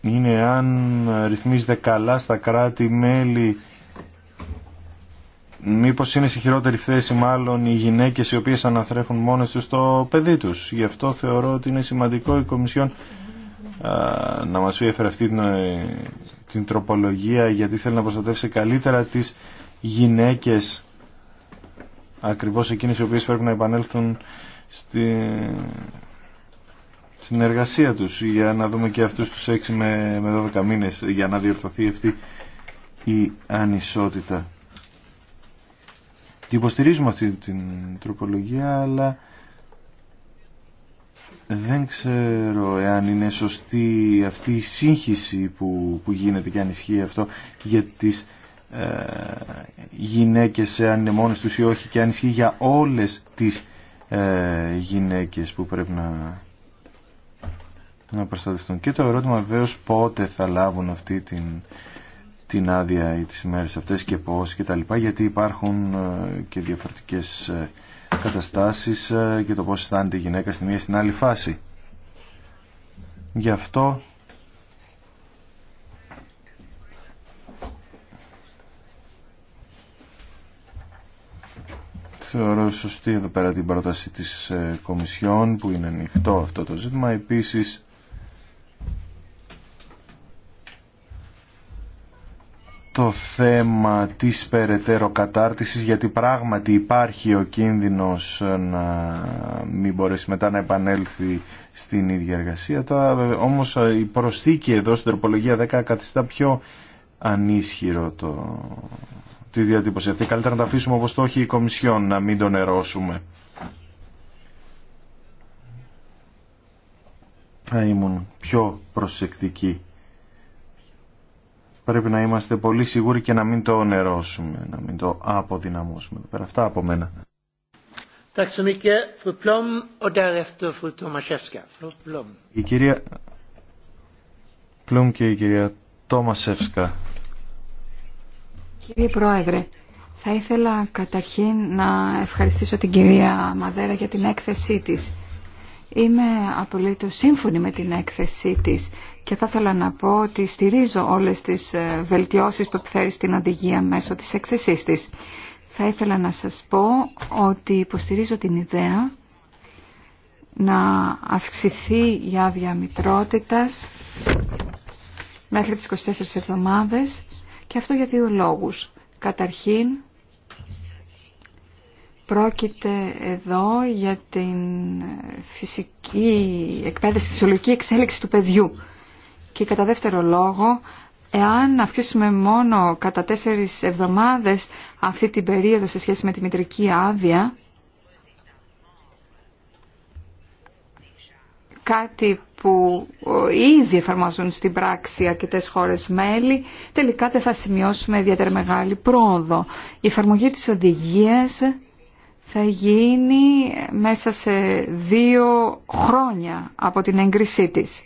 Είναι αν ρυθμίζεται καλά στα κράτη-μέλη, μήπως είναι σε χειρότερη θέση μάλλον οι γυναίκες οι οποίες αναθρέφουν μόνες τους το παιδί τους. Γι' αυτό θεωρώ ότι είναι σημαντικό η Κομισιόν να μας πει έφερε αυτή την, ε, την τροπολογία γιατί θέλει να προστατεύσει καλύτερα τις γυναίκες ακριβώς εκείνες οι οποίες πρέπει να επανέλθουν στη, στην εργασία τους για να δούμε και αυτούς τους 6 με, με 12 μήνες για να διορθωθεί αυτή η ανισότητα. Την υποστηρίζουμε αυτή την τροπολογία αλλά δεν ξέρω εάν είναι σωστή αυτή η σύγχυση που, που γίνεται και αν ισχύει αυτό για τις ε, γυναίκες εάν είναι μόνες τους ή όχι και αν ισχύει για όλες τις ε, γυναίκες που πρέπει να, να προστατευτούν. Και το ερώτημα βεβαίω πότε θα λάβουν αυτή την, την άδεια ή τις μέρες αυτές και πώς και τα λοιπά γιατί υπάρχουν ε, και διαφορετικές ε, καταστάσεις ε, και το πώς αισθάνεται η γυναίκα στη μία στην άλλη φάση. Γι' αυτό θεωρώ σωστή εδώ πέρα την πρόταση της ε, Κομισιόν που είναι ανοιχτό αυτό το ζήτημα. Επίσης το θέμα της περαιτέρω κατάρτισης γιατί πράγματι υπάρχει ο κίνδυνος να μην μπορέσει μετά να επανέλθει στην ίδια εργασία. Τώρα, όμως η προσθήκη εδώ στην τροπολογία 10 καθιστά πιο ανίσχυρο το... τη διατύπωση αυτή. Καλύτερα να τα αφήσουμε όπως το έχει η Κομισιόν, να μην τον ερώσουμε. Θα ήμουν πιο προσεκτική Πρέπει να είμαστε πολύ σίγουροι και να μην το νερώσουμε, να μην το αποδυναμώσουμε. Πέρα αυτά από μένα. Η κυρία Πλούμ και η κυρία Τόμασεύσκα. Κύριε Πρόεδρε, θα ήθελα καταρχήν να ευχαριστήσω την κυρία Μαδέρα για την έκθεσή της. Είμαι απολύτως σύμφωνη με την έκθεσή της και θα ήθελα να πω ότι στηρίζω όλες τις ε, βελτιώσεις που επιφέρει στην οδηγία μέσω της έκθεσής της. Θα ήθελα να σας πω ότι υποστηρίζω την ιδέα να αυξηθεί η άδεια μητρότητας μέχρι τις 24 εβδομάδες και αυτό για δύο λόγους. Καταρχήν, πρόκειται εδώ για την φυσική εκπαίδευση, τη συλλογική εξέλιξη του παιδιού. Και κατά δεύτερο λόγο, εάν αυξήσουμε μόνο κατά τέσσερις εβδομάδες αυτή την περίοδο σε σχέση με τη μητρική άδεια, κάτι που ε, ήδη εφαρμόζουν στην πράξη αρκετές χώρες μέλη, τελικά δεν θα σημειώσουμε ιδιαίτερα μεγάλη πρόοδο. Η εφαρμογή της οδηγίας θα γίνει μέσα σε δύο χρόνια από την έγκρισή της.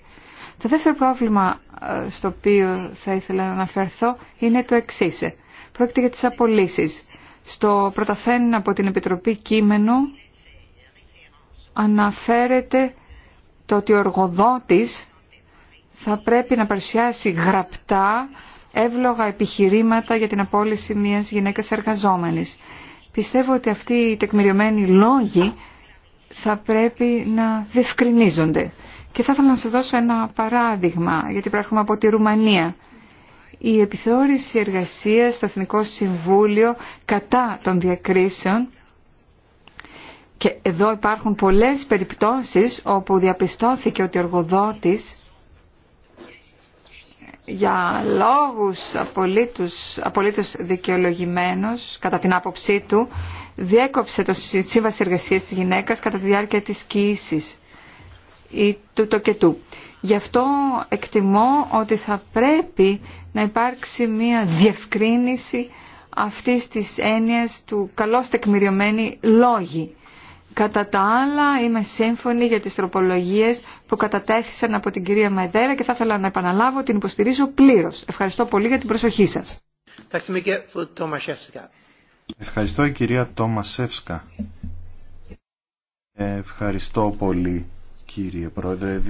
Το δεύτερο πρόβλημα ε, στο οποίο θα ήθελα να αναφερθώ είναι το εξή. Πρόκειται για τις απολύσεις. Στο πρωταθέν από την Επιτροπή κείμενο αναφέρεται το ότι ο εργοδότης θα πρέπει να παρουσιάσει γραπτά εύλογα επιχειρήματα για την απόλυση μιας γυναίκας εργαζόμενης. Πιστεύω ότι αυτοί οι τεκμηριωμένοι λόγοι θα πρέπει να διευκρινίζονται. Και θα ήθελα να σας δώσω ένα παράδειγμα, γιατί προέρχομαι από τη Ρουμανία. Η επιθεώρηση εργασίας στο Εθνικό Συμβούλιο κατά των διακρίσεων και εδώ υπάρχουν πολλές περιπτώσεις όπου διαπιστώθηκε ότι ο εργοδότης για λόγους απολύτως, απολύτως δικαιολογημένος κατά την άποψή του διέκοψε το σύμβαση εργασίας της γυναίκας κατά τη διάρκεια της κοίησης ή το και του. Γι' αυτό εκτιμώ ότι θα πρέπει να υπάρξει μια διευκρίνηση αυτής της έννοιας του καλώς τεκμηριωμένη λογη Κατά τα άλλα είμαι σύμφωνη για τις τροπολογίες που κατατέθησαν από την κυρία Μαϊδέρα και θα ήθελα να επαναλάβω ότι την υποστηρίζω πλήρως. Ευχαριστώ πολύ για την προσοχή σας. Ευχαριστώ κυρία Τόμασεύσκα. Ευχαριστώ πολύ κύριε Πρόεδρε.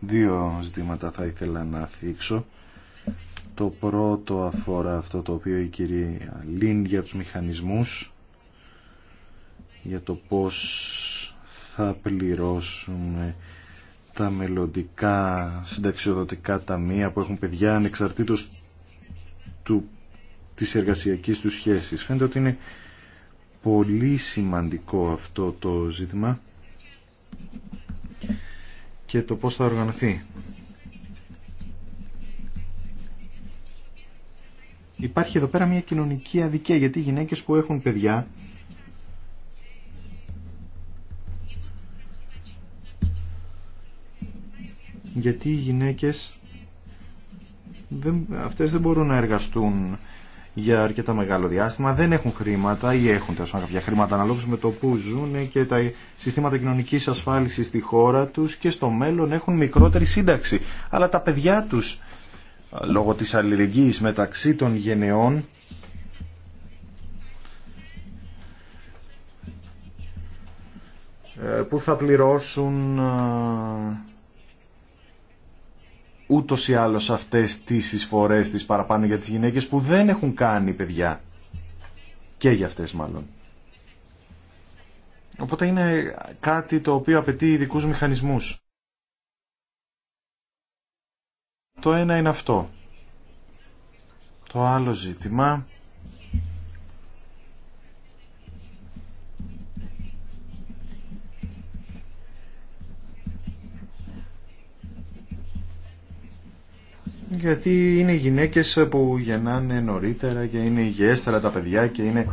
Δύο ζητήματα θα ήθελα να θίξω. Το πρώτο αφορά αυτό το οποίο η κυρία Λίν για τους μηχανισμούς, για το πώς θα πληρώσουμε τα μελλοντικά συνταξιοδοτικά ταμεία που έχουν παιδιά ανεξαρτήτως του, της εργασιακής του σχέσης. Φαίνεται ότι είναι πολύ σημαντικό αυτό το ζήτημα και το πώς θα οργανωθεί. Υπάρχει εδώ πέρα μια κοινωνική αδικία γιατί οι γυναίκες που έχουν παιδιά γιατί οι γυναίκες δεν, αυτές δεν μπορούν να εργαστούν για αρκετά μεγάλο διάστημα, δεν έχουν χρήματα ή έχουν τόσο κάποια χρήματα αναλόγως με το που ζουν και τα συστήματα κοινωνικής ασφάλισης στη χώρα τους και στο μέλλον έχουν μικρότερη σύνταξη. Αλλά τα παιδιά τους, λόγω της αλληλεγγύης μεταξύ των γενεών, ε, που θα πληρώσουν ε, ούτως ή άλλως αυτές τις εισφορές τις παραπάνω για τις γυναίκες που δεν έχουν κάνει παιδιά. Και για αυτές μάλλον. Οπότε είναι κάτι το οποίο απαιτεί ειδικού μηχανισμούς. Το ένα είναι αυτό. Το άλλο ζήτημα Γιατί είναι γυναίκες που γεννάνε νωρίτερα και είναι υγιέστερα τα παιδιά και είναι...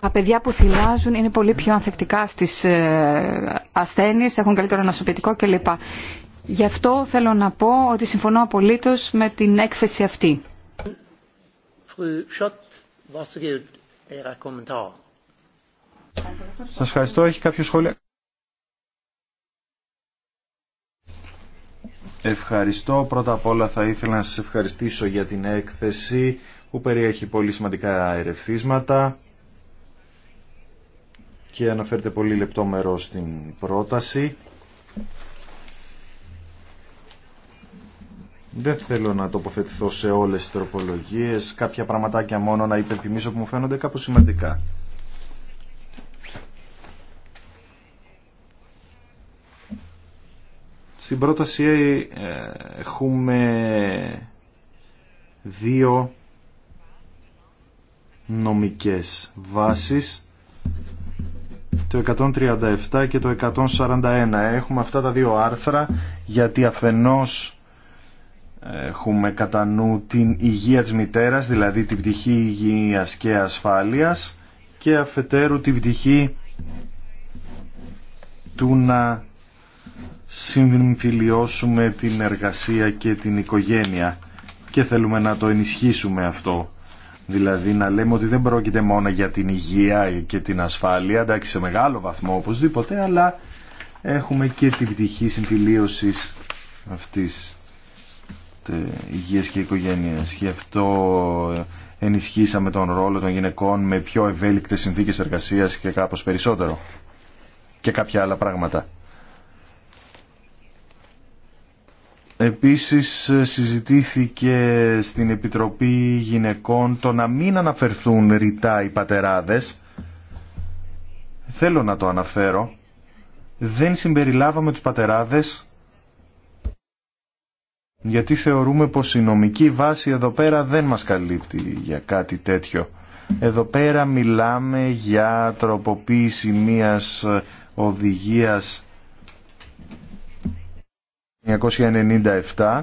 Τα παιδιά που θυλάζουν είναι πολύ πιο ανθεκτικά στις ε, ασθένειες, έχουν καλύτερο ανασωπητικό κλπ. Γι' αυτό θέλω να πω ότι συμφωνώ απολύτως με την έκθεση αυτή. Σας ευχαριστώ. Έχει κάποιο σχόλιο. Ευχαριστώ. Πρώτα απ' όλα θα ήθελα να σας ευχαριστήσω για την έκθεση που περιέχει πολύ σημαντικά ερευθίσματα και αναφέρεται πολύ λεπτόμερο στην πρόταση. Δεν θέλω να τοποθετηθώ σε όλες τις τροπολογίες, κάποια πραγματάκια μόνο να υπενθυμίσω που μου φαίνονται κάπως σημαντικά. Στην πρόταση ε, έχουμε δύο νομικές βάσεις το 137 και το 141 έχουμε αυτά τα δύο άρθρα γιατί αφενός έχουμε κατά νου την υγεία της μητέρας δηλαδή την πτυχή υγείας και ασφάλειας και αφετέρου την πτυχή του να συμφιλιώσουμε την εργασία και την οικογένεια και θέλουμε να το ενισχύσουμε αυτό. Δηλαδή να λέμε ότι δεν πρόκειται μόνο για την υγεία και την ασφάλεια, εντάξει σε μεγάλο βαθμό οπωσδήποτε, αλλά έχουμε και την πτυχή συμφιλίωσης αυτής υγείας και οικογένειας. Γι' αυτό ε, ενισχύσαμε τον ρόλο των γυναικών με πιο ευέλικτες συνθήκες εργασίας και κάπως περισσότερο. Και κάποια άλλα πράγματα. Επίσης ε, συζητήθηκε στην Επιτροπή Γυναικών το να μην αναφερθούν ρητά οι πατεράδες. Θέλω να το αναφέρω. Δεν συμπεριλάβαμε τους πατεράδες γιατί θεωρούμε πως η νομική βάση εδώ πέρα δεν μας καλύπτει για κάτι τέτοιο. Εδώ πέρα μιλάμε για τροποποίηση μιας οδηγίας 1997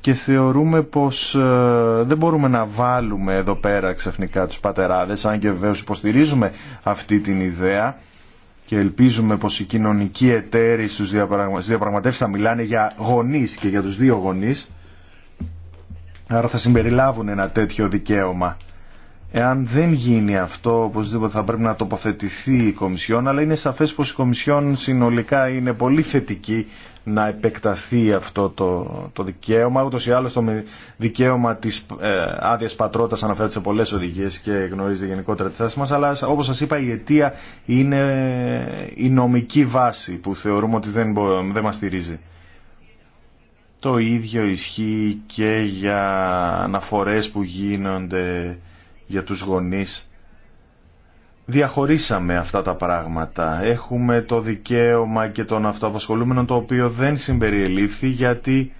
και θεωρούμε πως ε, δεν μπορούμε να βάλουμε εδώ πέρα ξαφνικά τους πατεράδες αν και βεβαίως υποστηρίζουμε αυτή την ιδέα και ελπίζουμε πως οι κοινωνικοί εταίροι στους διαπραγματεύσεις θα μιλάνε για γονείς και για τους δύο γονείς άρα θα συμπεριλάβουν ένα τέτοιο δικαίωμα. Εάν δεν γίνει αυτό, οπωσδήποτε θα πρέπει να τοποθετηθεί η Κομισιόν, αλλά είναι σαφές πως η Κομισιόν συνολικά είναι πολύ θετική να επεκταθεί αυτό το, το δικαίωμα. Ούτως ή άλλως το δικαίωμα της ε, άδειας πατρότητας αναφέρεται σε πολλές οδηγίες και γνωρίζει γενικότερα τι στάση μας, αλλά όπως σας είπα η αιτία είναι ε, η νομική βάση που θεωρούμε ότι δεν, δεν μας στηρίζει. Το ίδιο ισχύει και για αναφορές που γίνονται για τους γονείς διαχωρίσαμε αυτά τα πράγματα. Έχουμε το δικαίωμα και τον αυτοαπασχολούμενο το οποίο δεν συμπεριελήφθη γιατί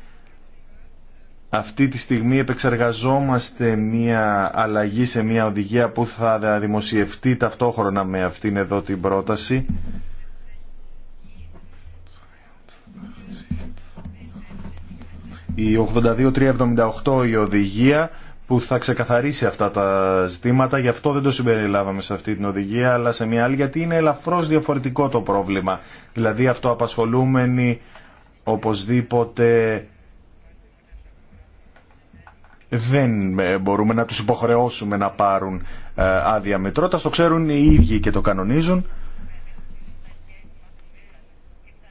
αυτή τη στιγμή επεξεργαζόμαστε μια αλλαγή σε μια οδηγία που θα δημοσιευτεί ταυτόχρονα με αυτήν εδώ την πρόταση. Η 82378 η οδηγία που θα ξεκαθαρίσει αυτά τα ζητήματα. Γι' αυτό δεν το συμπεριλάβαμε σε αυτή την οδηγία, αλλά σε μια άλλη, γιατί είναι ελαφρώς διαφορετικό το πρόβλημα. Δηλαδή αυτό απασχολούμενοι οπωσδήποτε δεν ε, μπορούμε να τους υποχρεώσουμε να πάρουν ε, άδεια μετρώτα... Το ξέρουν οι ίδιοι και το κανονίζουν.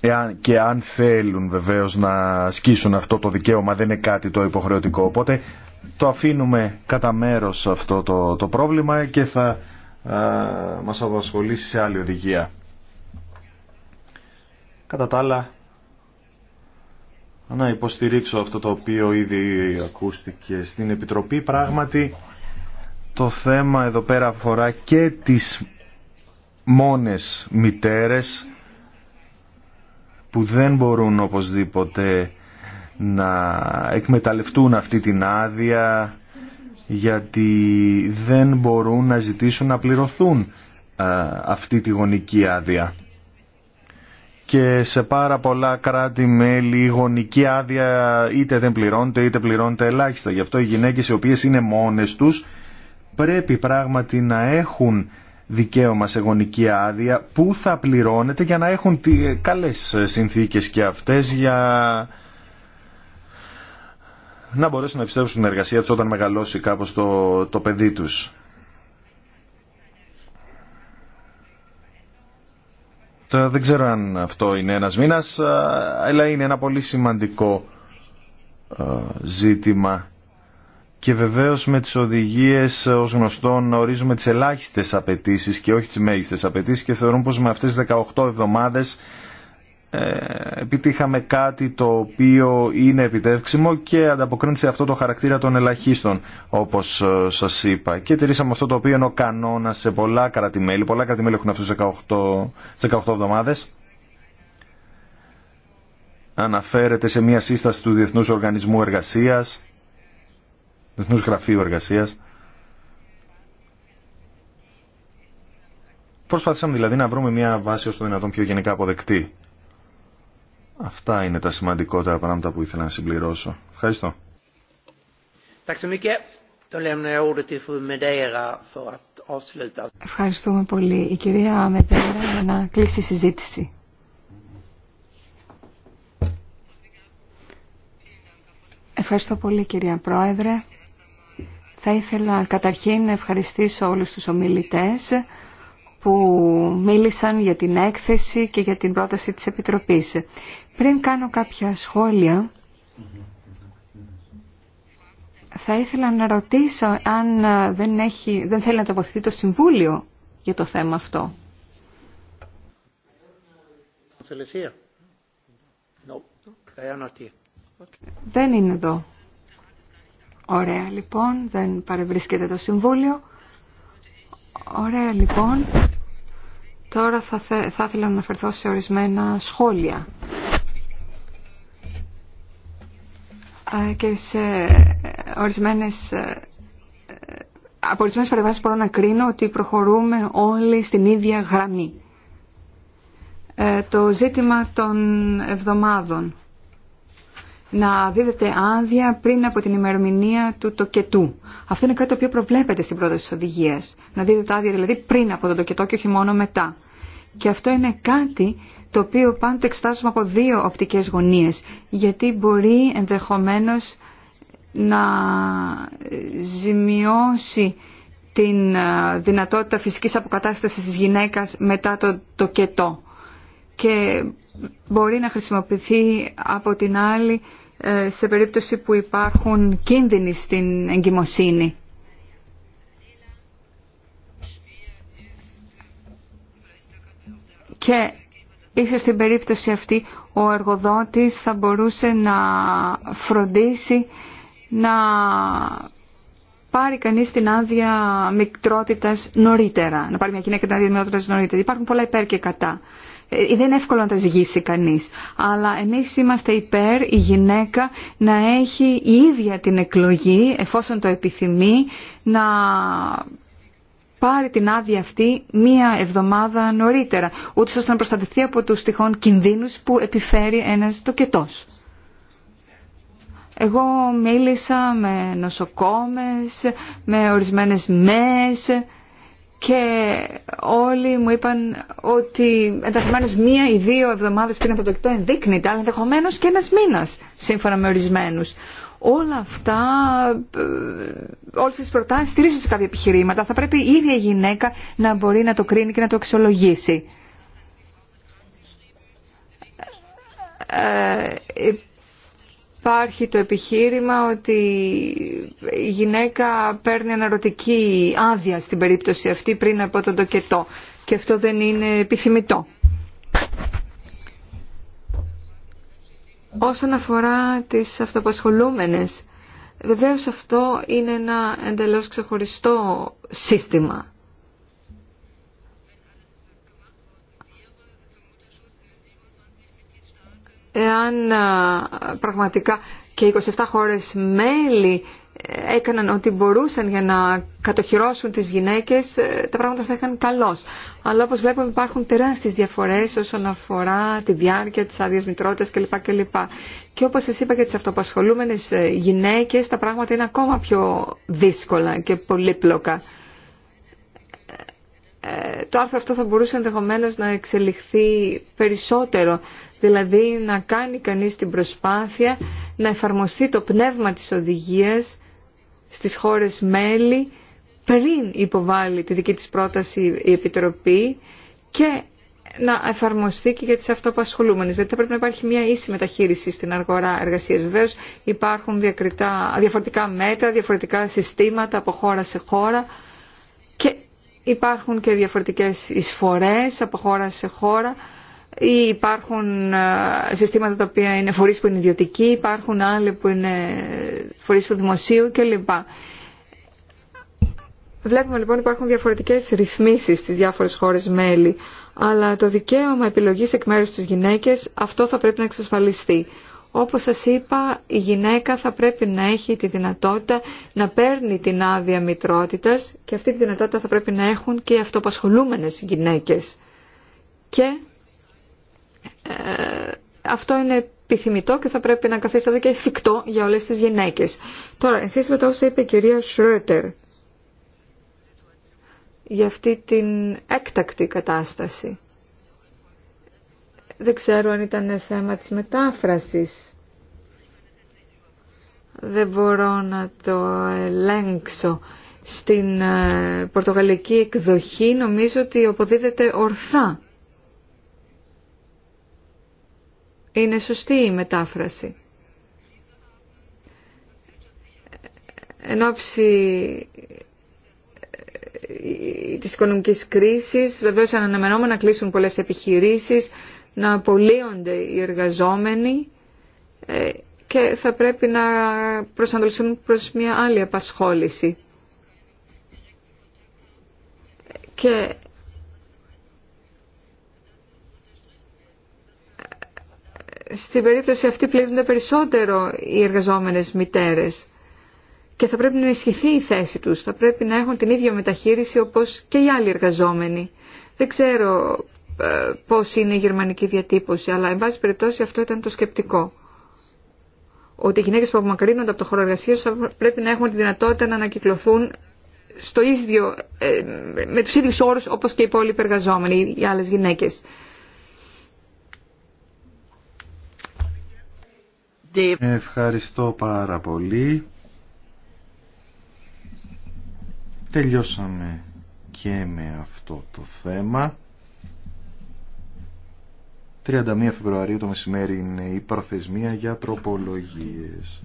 Εάν και αν θέλουν βεβαίως να σκίσουν αυτό το δικαίωμα δεν είναι κάτι το υποχρεωτικό. Οπότε το αφήνουμε κατά μέρος αυτό το, το πρόβλημα και θα α, μας απασχολήσει σε άλλη οδηγία. Κατά τα άλλα, να υποστηρίξω αυτό το οποίο ήδη ακούστηκε στην Επιτροπή. Πράγματι, το θέμα εδώ πέρα αφορά και τις μόνες μητέρες που δεν μπορούν οπωσδήποτε να εκμεταλλευτούν αυτή την άδεια γιατί δεν μπορούν να ζητήσουν να πληρωθούν ε, αυτή τη γονική άδεια. Και σε πάρα πολλά κράτη-μέλη η γονική άδεια είτε δεν πληρώνεται είτε πληρώνεται ελάχιστα. Γι' αυτό οι γυναίκες οι οποίες είναι μόνες τους πρέπει πράγματι να έχουν δικαίωμα σε γονική άδεια που θα πληρώνεται για να έχουν καλές συνθήκες και αυτές για να μπορέσουν να επιστρέψουν στην εργασία τους όταν μεγαλώσει κάπως το, το παιδί τους. Δεν ξέρω αν αυτό είναι ένας μήνας, αλλά είναι ένα πολύ σημαντικό ζήτημα. Και βεβαίως με τις οδηγίες ε, ως γνωστόν ορίζουμε τις ελάχιστες απαιτήσεις και όχι τις μέγιστες απαιτήσεις και θεωρούν πως με αυτές τις 18 εβδομάδες ε, επιτύχαμε κάτι το οποίο είναι επιτεύξιμο και ανταποκρίνεται σε αυτό το χαρακτήρα των ελαχίστων όπως ε, σα είπα και τηρήσαμε αυτό το οποίο είναι ο κανόνα σε πολλά κρατημέλη πολλά κρατημέλη έχουν αυτούς 18, 18 εβδομάδες αναφέρεται σε μια σύσταση του διεθνού Οργανισμού εργασία, Διεθνού Γραφείου εργασία. Προσπαθήσαμε δηλαδή να βρούμε μια βάση το δυνατόν πιο γενικά αποδεκτή Αυτά είναι τα σημαντικότερα πράγματα που ήθελα να συμπληρώσω. Ευχαριστώ. Ευχαριστούμε πολύ. Η κυρία Μετέρα για να κλείσει η συζήτηση. Ευχαριστώ πολύ κυρία Πρόεδρε. Θα ήθελα καταρχήν να ευχαριστήσω όλους τους ομιλητές που μίλησαν για την έκθεση και για την πρόταση της Επιτροπής. Πριν κάνω κάποια σχόλια, θα ήθελα να ρωτήσω αν δεν, έχει, δεν θέλει να τοποθετεί το Συμβούλιο για το θέμα αυτό. Δεν είναι εδώ. Ωραία λοιπόν, δεν παρευρίσκεται το Συμβούλιο. Ωραία λοιπόν, Τώρα θα, θα ήθελα να αναφερθώ σε ορισμένα σχόλια και σε ορισμένες ε, ε, από ορισμένες παρεμβάσεις μπορώ να κρίνω ότι προχωρούμε όλοι στην ίδια γραμμή. Ε, το ζήτημα των εβδομάδων να δίδεται άδεια πριν από την ημερομηνία του τοκετού. Αυτό είναι κάτι το οποίο προβλέπεται στην πρόταση τη οδηγία. Να δίδεται άδεια δηλαδή πριν από τον τοκετό και όχι μόνο μετά. Και αυτό είναι κάτι το οποίο πάντοτε εξετάζουμε από δύο οπτικές γωνίες, γιατί μπορεί ενδεχομένως να ζημιώσει την ε, δυνατότητα φυσικής αποκατάστασης της γυναίκας μετά το τοκετό και μπορεί να χρησιμοποιηθεί από την άλλη ε, σε περίπτωση που υπάρχουν κίνδυνοι στην εγκυμοσύνη. Και ίσως στην περίπτωση αυτή ο εργοδότης θα μπορούσε να φροντίσει να πάρει κανείς την άδεια μικρότητας νωρίτερα. Να πάρει μια γυναίκα την άδεια μικρότητας νωρίτερα. Υπάρχουν πολλά υπέρ και κατά. Ε, δεν είναι εύκολο να τα ζυγίσει κανείς. Αλλά εμείς είμαστε υπέρ η γυναίκα να έχει η ίδια την εκλογή, εφόσον το επιθυμεί, να πάρει την άδεια αυτή μία εβδομάδα νωρίτερα, ούτω ώστε να προστατευτεί από τους τυχόν κινδύνους που επιφέρει ένας τοκετός. Εγώ μίλησα με νοσοκόμες, με ορισμένες ΜΕΣ και όλοι μου είπαν ότι ενδεχομένω μία ή δύο εβδομάδες πριν από το κοιτό ενδείκνυται, αλλά ενδεχομένω και ένας μήνας σύμφωνα με ορισμένους. Όλα αυτά, ε, όλες τις προτάσεις στηρίζουν σε κάποια επιχειρήματα. Θα πρέπει η δυο εβδομαδε πριν απο το κοιτο ενδεικνυται αλλα ενδεχομενω και ενα μηνα συμφωνα με ορισμενου ολα αυτα ολες τι προτασεις στηριζουν σε καποια επιχειρηματα θα πρεπει η γυναίκα να μπορεί να το κρίνει και να το αξιολογήσει. Ε, υπάρχει το επιχείρημα ότι η γυναίκα παίρνει αναρωτική άδεια στην περίπτωση αυτή πριν από τον τοκετό και αυτό δεν είναι επιθυμητό. Όσον αφορά τις αυτοπασχολούμενες, βεβαίως αυτό είναι ένα εντελώς ξεχωριστό σύστημα. εάν πραγματικά και 27 χώρες μέλη έκαναν ό,τι μπορούσαν για να κατοχυρώσουν τις γυναίκες, ε, τα πράγματα θα είχαν καλώς. Αλλά όπως βλέπουμε υπάρχουν τεράστιες διαφορές όσον αφορά τη διάρκεια της άδειας μητρότητας κλπ. κλπ. Και όπως σας είπα για τις αυτοπασχολούμενες ε, γυναίκες, τα πράγματα είναι ακόμα πιο δύσκολα και πολύπλοκα. Ε, το άρθρο αυτό θα μπορούσε ενδεχομένω να εξελιχθεί περισσότερο δηλαδή να κάνει κανείς την προσπάθεια να εφαρμοστεί το πνεύμα της οδηγίας στις χώρες μέλη πριν υποβάλει τη δική της πρόταση η Επιτροπή και να εφαρμοστεί και για τις αυτοπασχολούμενες. Δηλαδή θα πρέπει να υπάρχει μια ίση μεταχείριση στην αργόρα εργασίας. Βεβαίως υπάρχουν διακριτά, διαφορετικά μέτρα, διαφορετικά συστήματα από χώρα σε χώρα και υπάρχουν και διαφορετικές εισφορές από χώρα σε χώρα ή υπάρχουν ε, συστήματα τα οποία είναι φορείς που είναι ιδιωτικοί, υπάρχουν άλλοι που είναι φορείς του δημοσίου κλπ. Βλέπουμε λοιπόν υπάρχουν διαφορετικές ρυθμίσεις στις διάφορες χώρες μέλη, αλλά το δικαίωμα επιλογής εκ μέρους της γυναίκες αυτό θα πρέπει να εξασφαλιστεί. Όπως σας είπα, η γυναίκα θα πρέπει να έχει τη δυνατότητα να παίρνει την άδεια μητρότητας και αυτή τη δυνατότητα θα πρέπει να έχουν και οι αυτοπασχολούμενες γυναίκες. Και ε, αυτό είναι επιθυμητό και θα πρέπει να καθίσταται και εφικτό για όλες τις γυναίκες. Τώρα, εσείς με το όσα είπε η κυρία Σρότερ για αυτή την έκτακτη κατάσταση. Δεν ξέρω αν ήταν θέμα της μετάφρασης. Δεν μπορώ να το ελέγξω. Στην ε, πορτογαλική εκδοχή νομίζω ότι αποδίδεται ορθά είναι σωστή η μετάφραση. Εν ώψη ε, ε, της οικονομικής κρίσης, βεβαίως αναμενόμενα να κλείσουν πολλές επιχειρήσεις, να απολύονται οι εργαζόμενοι ε, και θα πρέπει να προσανατολιστούν προς μια άλλη απασχόληση. Και στην περίπτωση αυτή πλήττονται περισσότερο οι εργαζόμενες μητέρες και θα πρέπει να ενισχυθεί η θέση τους, θα πρέπει να έχουν την ίδια μεταχείριση όπως και οι άλλοι εργαζόμενοι. Δεν ξέρω ε, πώς είναι η γερμανική διατύπωση, αλλά εν πάση περιπτώσει αυτό ήταν το σκεπτικό. Ότι οι γυναίκες που απομακρύνονται από το χώρο εργασίας θα πρέπει να έχουν τη δυνατότητα να ανακυκλωθούν στο ίδιο, ε, με τους ίδιους όρους όπως και οι υπόλοιποι εργαζόμενοι, οι άλλες γυναίκες. Ευχαριστώ πάρα πολύ. Τελειώσαμε και με αυτό το θέμα. 31 Φεβρουαρίου το μεσημέρι είναι η προθεσμία για τροπολογίες.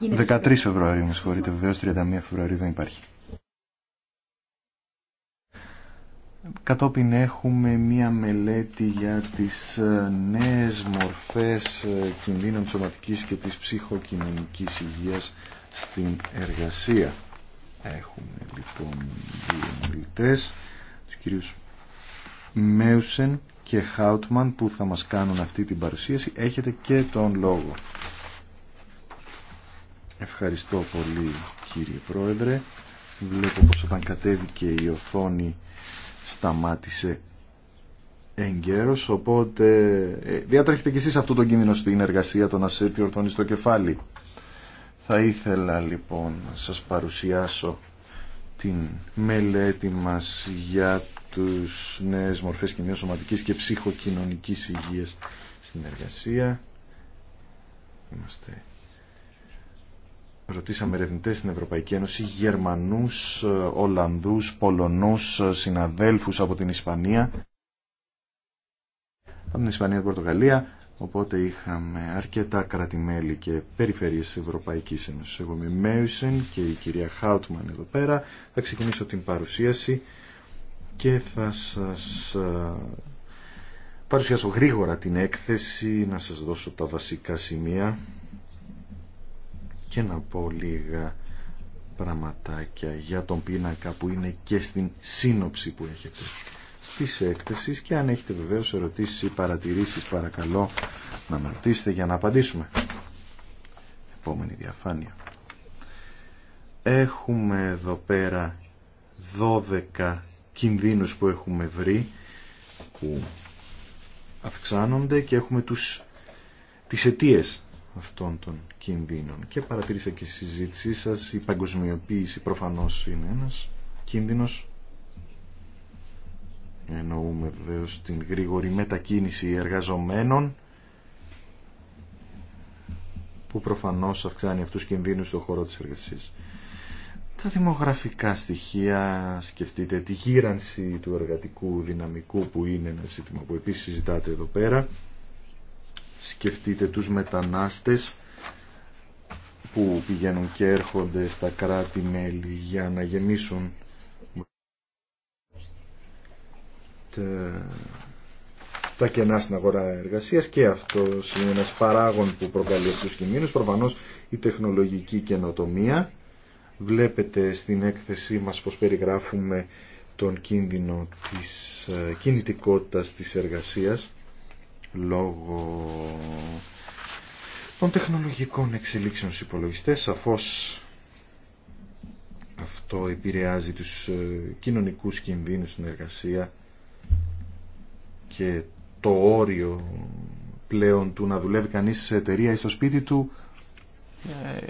13 Φεβρουαρίου, με συγχωρείτε, βεβαίως 31 Φεβρουαρίου δεν υπάρχει. Κατόπιν έχουμε μία μελέτη για τις ε, νέες μορφές ε, κινδύνων σωματικής και της ψυχοκοινωνικής υγείας στην εργασία. Έχουμε λοιπόν δύο μιλητές, τους κυρίους Μέουσεν και Χάουτμαν που θα μας κάνουν αυτή την παρουσίαση. Έχετε και τον λόγο. Ευχαριστώ πολύ κύριε Πρόεδρε. Βλέπω πως όταν κατέβηκε η οθόνη σταμάτησε εγκαίρως, οπότε ε, διατρέχετε κι εσείς αυτό τον κίνδυνο στην εργασία το να σε ορθώνει στο κεφάλι. Θα ήθελα λοιπόν να σας παρουσιάσω την μελέτη μας για τους νέες μορφές σωματικής και ψυχοκοινωνικής υγείας στην εργασία. Είμαστε Ρωτήσαμε ερευνητέ στην Ευρωπαϊκή Ένωση, Γερμανού, Ολλανδού, Πολωνού, συναδέλφου από την Ισπανία, από την Ισπανία και την Πορτογαλία, οπότε είχαμε αρκετά κρατημέλη και περιφερειέ τη Ευρωπαϊκή Ένωση. Εγώ είμαι Μέουσεν και η κυρία Χάουτμαν εδώ πέρα. Θα ξεκινήσω την παρουσίαση και θα σα ε, παρουσιάσω γρήγορα την έκθεση, να σα δώσω τα βασικά σημεία και να πω λίγα πραγματάκια για τον πίνακα που είναι και στην σύνοψη που έχετε στις έκθεση και αν έχετε βεβαίως ερωτήσεις ή παρατηρήσεις παρακαλώ να με ρωτήσετε για να απαντήσουμε. Επόμενη διαφάνεια. Έχουμε εδώ πέρα 12 κινδύνους που έχουμε βρει που αυξάνονται και έχουμε τους, τις αιτίες αυτών των κινδύνων. Και παρατήρησα και στη συζήτησή σας, η παγκοσμιοποίηση προφανώς είναι ένας κίνδυνος. Εννοούμε βεβαίω την γρήγορη μετακίνηση εργαζομένων που προφανώς αυξάνει αυτούς τους κινδύνους στον χώρο της εργασίας. Τα δημογραφικά στοιχεία, σκεφτείτε τη γύρανση του εργατικού δυναμικού που είναι ένα ζήτημα που επίσης συζητάτε εδώ πέρα σκεφτείτε τους μετανάστες που πηγαίνουν και έρχονται στα κράτη-μέλη για να γεμίσουν τα κενά στην αγορά εργασίας και αυτό είναι ένας παράγον που προκαλεί αυτούς τους κινδύνους. Προφανώς η τεχνολογική καινοτομία. Βλέπετε στην έκθεσή μας πως περιγράφουμε τον κίνδυνο της ε, κινητικότητας της εργασίας λόγω των τεχνολογικών εξελίξεων στους υπολογιστές. Σαφώς αυτό επηρεάζει τους ε, κοινωνικούς κινδύνους στην εργασία και το όριο πλέον του να δουλεύει κανείς σε εταιρεία ή στο σπίτι του ε,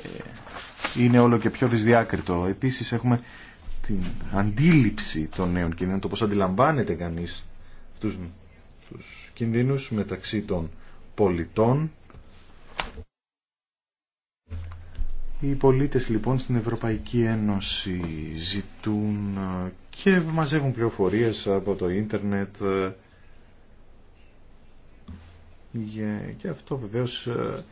είναι όλο και πιο δυσδιάκριτο. Επίσης έχουμε την αντίληψη των νέων κινδύνων, το πώς αντιλαμβάνεται κανείς αυτούς τους κινδύνους μεταξύ των πολιτών. Οι πολίτες λοιπόν στην Ευρωπαϊκή Ένωση ζητούν και μαζεύουν πληροφορίες από το ίντερνετ και αυτό βεβαίως ε,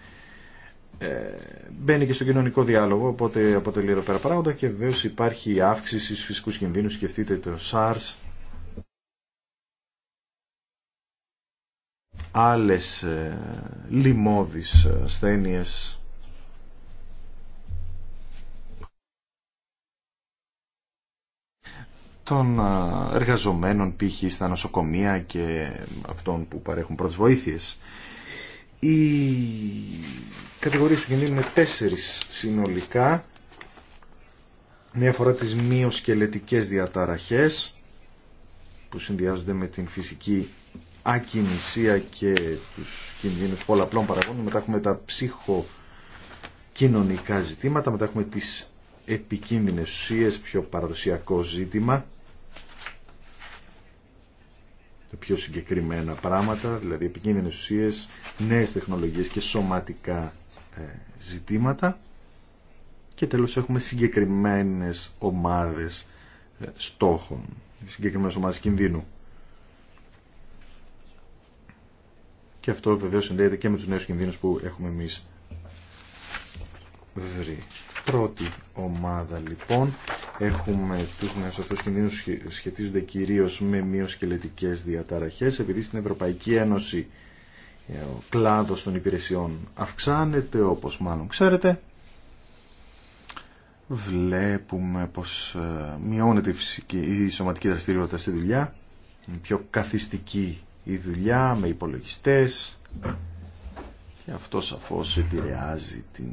ε, μπαίνει και στο κοινωνικό διάλογο οπότε αποτελεί εδώ πέρα παράγοντα και βεβαίως υπάρχει αύξηση στους φυσικούς κινδύνους σκεφτείτε το SARS άλλες ε, λοιμώδεις ε, ασθένειες των ε, εργαζομένων π.χ. στα νοσοκομεία και αυτών που παρέχουν πρώτες βοήθειες. Οι κατηγορίες του κινδύνου είναι τέσσερις συνολικά. Μία φορά τις μειοσκελετικές διαταραχές που συνδυάζονται με την φυσική ακινησία και τους κινδύνους πολλαπλών παραγόντων, μετά έχουμε τα ψυχοκοινωνικά ζητήματα, μετά έχουμε τις επικίνδυνες ουσίες, πιο παραδοσιακό ζήτημα, τα πιο συγκεκριμένα πράγματα, δηλαδή επικίνδυνες ουσίες, νέες τεχνολογίες και σωματικά ε, ζητήματα και τέλος έχουμε συγκεκριμένες ομάδες ε, στόχων, συγκεκριμένες ομάδες κινδύνου. Και αυτό βεβαίως συνδέεται και με τους νέους κινδύνους που έχουμε εμείς βρει. Πρώτη ομάδα λοιπόν έχουμε τους νέους αυτούς κινδύνους σχετίζονται κυρίως με μειοσκελετικές διαταραχές επειδή στην Ευρωπαϊκή Ένωση ε, ο κλάδος των υπηρεσιών αυξάνεται όπως μάλλον ξέρετε βλέπουμε πως ε, μειώνεται η, η σωματική δραστηριότητα στη δουλειά, πιο καθιστική η δουλειά με υπολογιστές και αυτό σαφώς επηρεάζει την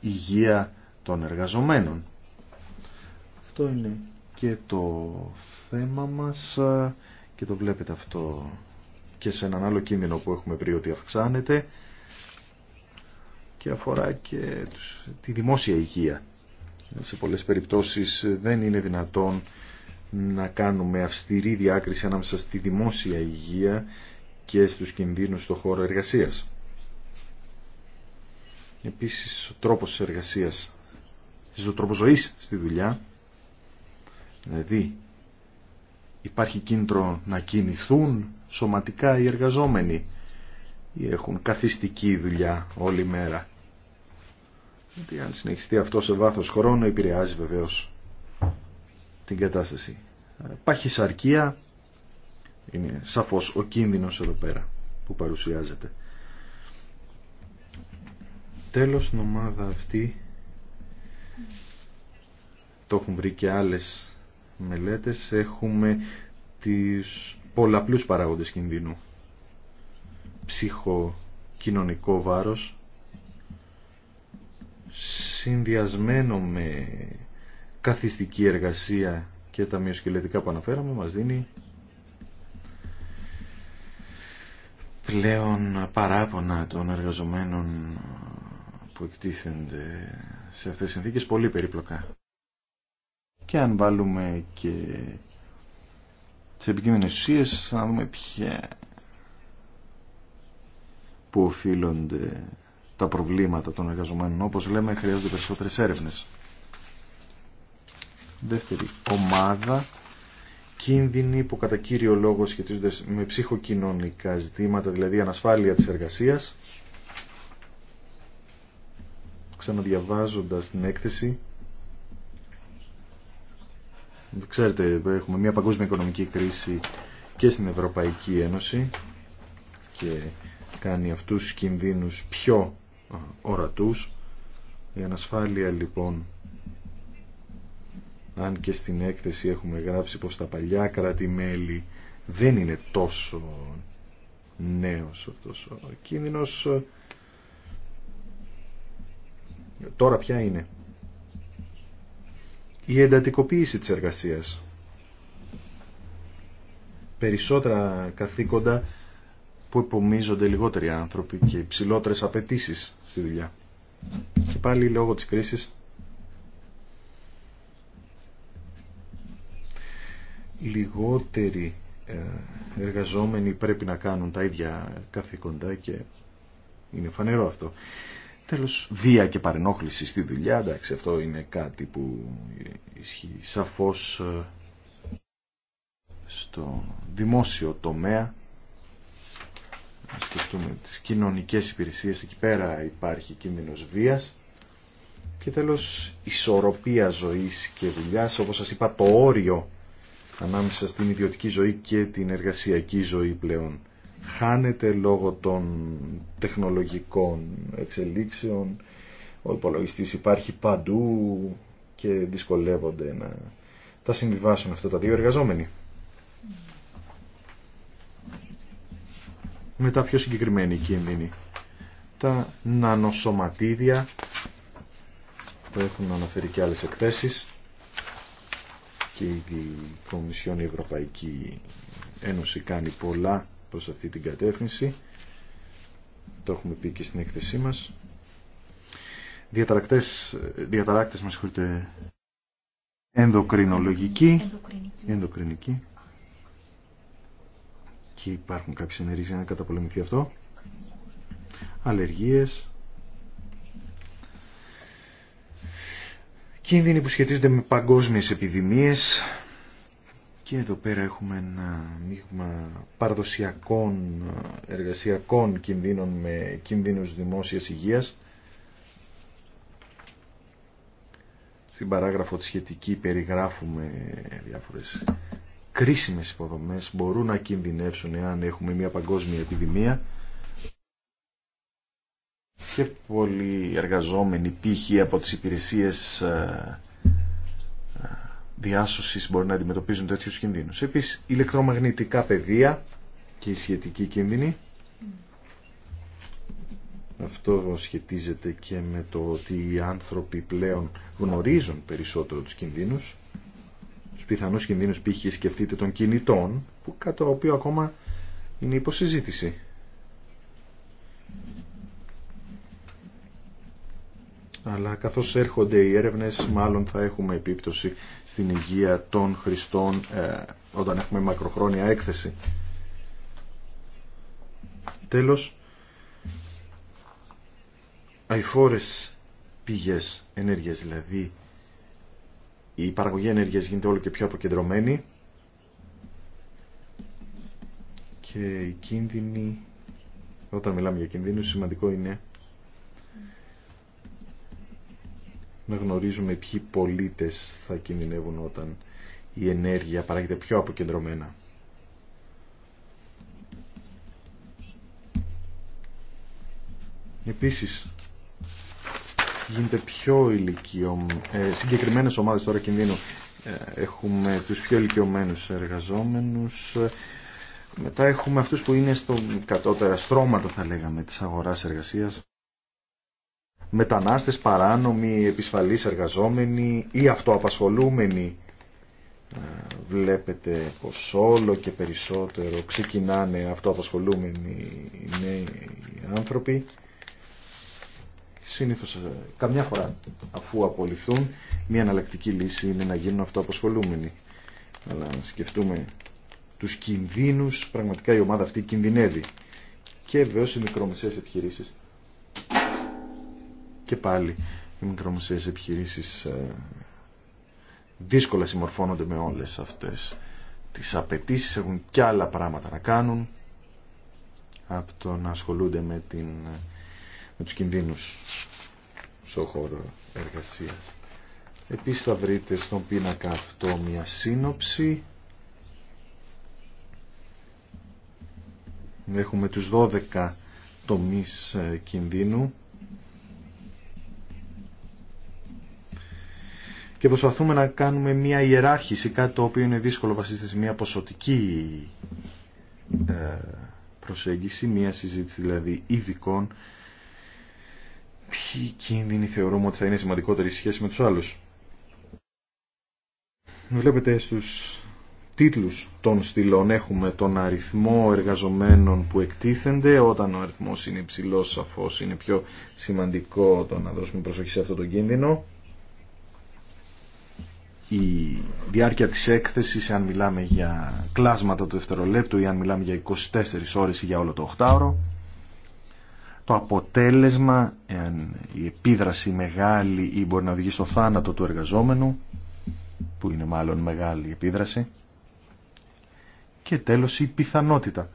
υγεία των εργαζομένων. Αυτό είναι και το θέμα μας ε, και το βλέπετε αυτό και σε έναν άλλο κείμενο που έχουμε πριν ότι αυξάνεται και αφορά και τη δημόσια υγεία. Σε πολλές περιπτώσεις δεν είναι δυνατόν να κάνουμε αυστηρή διάκριση ανάμεσα στη δημόσια υγεία και στους κινδύνους στον χώρο εργασίας. Επίσης, ο τρόπος εργασίας, ο τρόπος ζωής στη δουλειά, δηλαδή υπάρχει κίνητρο να κινηθούν σωματικά οι εργαζόμενοι ή έχουν καθιστική δουλειά όλη μέρα. Γιατί αν συνεχιστεί αυτό σε βάθος χρόνου, επηρεάζει βεβαίως την κατάσταση. Παχυσαρκία είναι σαφώς ο κίνδυνος εδώ πέρα που παρουσιάζεται. Τέλος, την ομάδα αυτή το έχουν βρει και άλλες μελέτες. Έχουμε τις πολλαπλούς παράγοντες κινδύνου. Ψυχοκοινωνικό βάρος συνδυασμένο με καθιστική εργασία και τα μειοσκελετικά που αναφέραμε μας δίνει πλέον παράπονα των εργαζομένων που εκτίθενται σε αυτές τις συνθήκες πολύ περίπλοκα. Και αν βάλουμε και τις επικίνδυνες ουσίες θα δούμε ποια που οφείλονται τα προβλήματα των εργαζομένων. Όπως λέμε χρειάζονται περισσότερες έρευνες. Δεύτερη ομάδα, κίνδυνοι που κατά κύριο λόγο σχετίζονται με ψυχοκοινωνικά ζητήματα, δηλαδή ανασφάλεια της εργασίας. Ξαναδιαβάζοντας την έκθεση, ξέρετε έχουμε μια παγκόσμια οικονομική κρίση και στην Ευρωπαϊκή Ένωση και κάνει αυτούς τους κινδύνους πιο ορατούς. Η ανασφάλεια λοιπόν αν και στην έκθεση έχουμε γράψει πως τα παλιά κράτη-μέλη δεν είναι τόσο νέος αυτός ο κίνδυνος ε, τώρα ποια είναι η εντατικοποίηση της εργασίας περισσότερα καθήκοντα που υπομίζονται λιγότεροι άνθρωποι και υψηλότερες απαιτήσει στη δουλειά και πάλι λόγω της κρίσης λιγότεροι ε, εργαζόμενοι πρέπει να κάνουν τα ίδια καθήκοντα και είναι φανερό αυτό. Τέλος, βία και παρενόχληση στη δουλειά, εντάξει, αυτό είναι κάτι που ισχύει σαφώς ε, στο δημόσιο τομέα. Να σκεφτούμε τις κοινωνικές υπηρεσίες, εκεί πέρα υπάρχει κίνδυνος βίας. Και τέλος, ισορροπία ζωής και δουλειάς, όπως σας είπα, το όριο ανάμεσα στην ιδιωτική ζωή και την εργασιακή ζωή πλέον. Χάνεται λόγω των τεχνολογικών εξελίξεων, ο υπολογιστής υπάρχει παντού και δυσκολεύονται να τα συμβιβάσουν αυτά τα δύο εργαζόμενοι. Μετά πιο συγκεκριμένη κίνδυνη. Τα νανοσωματίδια που έχουν αναφέρει και άλλες εκθέσεις και η Κομισιόν η Ευρωπαϊκή Ένωση κάνει πολλά προς αυτή την κατεύθυνση το έχουμε πει και στην έκθεσή μας διαταρακτές διαταράκτες μας συγχωρείτε ενδοκρινολογική ενδοκρινική και υπάρχουν κάποιες ενεργήσεις για να καταπολεμηθεί αυτό αλλεργίες κίνδυνοι που σχετίζονται με παγκόσμιες επιδημίες και εδώ πέρα έχουμε ένα μείγμα παραδοσιακών ε, εργασιακών κινδύνων με κινδύνους δημόσιας υγείας. Στην παράγραφο τη σχετική περιγράφουμε διάφορες κρίσιμες υποδομές μπορούν να κινδυνεύσουν εάν έχουμε μια παγκόσμια επιδημία και πολλοί εργαζόμενοι π.χ. από τις υπηρεσίες ε, ε, διάσωσης μπορεί να αντιμετωπίζουν τέτοιους κινδύνους. Επίσης, ηλεκτρομαγνητικά πεδία και η σχετική κίνδυνη. Αυτό σχετίζεται και με το ότι οι άνθρωποι πλέον γνωρίζουν περισσότερο τους κινδύνους. Τους πιθανούς κινδύνους π.χ. σκεφτείτε των κινητών, που κατά οποίο ακόμα είναι υποσυζήτηση. αλλά καθώς έρχονται οι έρευνες μάλλον θα έχουμε επίπτωση στην υγεία των χρηστών ε, όταν έχουμε μακροχρόνια έκθεση. Τέλος, αϊφόρες πηγές ενέργειας, δηλαδή η παραγωγή ενέργειας γίνεται όλο και πιο αποκεντρωμένη και οι κίνδυνοι, όταν μιλάμε για κινδύνους, σημαντικό είναι να γνωρίζουμε ποιοι πολίτες θα κινδυνεύουν όταν η ενέργεια παράγεται πιο αποκεντρωμένα. Επίσης, γίνεται πιο ε, συγκεκριμένες ομάδες τώρα κινδύνου. Ε, έχουμε τους πιο ηλικιωμένους εργαζόμενους. Μετά έχουμε αυτούς που είναι στο κατώτερα στρώματα, θα λέγαμε, της αγοράς εργασίας μετανάστες, παράνομοι, επισφαλείς εργαζόμενοι ή αυτοαπασχολούμενοι. Ε, βλέπετε πως όλο και περισσότερο ξεκινάνε αυτοαπασχολούμενοι νέοι άνθρωποι. Συνήθως, ε, καμιά φορά αφού απολυθούν, μια αναλλακτική λύση είναι να γίνουν αυτοαπασχολούμενοι. Αλλά να σκεφτούμε τους κινδύνους, πραγματικά η ομάδα αυτή κινδυνεύει. Και βεβαίω οι μικρομεσαίες επιχειρήσεις και πάλι οι μικρομεσαίες επιχειρήσεις ε, δύσκολα συμμορφώνονται με όλες αυτές τις απαιτήσεις. έχουν και άλλα πράγματα να κάνουν από το να ασχολούνται με, την, ε, με τους κινδύνους στον χώρο εργασίας. Επίσης θα βρείτε στον πίνακα αυτό μια σύνοψη. Έχουμε τους 12 τομείς ε, κινδύνου και προσπαθούμε να κάνουμε μια ιεράρχηση, κάτι το οποίο είναι δύσκολο βασίστε σε μια ποσοτική ε, προσέγγιση, μια συζήτηση δηλαδή ειδικών, ποιοι κίνδυνοι θεωρούμε ότι θα είναι σημαντικότεροι σε σχέση με τους άλλους. Βλέπετε στους τίτλους των στυλών έχουμε τον αριθμό εργαζομένων που εκτίθενται όταν ο αριθμός είναι υψηλός σαφώς είναι πιο σημαντικό το να δώσουμε προσοχή σε αυτό το κίνδυνο η διάρκεια της έκθεσης, αν μιλάμε για κλάσματα του δευτερολέπτου ή αν μιλάμε για 24 ώρες ή για όλο το 8ωρο. Το αποτέλεσμα, εάν η επίδραση μεγάλη ή μπορεί να οδηγεί στο θάνατο του εργαζόμενου, που είναι μάλλον μεγάλη επίδραση. Και τέλος η πιθανότητα.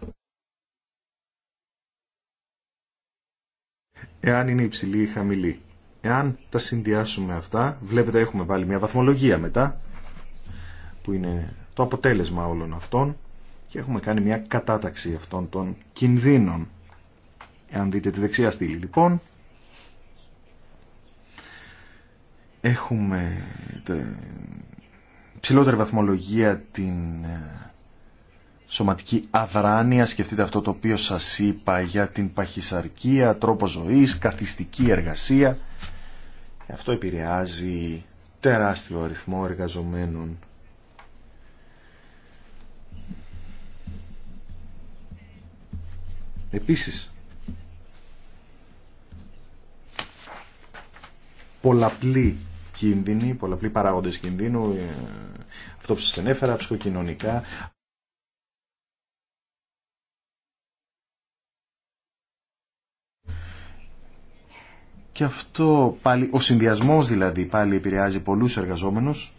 Εάν είναι υψηλή ή χαμηλή. Εάν τα συνδυάσουμε αυτά, βλέπετε έχουμε βάλει μια βαθμολογία μετά, που είναι το αποτέλεσμα όλων αυτών, και έχουμε κάνει μια κατάταξη αυτών των κινδύνων. Εάν δείτε τη δεξιά στήλη λοιπόν, έχουμε ψηλότερη βαθμολογία την ε, σωματική αδράνεια, σκεφτείτε αυτό το οποίο σας είπα για την παχυσαρκία, τρόπο ζωής, καθιστική εργασία αυτό επηρεάζει τεράστιο αριθμό εργαζομένων. Επίσης, πολλαπλή κινδύνη, πολλαπλή παράγοντες κινδύνου, ε, αυτό που σας ενέφερα, ψυχοκοινωνικά, Και αυτό πάλι, ο συνδυασμός δηλαδή πάλι επηρεάζει πολλούς εργαζόμενους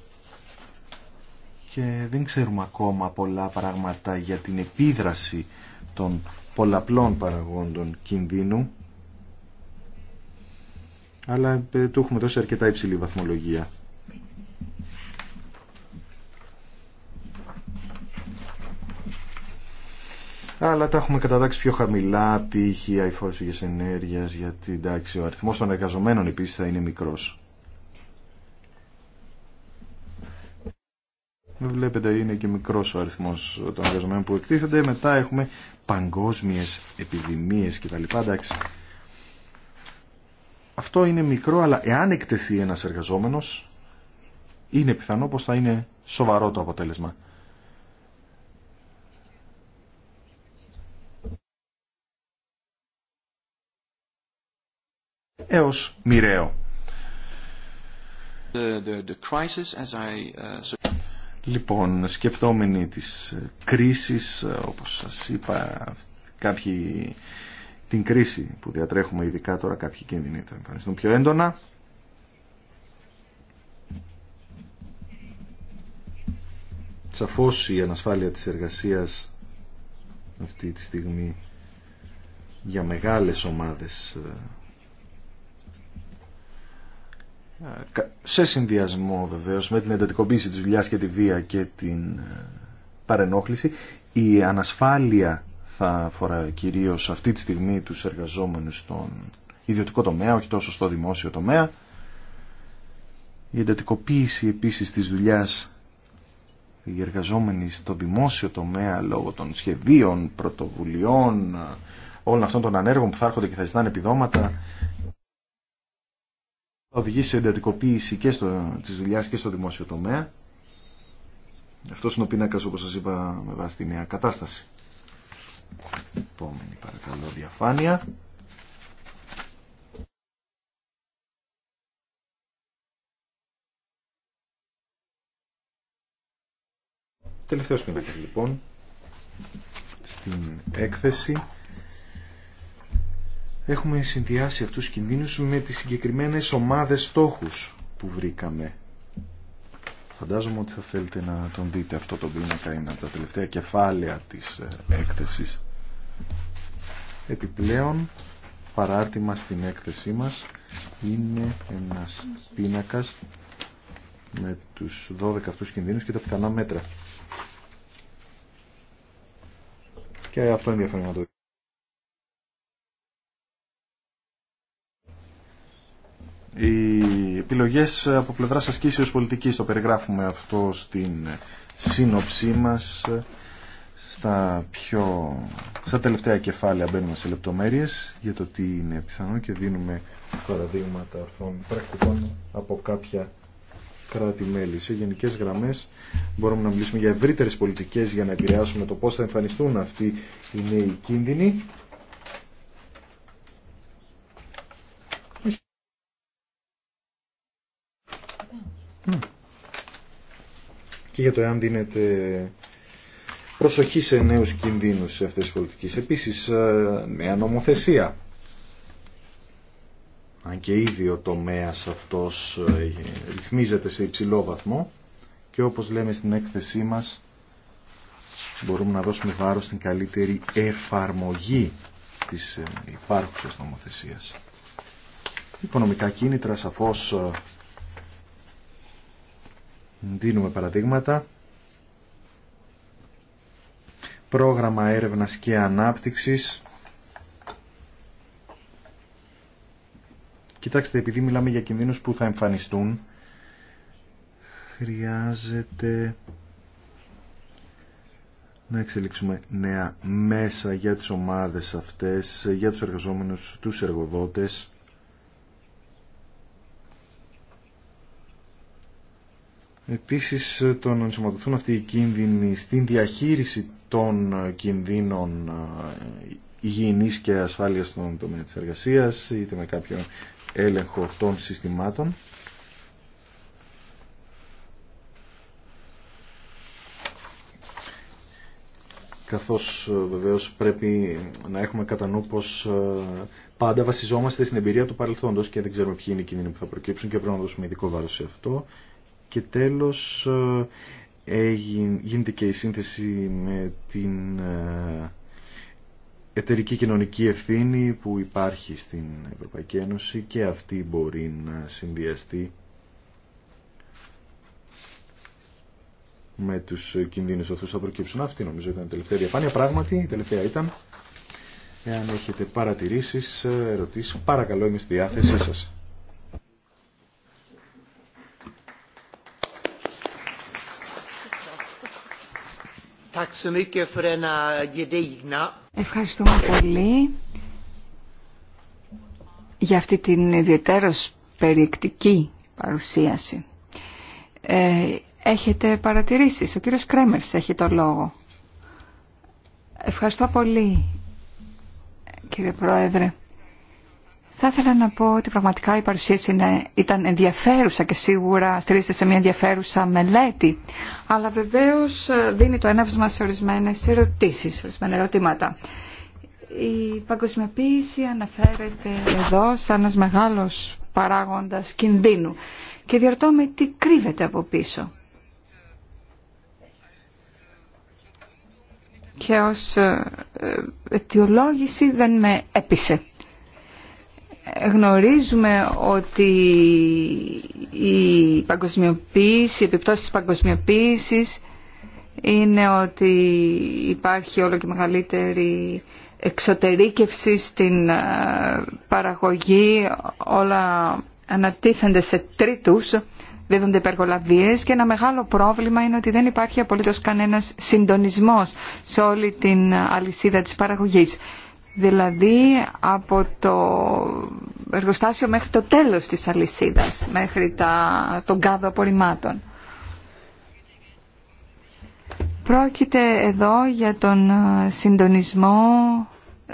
και δεν ξέρουμε ακόμα πολλά πράγματα για την επίδραση των πολλαπλών παραγόντων κινδύνου αλλά ε, του έχουμε δώσει αρκετά υψηλή βαθμολογία. αλλά τα έχουμε κατατάξει πιο χαμηλά, π.χ. οι ενέργειας, γιατί εντάξει ο αριθμός των εργαζομένων επίσης θα είναι μικρός. Βλέπετε είναι και μικρός ο αριθμός των εργαζομένων που εκτίθενται. Μετά έχουμε παγκόσμιες επιδημίες κτλ. Εντάξει. Αυτό είναι μικρό, αλλά εάν εκτεθεί ένας εργαζόμενος, είναι πιθανό πως θα είναι σοβαρό το αποτέλεσμα. έως μοιραίο. The, the, crisis, as I... Uh, λοιπόν, σκεφτόμενοι της ε, κρίσης, ε, όπως σας είπα, κάποιοι, την κρίση που διατρέχουμε ειδικά τώρα κάποιοι κίνδυνοι θα εμφανιστούν πιο έντονα. Σαφώς η ανασφάλεια της εργασίας αυτή τη στιγμή για μεγάλες ομάδες ε, σε συνδυασμό βεβαίως με την εντατικοποίηση της δουλειά και τη βία και την ε, παρενόχληση η ανασφάλεια θα αφορά κυρίως αυτή τη στιγμή τους εργαζόμενους στον ιδιωτικό τομέα, όχι τόσο στο δημόσιο τομέα. Η εντατικοποίηση επίσης της δουλειά, οι εργαζόμενοι στο δημόσιο τομέα λόγω των σχεδίων, πρωτοβουλειών, ε, όλων αυτών των ανέργων που θα έρχονται και θα ζητάνε επιδόματα θα οδηγήσει σε εντατικοποίηση και στο, της δουλειάς και στο δημόσιο τομέα. Αυτό είναι ο πίνακας όπως σας είπα με βάση τη νέα κατάσταση. Επόμενη παρακαλώ διαφάνεια. Τελευταίος πίνακας λοιπόν στην έκθεση έχουμε συνδυάσει αυτούς τους κινδύνους με τις συγκεκριμένες ομάδες στόχους που βρήκαμε. Φαντάζομαι ότι θα θέλετε να τον δείτε αυτό το πίνακα είναι από τα τελευταία κεφάλαια της ε, έκθεσης. Επιπλέον, παράρτημα στην έκθεσή μας είναι ένας πίνακας με τους 12 αυτούς κινδύνους και τα πιθανά μέτρα. Και αυτό είναι διαφορετικό. οι επιλογές από πλευράς ασκήσεως πολιτικής. Το περιγράφουμε αυτό στην σύνοψή μας. Στα, πιο... στα τελευταία κεφάλαια μπαίνουμε σε λεπτομέρειες για το τι είναι πιθανό και δίνουμε παραδείγματα ορθών πρακτικών από κάποια κράτη-μέλη. Σε γενικές γραμμές μπορούμε να μιλήσουμε για ευρύτερες πολιτικές για να επηρεάσουμε το πώ θα εμφανιστούν αυτοί οι νέοι κίνδυνοι Και για το εάν δίνεται προσοχή σε νέους κινδύνους σε αυτές τις πολιτικές. Επίσης, ε, νέα νομοθεσία. Αν και ήδη ο τομέας αυτός ε, ρυθμίζεται σε υψηλό βαθμό και όπως λέμε στην έκθεσή μας μπορούμε να δώσουμε βάρος στην καλύτερη εφαρμογή της ε, υπάρχουσας νομοθεσίας. Οικονομικά κίνητρα σαφώς δίνουμε παραδείγματα. Πρόγραμμα έρευνας και ανάπτυξης. Κοιτάξτε, επειδή μιλάμε για κινδύνους που θα εμφανιστούν, χρειάζεται να εξελίξουμε νέα μέσα για τις ομάδες αυτές, για τους εργαζόμενους, τους εργοδότες Επίσης ε, το να ενσωματωθούν αυτοί οι κίνδυνοι στην διαχείριση των ε, κινδύνων ε, υγιεινής και ασφάλειας στον τομέα της εργασίας είτε με κάποιο έλεγχο των συστημάτων. καθώς βεβαίως πρέπει να έχουμε κατά νου πως πάντα βασιζόμαστε στην εμπειρία του παρελθόντος και δεν ξέρουμε ποιοι είναι οι κίνδυνοι που θα προκύψουν και πρέπει να δώσουμε ειδικό βάρος σε αυτό. Και τέλος ε, γίνεται και η σύνθεση με την ε, εταιρική κοινωνική ευθύνη που υπάρχει στην Ευρωπαϊκή Ένωση και αυτή μπορεί να συνδυαστεί με τους κινδύνους αυτούς θα προκύψουν. Αυτή νομίζω ήταν η τελευταία διαφάνεια. Πράγματι, η τελευταία ήταν. Εάν έχετε παρατηρήσεις, ερωτήσεις, παρακαλώ είμαι στη διάθεσή σας. Ευχαριστούμε πολύ για αυτή την ιδιαίτερως περιεκτική παρουσίαση. Ε, έχετε παρατηρήσεις. Ο κύριος Κρέμερς έχει το λόγο. Ευχαριστώ πολύ, κύριε Πρόεδρε. Θα ήθελα να πω ότι πραγματικά η παρουσίαση είναι, ήταν ενδιαφέρουσα και σίγουρα στηρίζεται σε μια ενδιαφέρουσα μελέτη, αλλά βεβαίως ε, δίνει το έναυσμα σε ορισμένε ερωτήσει, σε ορισμένα ερωτήματα. Η παγκοσμιοποίηση αναφέρεται εδώ σαν ένας μεγάλος παράγοντας κινδύνου και διαρωτώ με τι κρύβεται από πίσω. Και ως ε, ε, αιτιολόγηση δεν με έπεισε γνωρίζουμε ότι η παγκοσμιοποίηση, η επιπτώση της παγκοσμιοποίησης είναι ότι υπάρχει όλο και μεγαλύτερη εξωτερήκευση στην ε, παραγωγή, όλα ανατίθενται σε τρίτους, δίδονται υπεργολαβίες και ένα μεγάλο πρόβλημα είναι ότι δεν υπάρχει απολύτως κανένας συντονισμός σε όλη την αλυσίδα της παραγωγής δηλαδή από το εργοστάσιο μέχρι το τέλος της αλυσίδας, μέχρι τα, τον κάδο απορριμμάτων. Πρόκειται εδώ για τον ε, συντονισμό ε,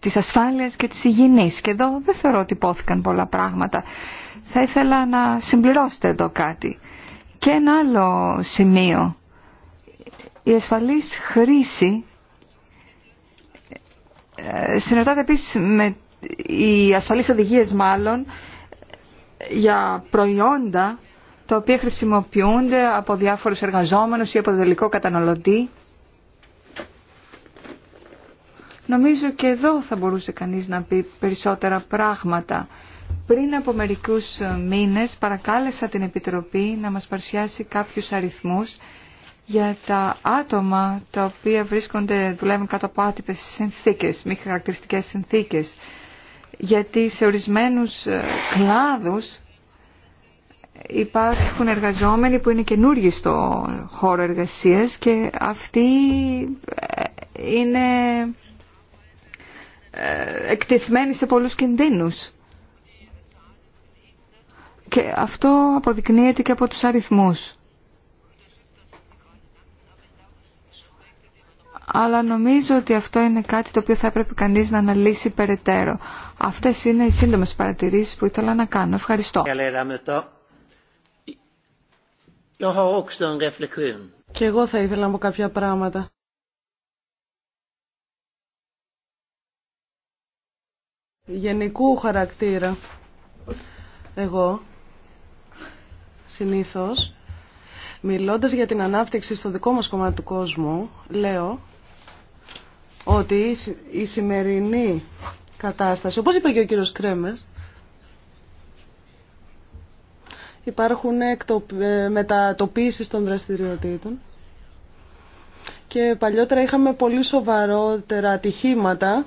της ασφάλειας και της υγιεινής και εδώ δεν θεωρώ ότι υπόθηκαν πολλά πράγματα. Θα ήθελα να συμπληρώσετε εδώ κάτι. Και ένα άλλο σημείο. Η ασφαλής χρήση ε, συνεργάται επίσης με οι ασφαλείς οδηγίες μάλλον για προϊόντα τα οποία χρησιμοποιούνται από διάφορους εργαζόμενους ή από το τελικό καταναλωτή. Νομίζω και εδώ θα μπορούσε κανείς να πει περισσότερα πράγματα. Πριν από μερικούς μήνες παρακάλεσα την Επιτροπή να μας παρουσιάσει κάποιους αριθμούς για τα άτομα τα οποία βρίσκονται, δουλεύουν κάτω από άτυπες συνθήκες, μη χαρακτηριστικές συνθήκες. Γιατί σε ορισμένους ε, κλάδους υπάρχουν εργαζόμενοι που είναι καινούργοι στο χώρο εργασίας και αυτοί ε, είναι ε, εκτεθμένοι σε πολλούς κινδύνους. Και αυτό αποδεικνύεται και από τους αριθμούς. αλλά νομίζω ότι αυτό είναι κάτι το οποίο θα έπρεπε κανείς να αναλύσει περαιτέρω. Αυτές είναι οι σύντομες παρατηρήσεις που ήθελα να κάνω. Ευχαριστώ. Και εγώ θα ήθελα να πω κάποια πράγματα. Γενικού χαρακτήρα. Εγώ, συνήθως, μιλώντας για την ανάπτυξη στο δικό μας κομμάτι του κόσμου, λέω ότι η σημερινή κατάσταση, όπως είπε και ο κύριος Κρέμερ, υπάρχουν ε, μετατοπίσεις των δραστηριοτήτων και παλιότερα είχαμε πολύ σοβαρότερα ατυχήματα,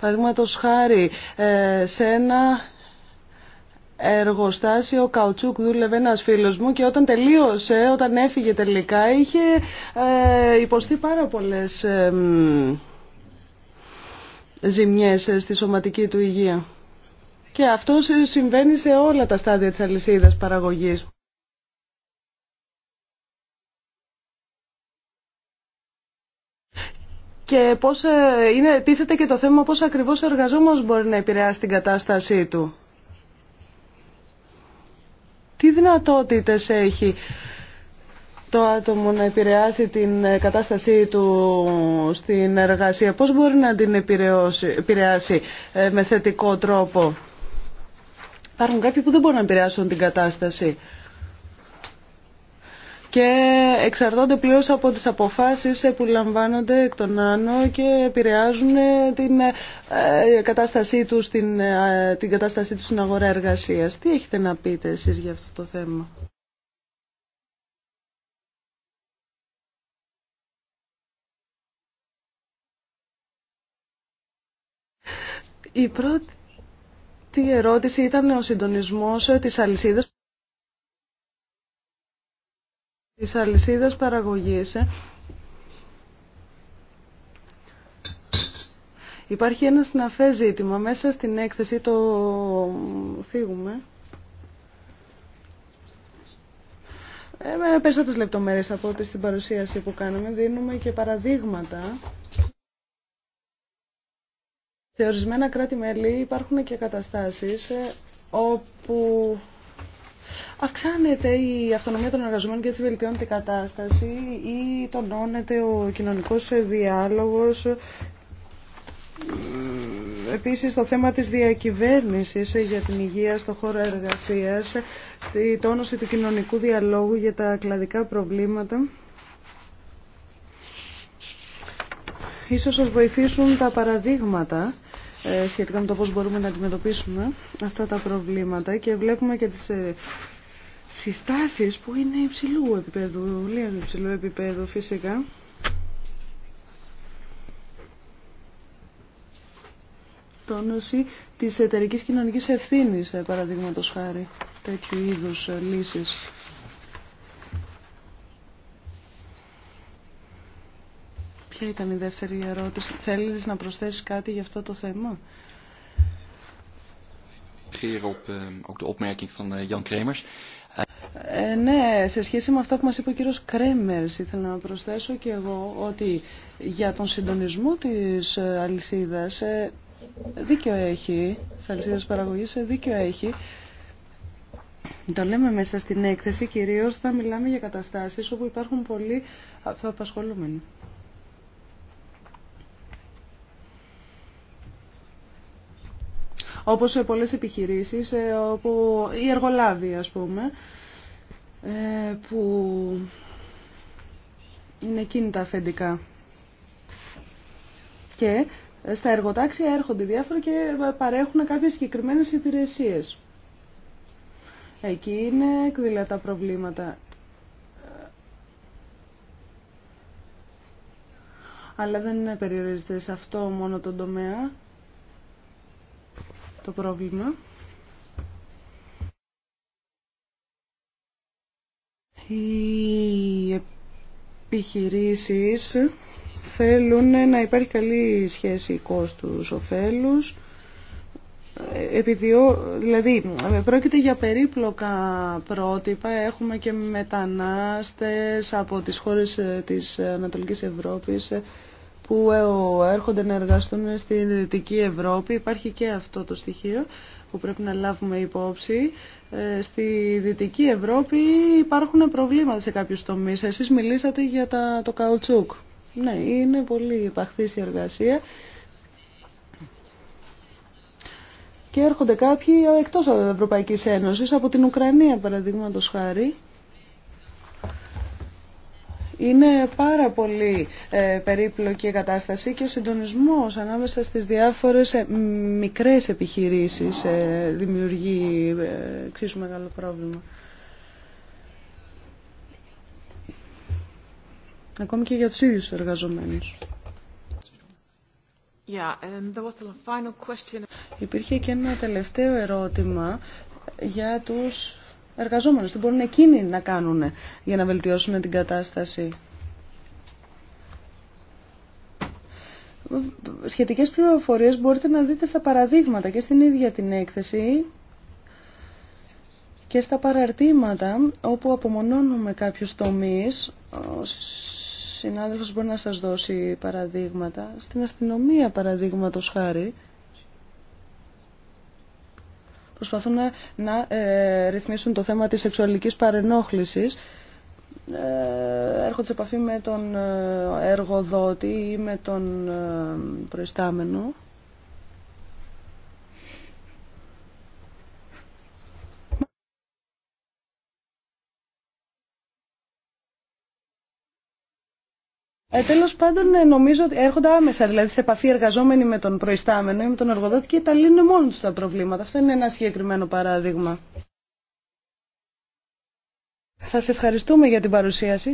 παραδείγματος χάρη ε, σε ένα εργοστάσιο καουτσούκ δούλευε ένας φίλος μου και όταν τελείωσε, όταν έφυγε τελικά, είχε ε, υποστεί πάρα πολλές ε, ζημιές στη σωματική του υγεία. Και αυτό συμβαίνει σε όλα τα στάδια της αλυσίδας παραγωγής. Και πώς, ε, είναι, τίθεται και το θέμα πώς ακριβώς ο εργαζόμενος μπορεί να επηρεάσει την κατάστασή του. Τι δυνατότητες έχει το άτομο να επηρεάσει την κατάστασή του στην εργασία. Πώς μπορεί να την επηρεάσει ε, με θετικό τρόπο. Υπάρχουν κάποιοι που δεν μπορούν να επηρεάσουν την κατάσταση και εξαρτώνται πλέον από τις αποφάσεις που λαμβάνονται εκ των άνω και επηρεάζουν την ε, κατάστασή τους στην, ε, την κατάστασή τους στην αγορά εργασίας. Τι έχετε να πείτε εσείς για αυτό το θέμα. Η πρώτη ερώτηση ήταν ο συντονισμός της αλυσίδας της αλυσίδας παραγωγής ε. υπάρχει ένα συναφέ ζήτημα μέσα στην έκθεση το θίγουμε ε, με περισσότερες λεπτομέρειες από ό,τι στην παρουσίαση που κάναμε δίνουμε και παραδείγματα σε ορισμένα κράτη-μέλη υπάρχουν και καταστάσεις ε, όπου αυξάνεται η αυτονομία των εργαζομένων και έτσι βελτιώνεται η κατάσταση ή τονώνεται ο κοινωνικός διάλογος. Επίσης το θέμα της διακυβέρνησης για την υγεία στο χώρο εργασίας, η τόνωση του κοινωνικού διαλόγου για τα κλαδικά προβλήματα. Ίσως σας βοηθήσουν τα παραδείγματα ε, σχετικά με το πώς μπορούμε να αντιμετωπίσουμε αυτά τα προβλήματα και βλέπουμε και τις ε, συστάσεις που είναι υψηλού επίπεδου, λίγο υψηλού επίπεδου φυσικά. Τόνωση της εταιρικής κοινωνικής ευθύνης, ε, παραδείγματος χάρη, τέτοιου είδους λύσεις. Ποια ήταν η δεύτερη ερώτηση. Θέλεις να προσθέσεις κάτι για αυτό το θέμα. Ehm, eh, ε, ναι, σε σχέση με αυτό που μας είπε ο κύριος Κρέμερς ήθελα να προσθέσω και εγώ ότι για τον συντονισμό της ε, αλυσίδας ε, δίκιο έχει, της αλυσίδας παραγωγής δίκιο έχει το λέμε μέσα στην έκθεση, κυρίως θα μιλάμε για καταστάσεις όπου υπάρχουν πολλοί αυτοαπασχολούμενοι. όπως σε πολλές επιχειρήσεις, ε, όπου η εργολάβοι ας πούμε, ε, που είναι κίνητα αφεντικά. Και στα εργοτάξια έρχονται διάφορα και παρέχουν κάποιες συγκεκριμένες υπηρεσίες. Εκεί είναι εκδηλά τα προβλήματα. Αλλά δεν περιορίζεται σε αυτό μόνο τον τομέα το πρόβλημα. Οι επιχειρήσεις θέλουν να υπάρχει καλή σχέση κόστους-οφέλους. Επειδή, δηλαδή, πρόκειται για περίπλοκα πρότυπα. Έχουμε και μετανάστες από τις χώρες της Ανατολικής Ευρώπης που ε, έρχονται να εργαστούν στη Δυτική Ευρώπη. Υπάρχει και αυτό το στοιχείο που πρέπει να λάβουμε υπόψη. Ε, στη Δυτική Ευρώπη υπάρχουν προβλήματα σε κάποιους τομείς. Εσείς μιλήσατε για τα, το καουτσούκ. Ναι, είναι πολύ υπαχθής η εργασία. Και έρχονται κάποιοι εκτός Ευρωπαϊκής Ένωσης, από την Ουκρανία παραδείγματος χάρη, είναι πάρα πολύ ε, περίπλοκη η κατάσταση και ο συντονισμός ανάμεσα στις διάφορες ε, μικρές επιχειρήσεις ε, δημιουργεί εξίσου μεγάλο πρόβλημα. Ακόμη και για τους ίδιους εργαζομένους. Um, Υπήρχε και ένα τελευταίο ερώτημα για τους εργαζόμενους, τι μπορούν εκείνοι να κάνουν για να βελτιώσουν την κατάσταση. Σχετικές πληροφορίες μπορείτε να δείτε στα παραδείγματα και στην ίδια την έκθεση και στα παραρτήματα όπου απομονώνουμε κάποιους τομείς συνάδελφος μπορεί να σας δώσει παραδείγματα. Στην αστυνομία παραδείγματος χάρη προσπαθούν να ε, ρυθμίσουν το θέμα της σεξουαλικής παρενόχλησης ε, έρχονται σε επαφή με τον ε, εργοδότη ή με τον προϊστάμενο Ε, τέλος πάντων ε, νομίζω ότι έρχονται άμεσα, δηλαδή σε επαφή εργαζόμενοι με τον προϊστάμενο ή με τον εργοδότη και τα λύνουν μόνο τους τα προβλήματα. Αυτό είναι ένα συγκεκριμένο παράδειγμα. Σας ευχαριστούμε για την παρουσίαση.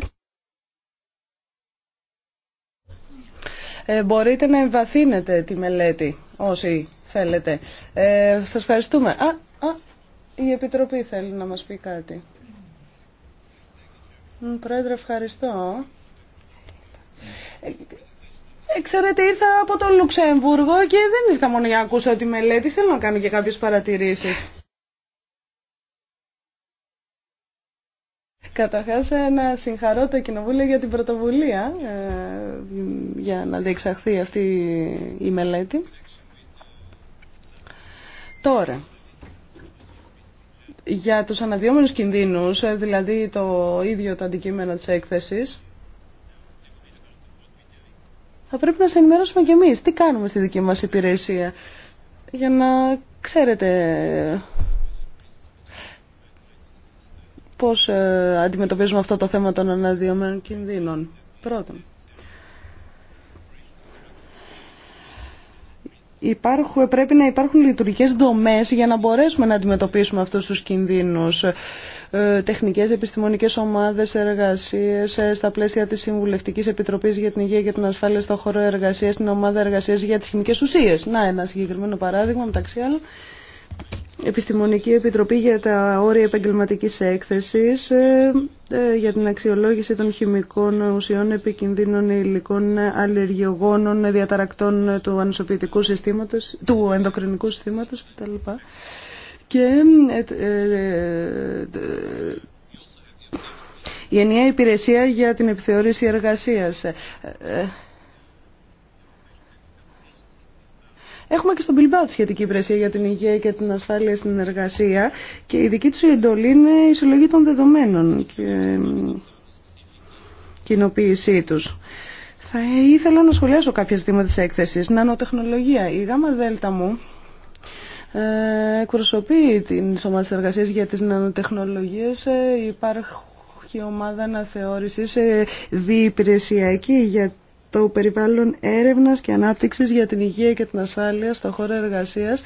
Ε, μπορείτε να εμβαθύνετε τη μελέτη όσοι θέλετε. Ε, σας ευχαριστούμε. Α, α, η Επιτροπή θέλει να μας πει κάτι. Πρόεδρε, ευχαριστώ. Ξέρετε, ήρθα από το Λουξέμβουργο και δεν ήρθα μόνο για να ακούσω τη μελέτη, θέλω να κάνω και κάποιες παρατηρήσεις. Καταρχά, ε, να συγχαρώ το Κοινοβούλιο για την πρωτοβουλία ε, για να διεξαχθεί αυτή η μελέτη. Τώρα, για τους αναδυόμενους κινδύνους, ε, δηλαδή το ίδιο το αντικείμενο της έκθεσης, θα πρέπει να σε ενημερώσουμε κι εμείς τι κάνουμε στη δική μας υπηρεσία για να ξέρετε πώς ε, αντιμετωπίζουμε αυτό το θέμα των αναδειωμένων κινδύνων. Πρώτον, υπάρχουν, πρέπει να υπάρχουν λειτουργικές δομές για να μπορέσουμε να αντιμετωπίσουμε αυτούς τους κινδύνους. Ε, τεχνικές επιστημονικές ομάδες εργασίες ε, στα πλαίσια της Συμβουλευτικής Επιτροπής για την Υγεία και την Ασφάλεια στο χώρο εργασίας, την ομάδα εργασίας για τις χημικές ουσίες. Να, ένα συγκεκριμένο παράδειγμα μεταξύ άλλων. Επιστημονική Επιτροπή για τα όρια επαγγελματικής έκθεσης ε, για την αξιολόγηση των χημικών ουσιών επικινδύνων υλικών αλλεργιογόνων, διαταρακτών του συστήματος, του ενδοκρινικού συστήματο κτλ και ε, ε, ε, η ενιαία υπηρεσία για την επιθεώρηση εργασίας. Έχουμε και στον Πιλμπάτ σχετική υπηρεσία για την υγεία και την ασφάλεια στην εργασία και η δική τους εντολή είναι η συλλογή των δεδομένων και κοινοποίησή τους. Θα ήθελα να σχολιάσω κάποια ζητήματα τη έκθεση. Νανοτεχνολογία. Η γάμα δέλτα μου ε, εκπροσωπεί την ομάδα της για τις Νανοτεχνολογίες. Ε, υπάρχει ομάδα αναθεώρησης ε, διυπηρεσιακή για το περιβάλλον έρευνας και ανάπτυξης για την υγεία και την ασφάλεια στο χώρο εργασίας.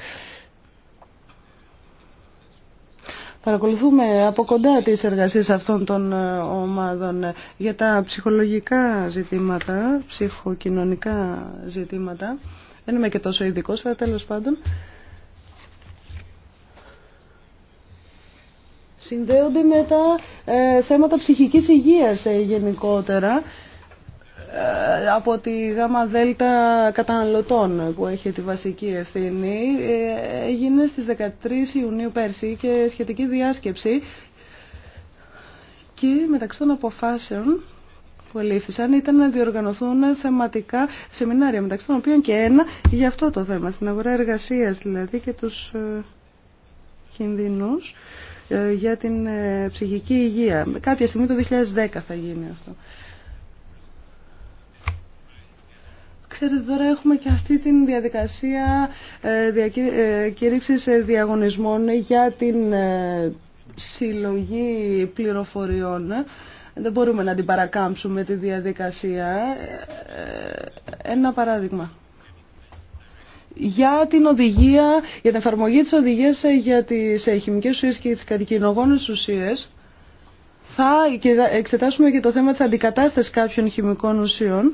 Παρακολουθούμε από κοντά τις εργασίες αυτών των ομάδων για τα ψυχολογικά ζητήματα, ψυχοκοινωνικά ζητήματα. Δεν είμαι και τόσο ειδικό, αλλά τέλος πάντων. συνδέονται με τα ε, θέματα ψυχικής υγείας ε, γενικότερα ε, από τη γάμα δέλτα καταναλωτών που έχει τη βασική ευθύνη έγινε στις 13 Ιουνίου πέρσι και σχετική διάσκεψη και μεταξύ των αποφάσεων που ελήφθησαν ήταν να διοργανωθούν θεματικά σεμινάρια μεταξύ των οποίων και ένα για αυτό το θέμα στην αγορά εργασίας δηλαδή και τους κινδυνούς ε, για την ε, ψυχική υγεία. Κάποια στιγμή το 2010 θα γίνει αυτό. Ξέρετε, τώρα έχουμε και αυτή την διαδικασία ε, ε διαγωνισμών για την συλλογή πληροφοριών. Δεν μπορούμε να την παρακάμψουμε τη διαδικασία. Ένα παράδειγμα για την οδηγία, για την εφαρμογή της οδηγίας ε, για τις ε, χημικές ουσίες και τις κατοικινογόνες ουσίες. Θα εξετάσουμε και το θέμα της αντικατάστασης κάποιων χημικών ουσιών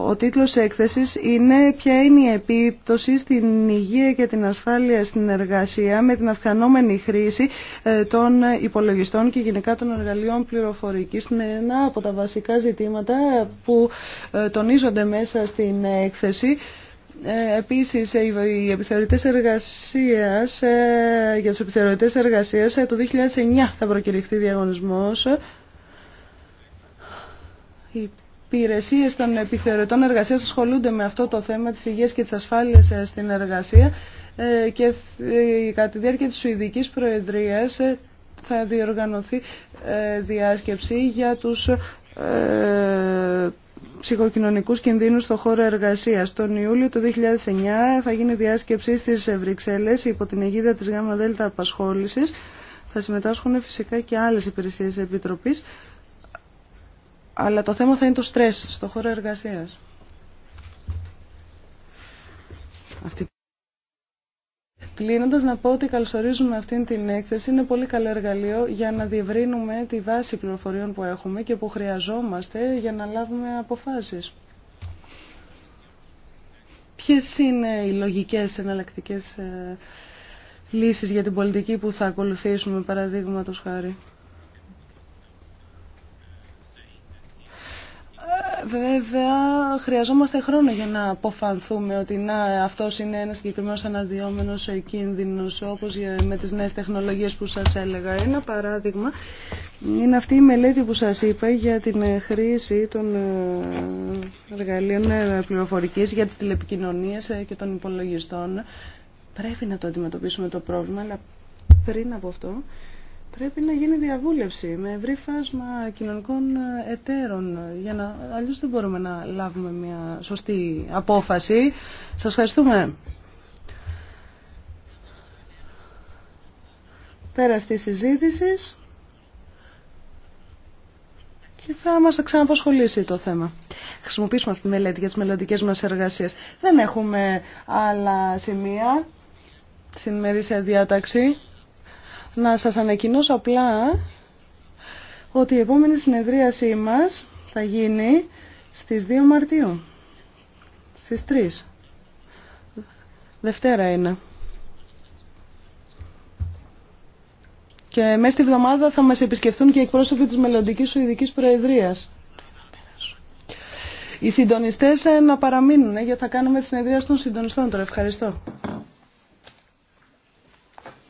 ο τίτλος έκθεσης είναι «Ποια είναι η επίπτωση στην υγεία και την ασφάλεια στην εργασία με την αυξανόμενη χρήση ε, των υπολογιστών και γενικά των εργαλείων πληροφορικής». Είναι ένα από τα βασικά ζητήματα που ε, τονίζονται μέσα στην έκθεση. Ε, επίσης, οι επιθεωρητές εργασίας, για τους επιθεωρητές εργασίας, το 2009 θα προκηρυχθεί διαγωνισμός υπηρεσίε των επιθεωρητών εργασία ασχολούνται με αυτό το θέμα της υγείας και της ασφάλεια ε, στην εργασία ε, και ε, κατά τη διάρκεια της Σουηδικής Προεδρίας θα διοργανωθεί διάσκεψη για τους ψυχοκοινωνικού κινδύνους στο χώρο εργασίας. Τον Ιούλιο του 2009 θα γίνει διάσκεψη στις Βρυξέλλες υπό την αιγίδα της ΓΔ Απασχόληση. Θα συμμετάσχουν φυσικά και άλλες υπηρεσίες επιτροπής αλλά το θέμα θα είναι το στρες στο χώρο εργασίας. Αυτή... Κλείνοντας να πω ότι καλωσορίζουμε αυτήν την έκθεση. Είναι πολύ καλό εργαλείο για να διευρύνουμε τη βάση πληροφοριών που έχουμε και που χρειαζόμαστε για να λάβουμε αποφάσεις. Ποιες είναι οι λογικές εναλλακτικές ε, λύσεις για την πολιτική που θα ακολουθήσουμε, παραδείγματος χάρη. Βέβαια, χρειαζόμαστε χρόνο για να αποφανθούμε ότι να, αυτός είναι ένας συγκεκριμένος αναδυόμενος κίνδυνος, όπως με τις νέες τεχνολογίες που σας έλεγα. Ένα παράδειγμα είναι αυτή η μελέτη που σας είπα για την ε, χρήση των ε, εργαλείων ε, πληροφορικής για τις τηλεπικοινωνίες και των υπολογιστών. Πρέπει να το αντιμετωπίσουμε το πρόβλημα, αλλά πριν από αυτό Πρέπει να γίνει διαβούλευση με ευρύ φάσμα κοινωνικών εταίρων, για να, αλλιώς δεν μπορούμε να λάβουμε μια σωστή απόφαση. Σας ευχαριστούμε. Πέρα στη συζήτηση και θα μας ξαναπασχολήσει το θέμα. Χρησιμοποιήσουμε αυτή τη μελέτη για τις μελλοντικέ μας εργασίες. Δεν έχουμε άλλα σημεία στην μερίσια διάταξη. Να σας ανακοινώσω απλά ότι η επόμενη συνεδρίασή μας θα γίνει στις 2 Μαρτίου, στις 3. Δευτέρα είναι. Και μέσα στη βδομάδα θα μας επισκεφθούν και οι εκπρόσωποι της μελλοντική Σουηδικής Προεδρίας. Οι συντονιστές ε, να παραμείνουν, ε, γιατί θα κάνουμε τη συνεδρία των συντονιστών τώρα. Ευχαριστώ.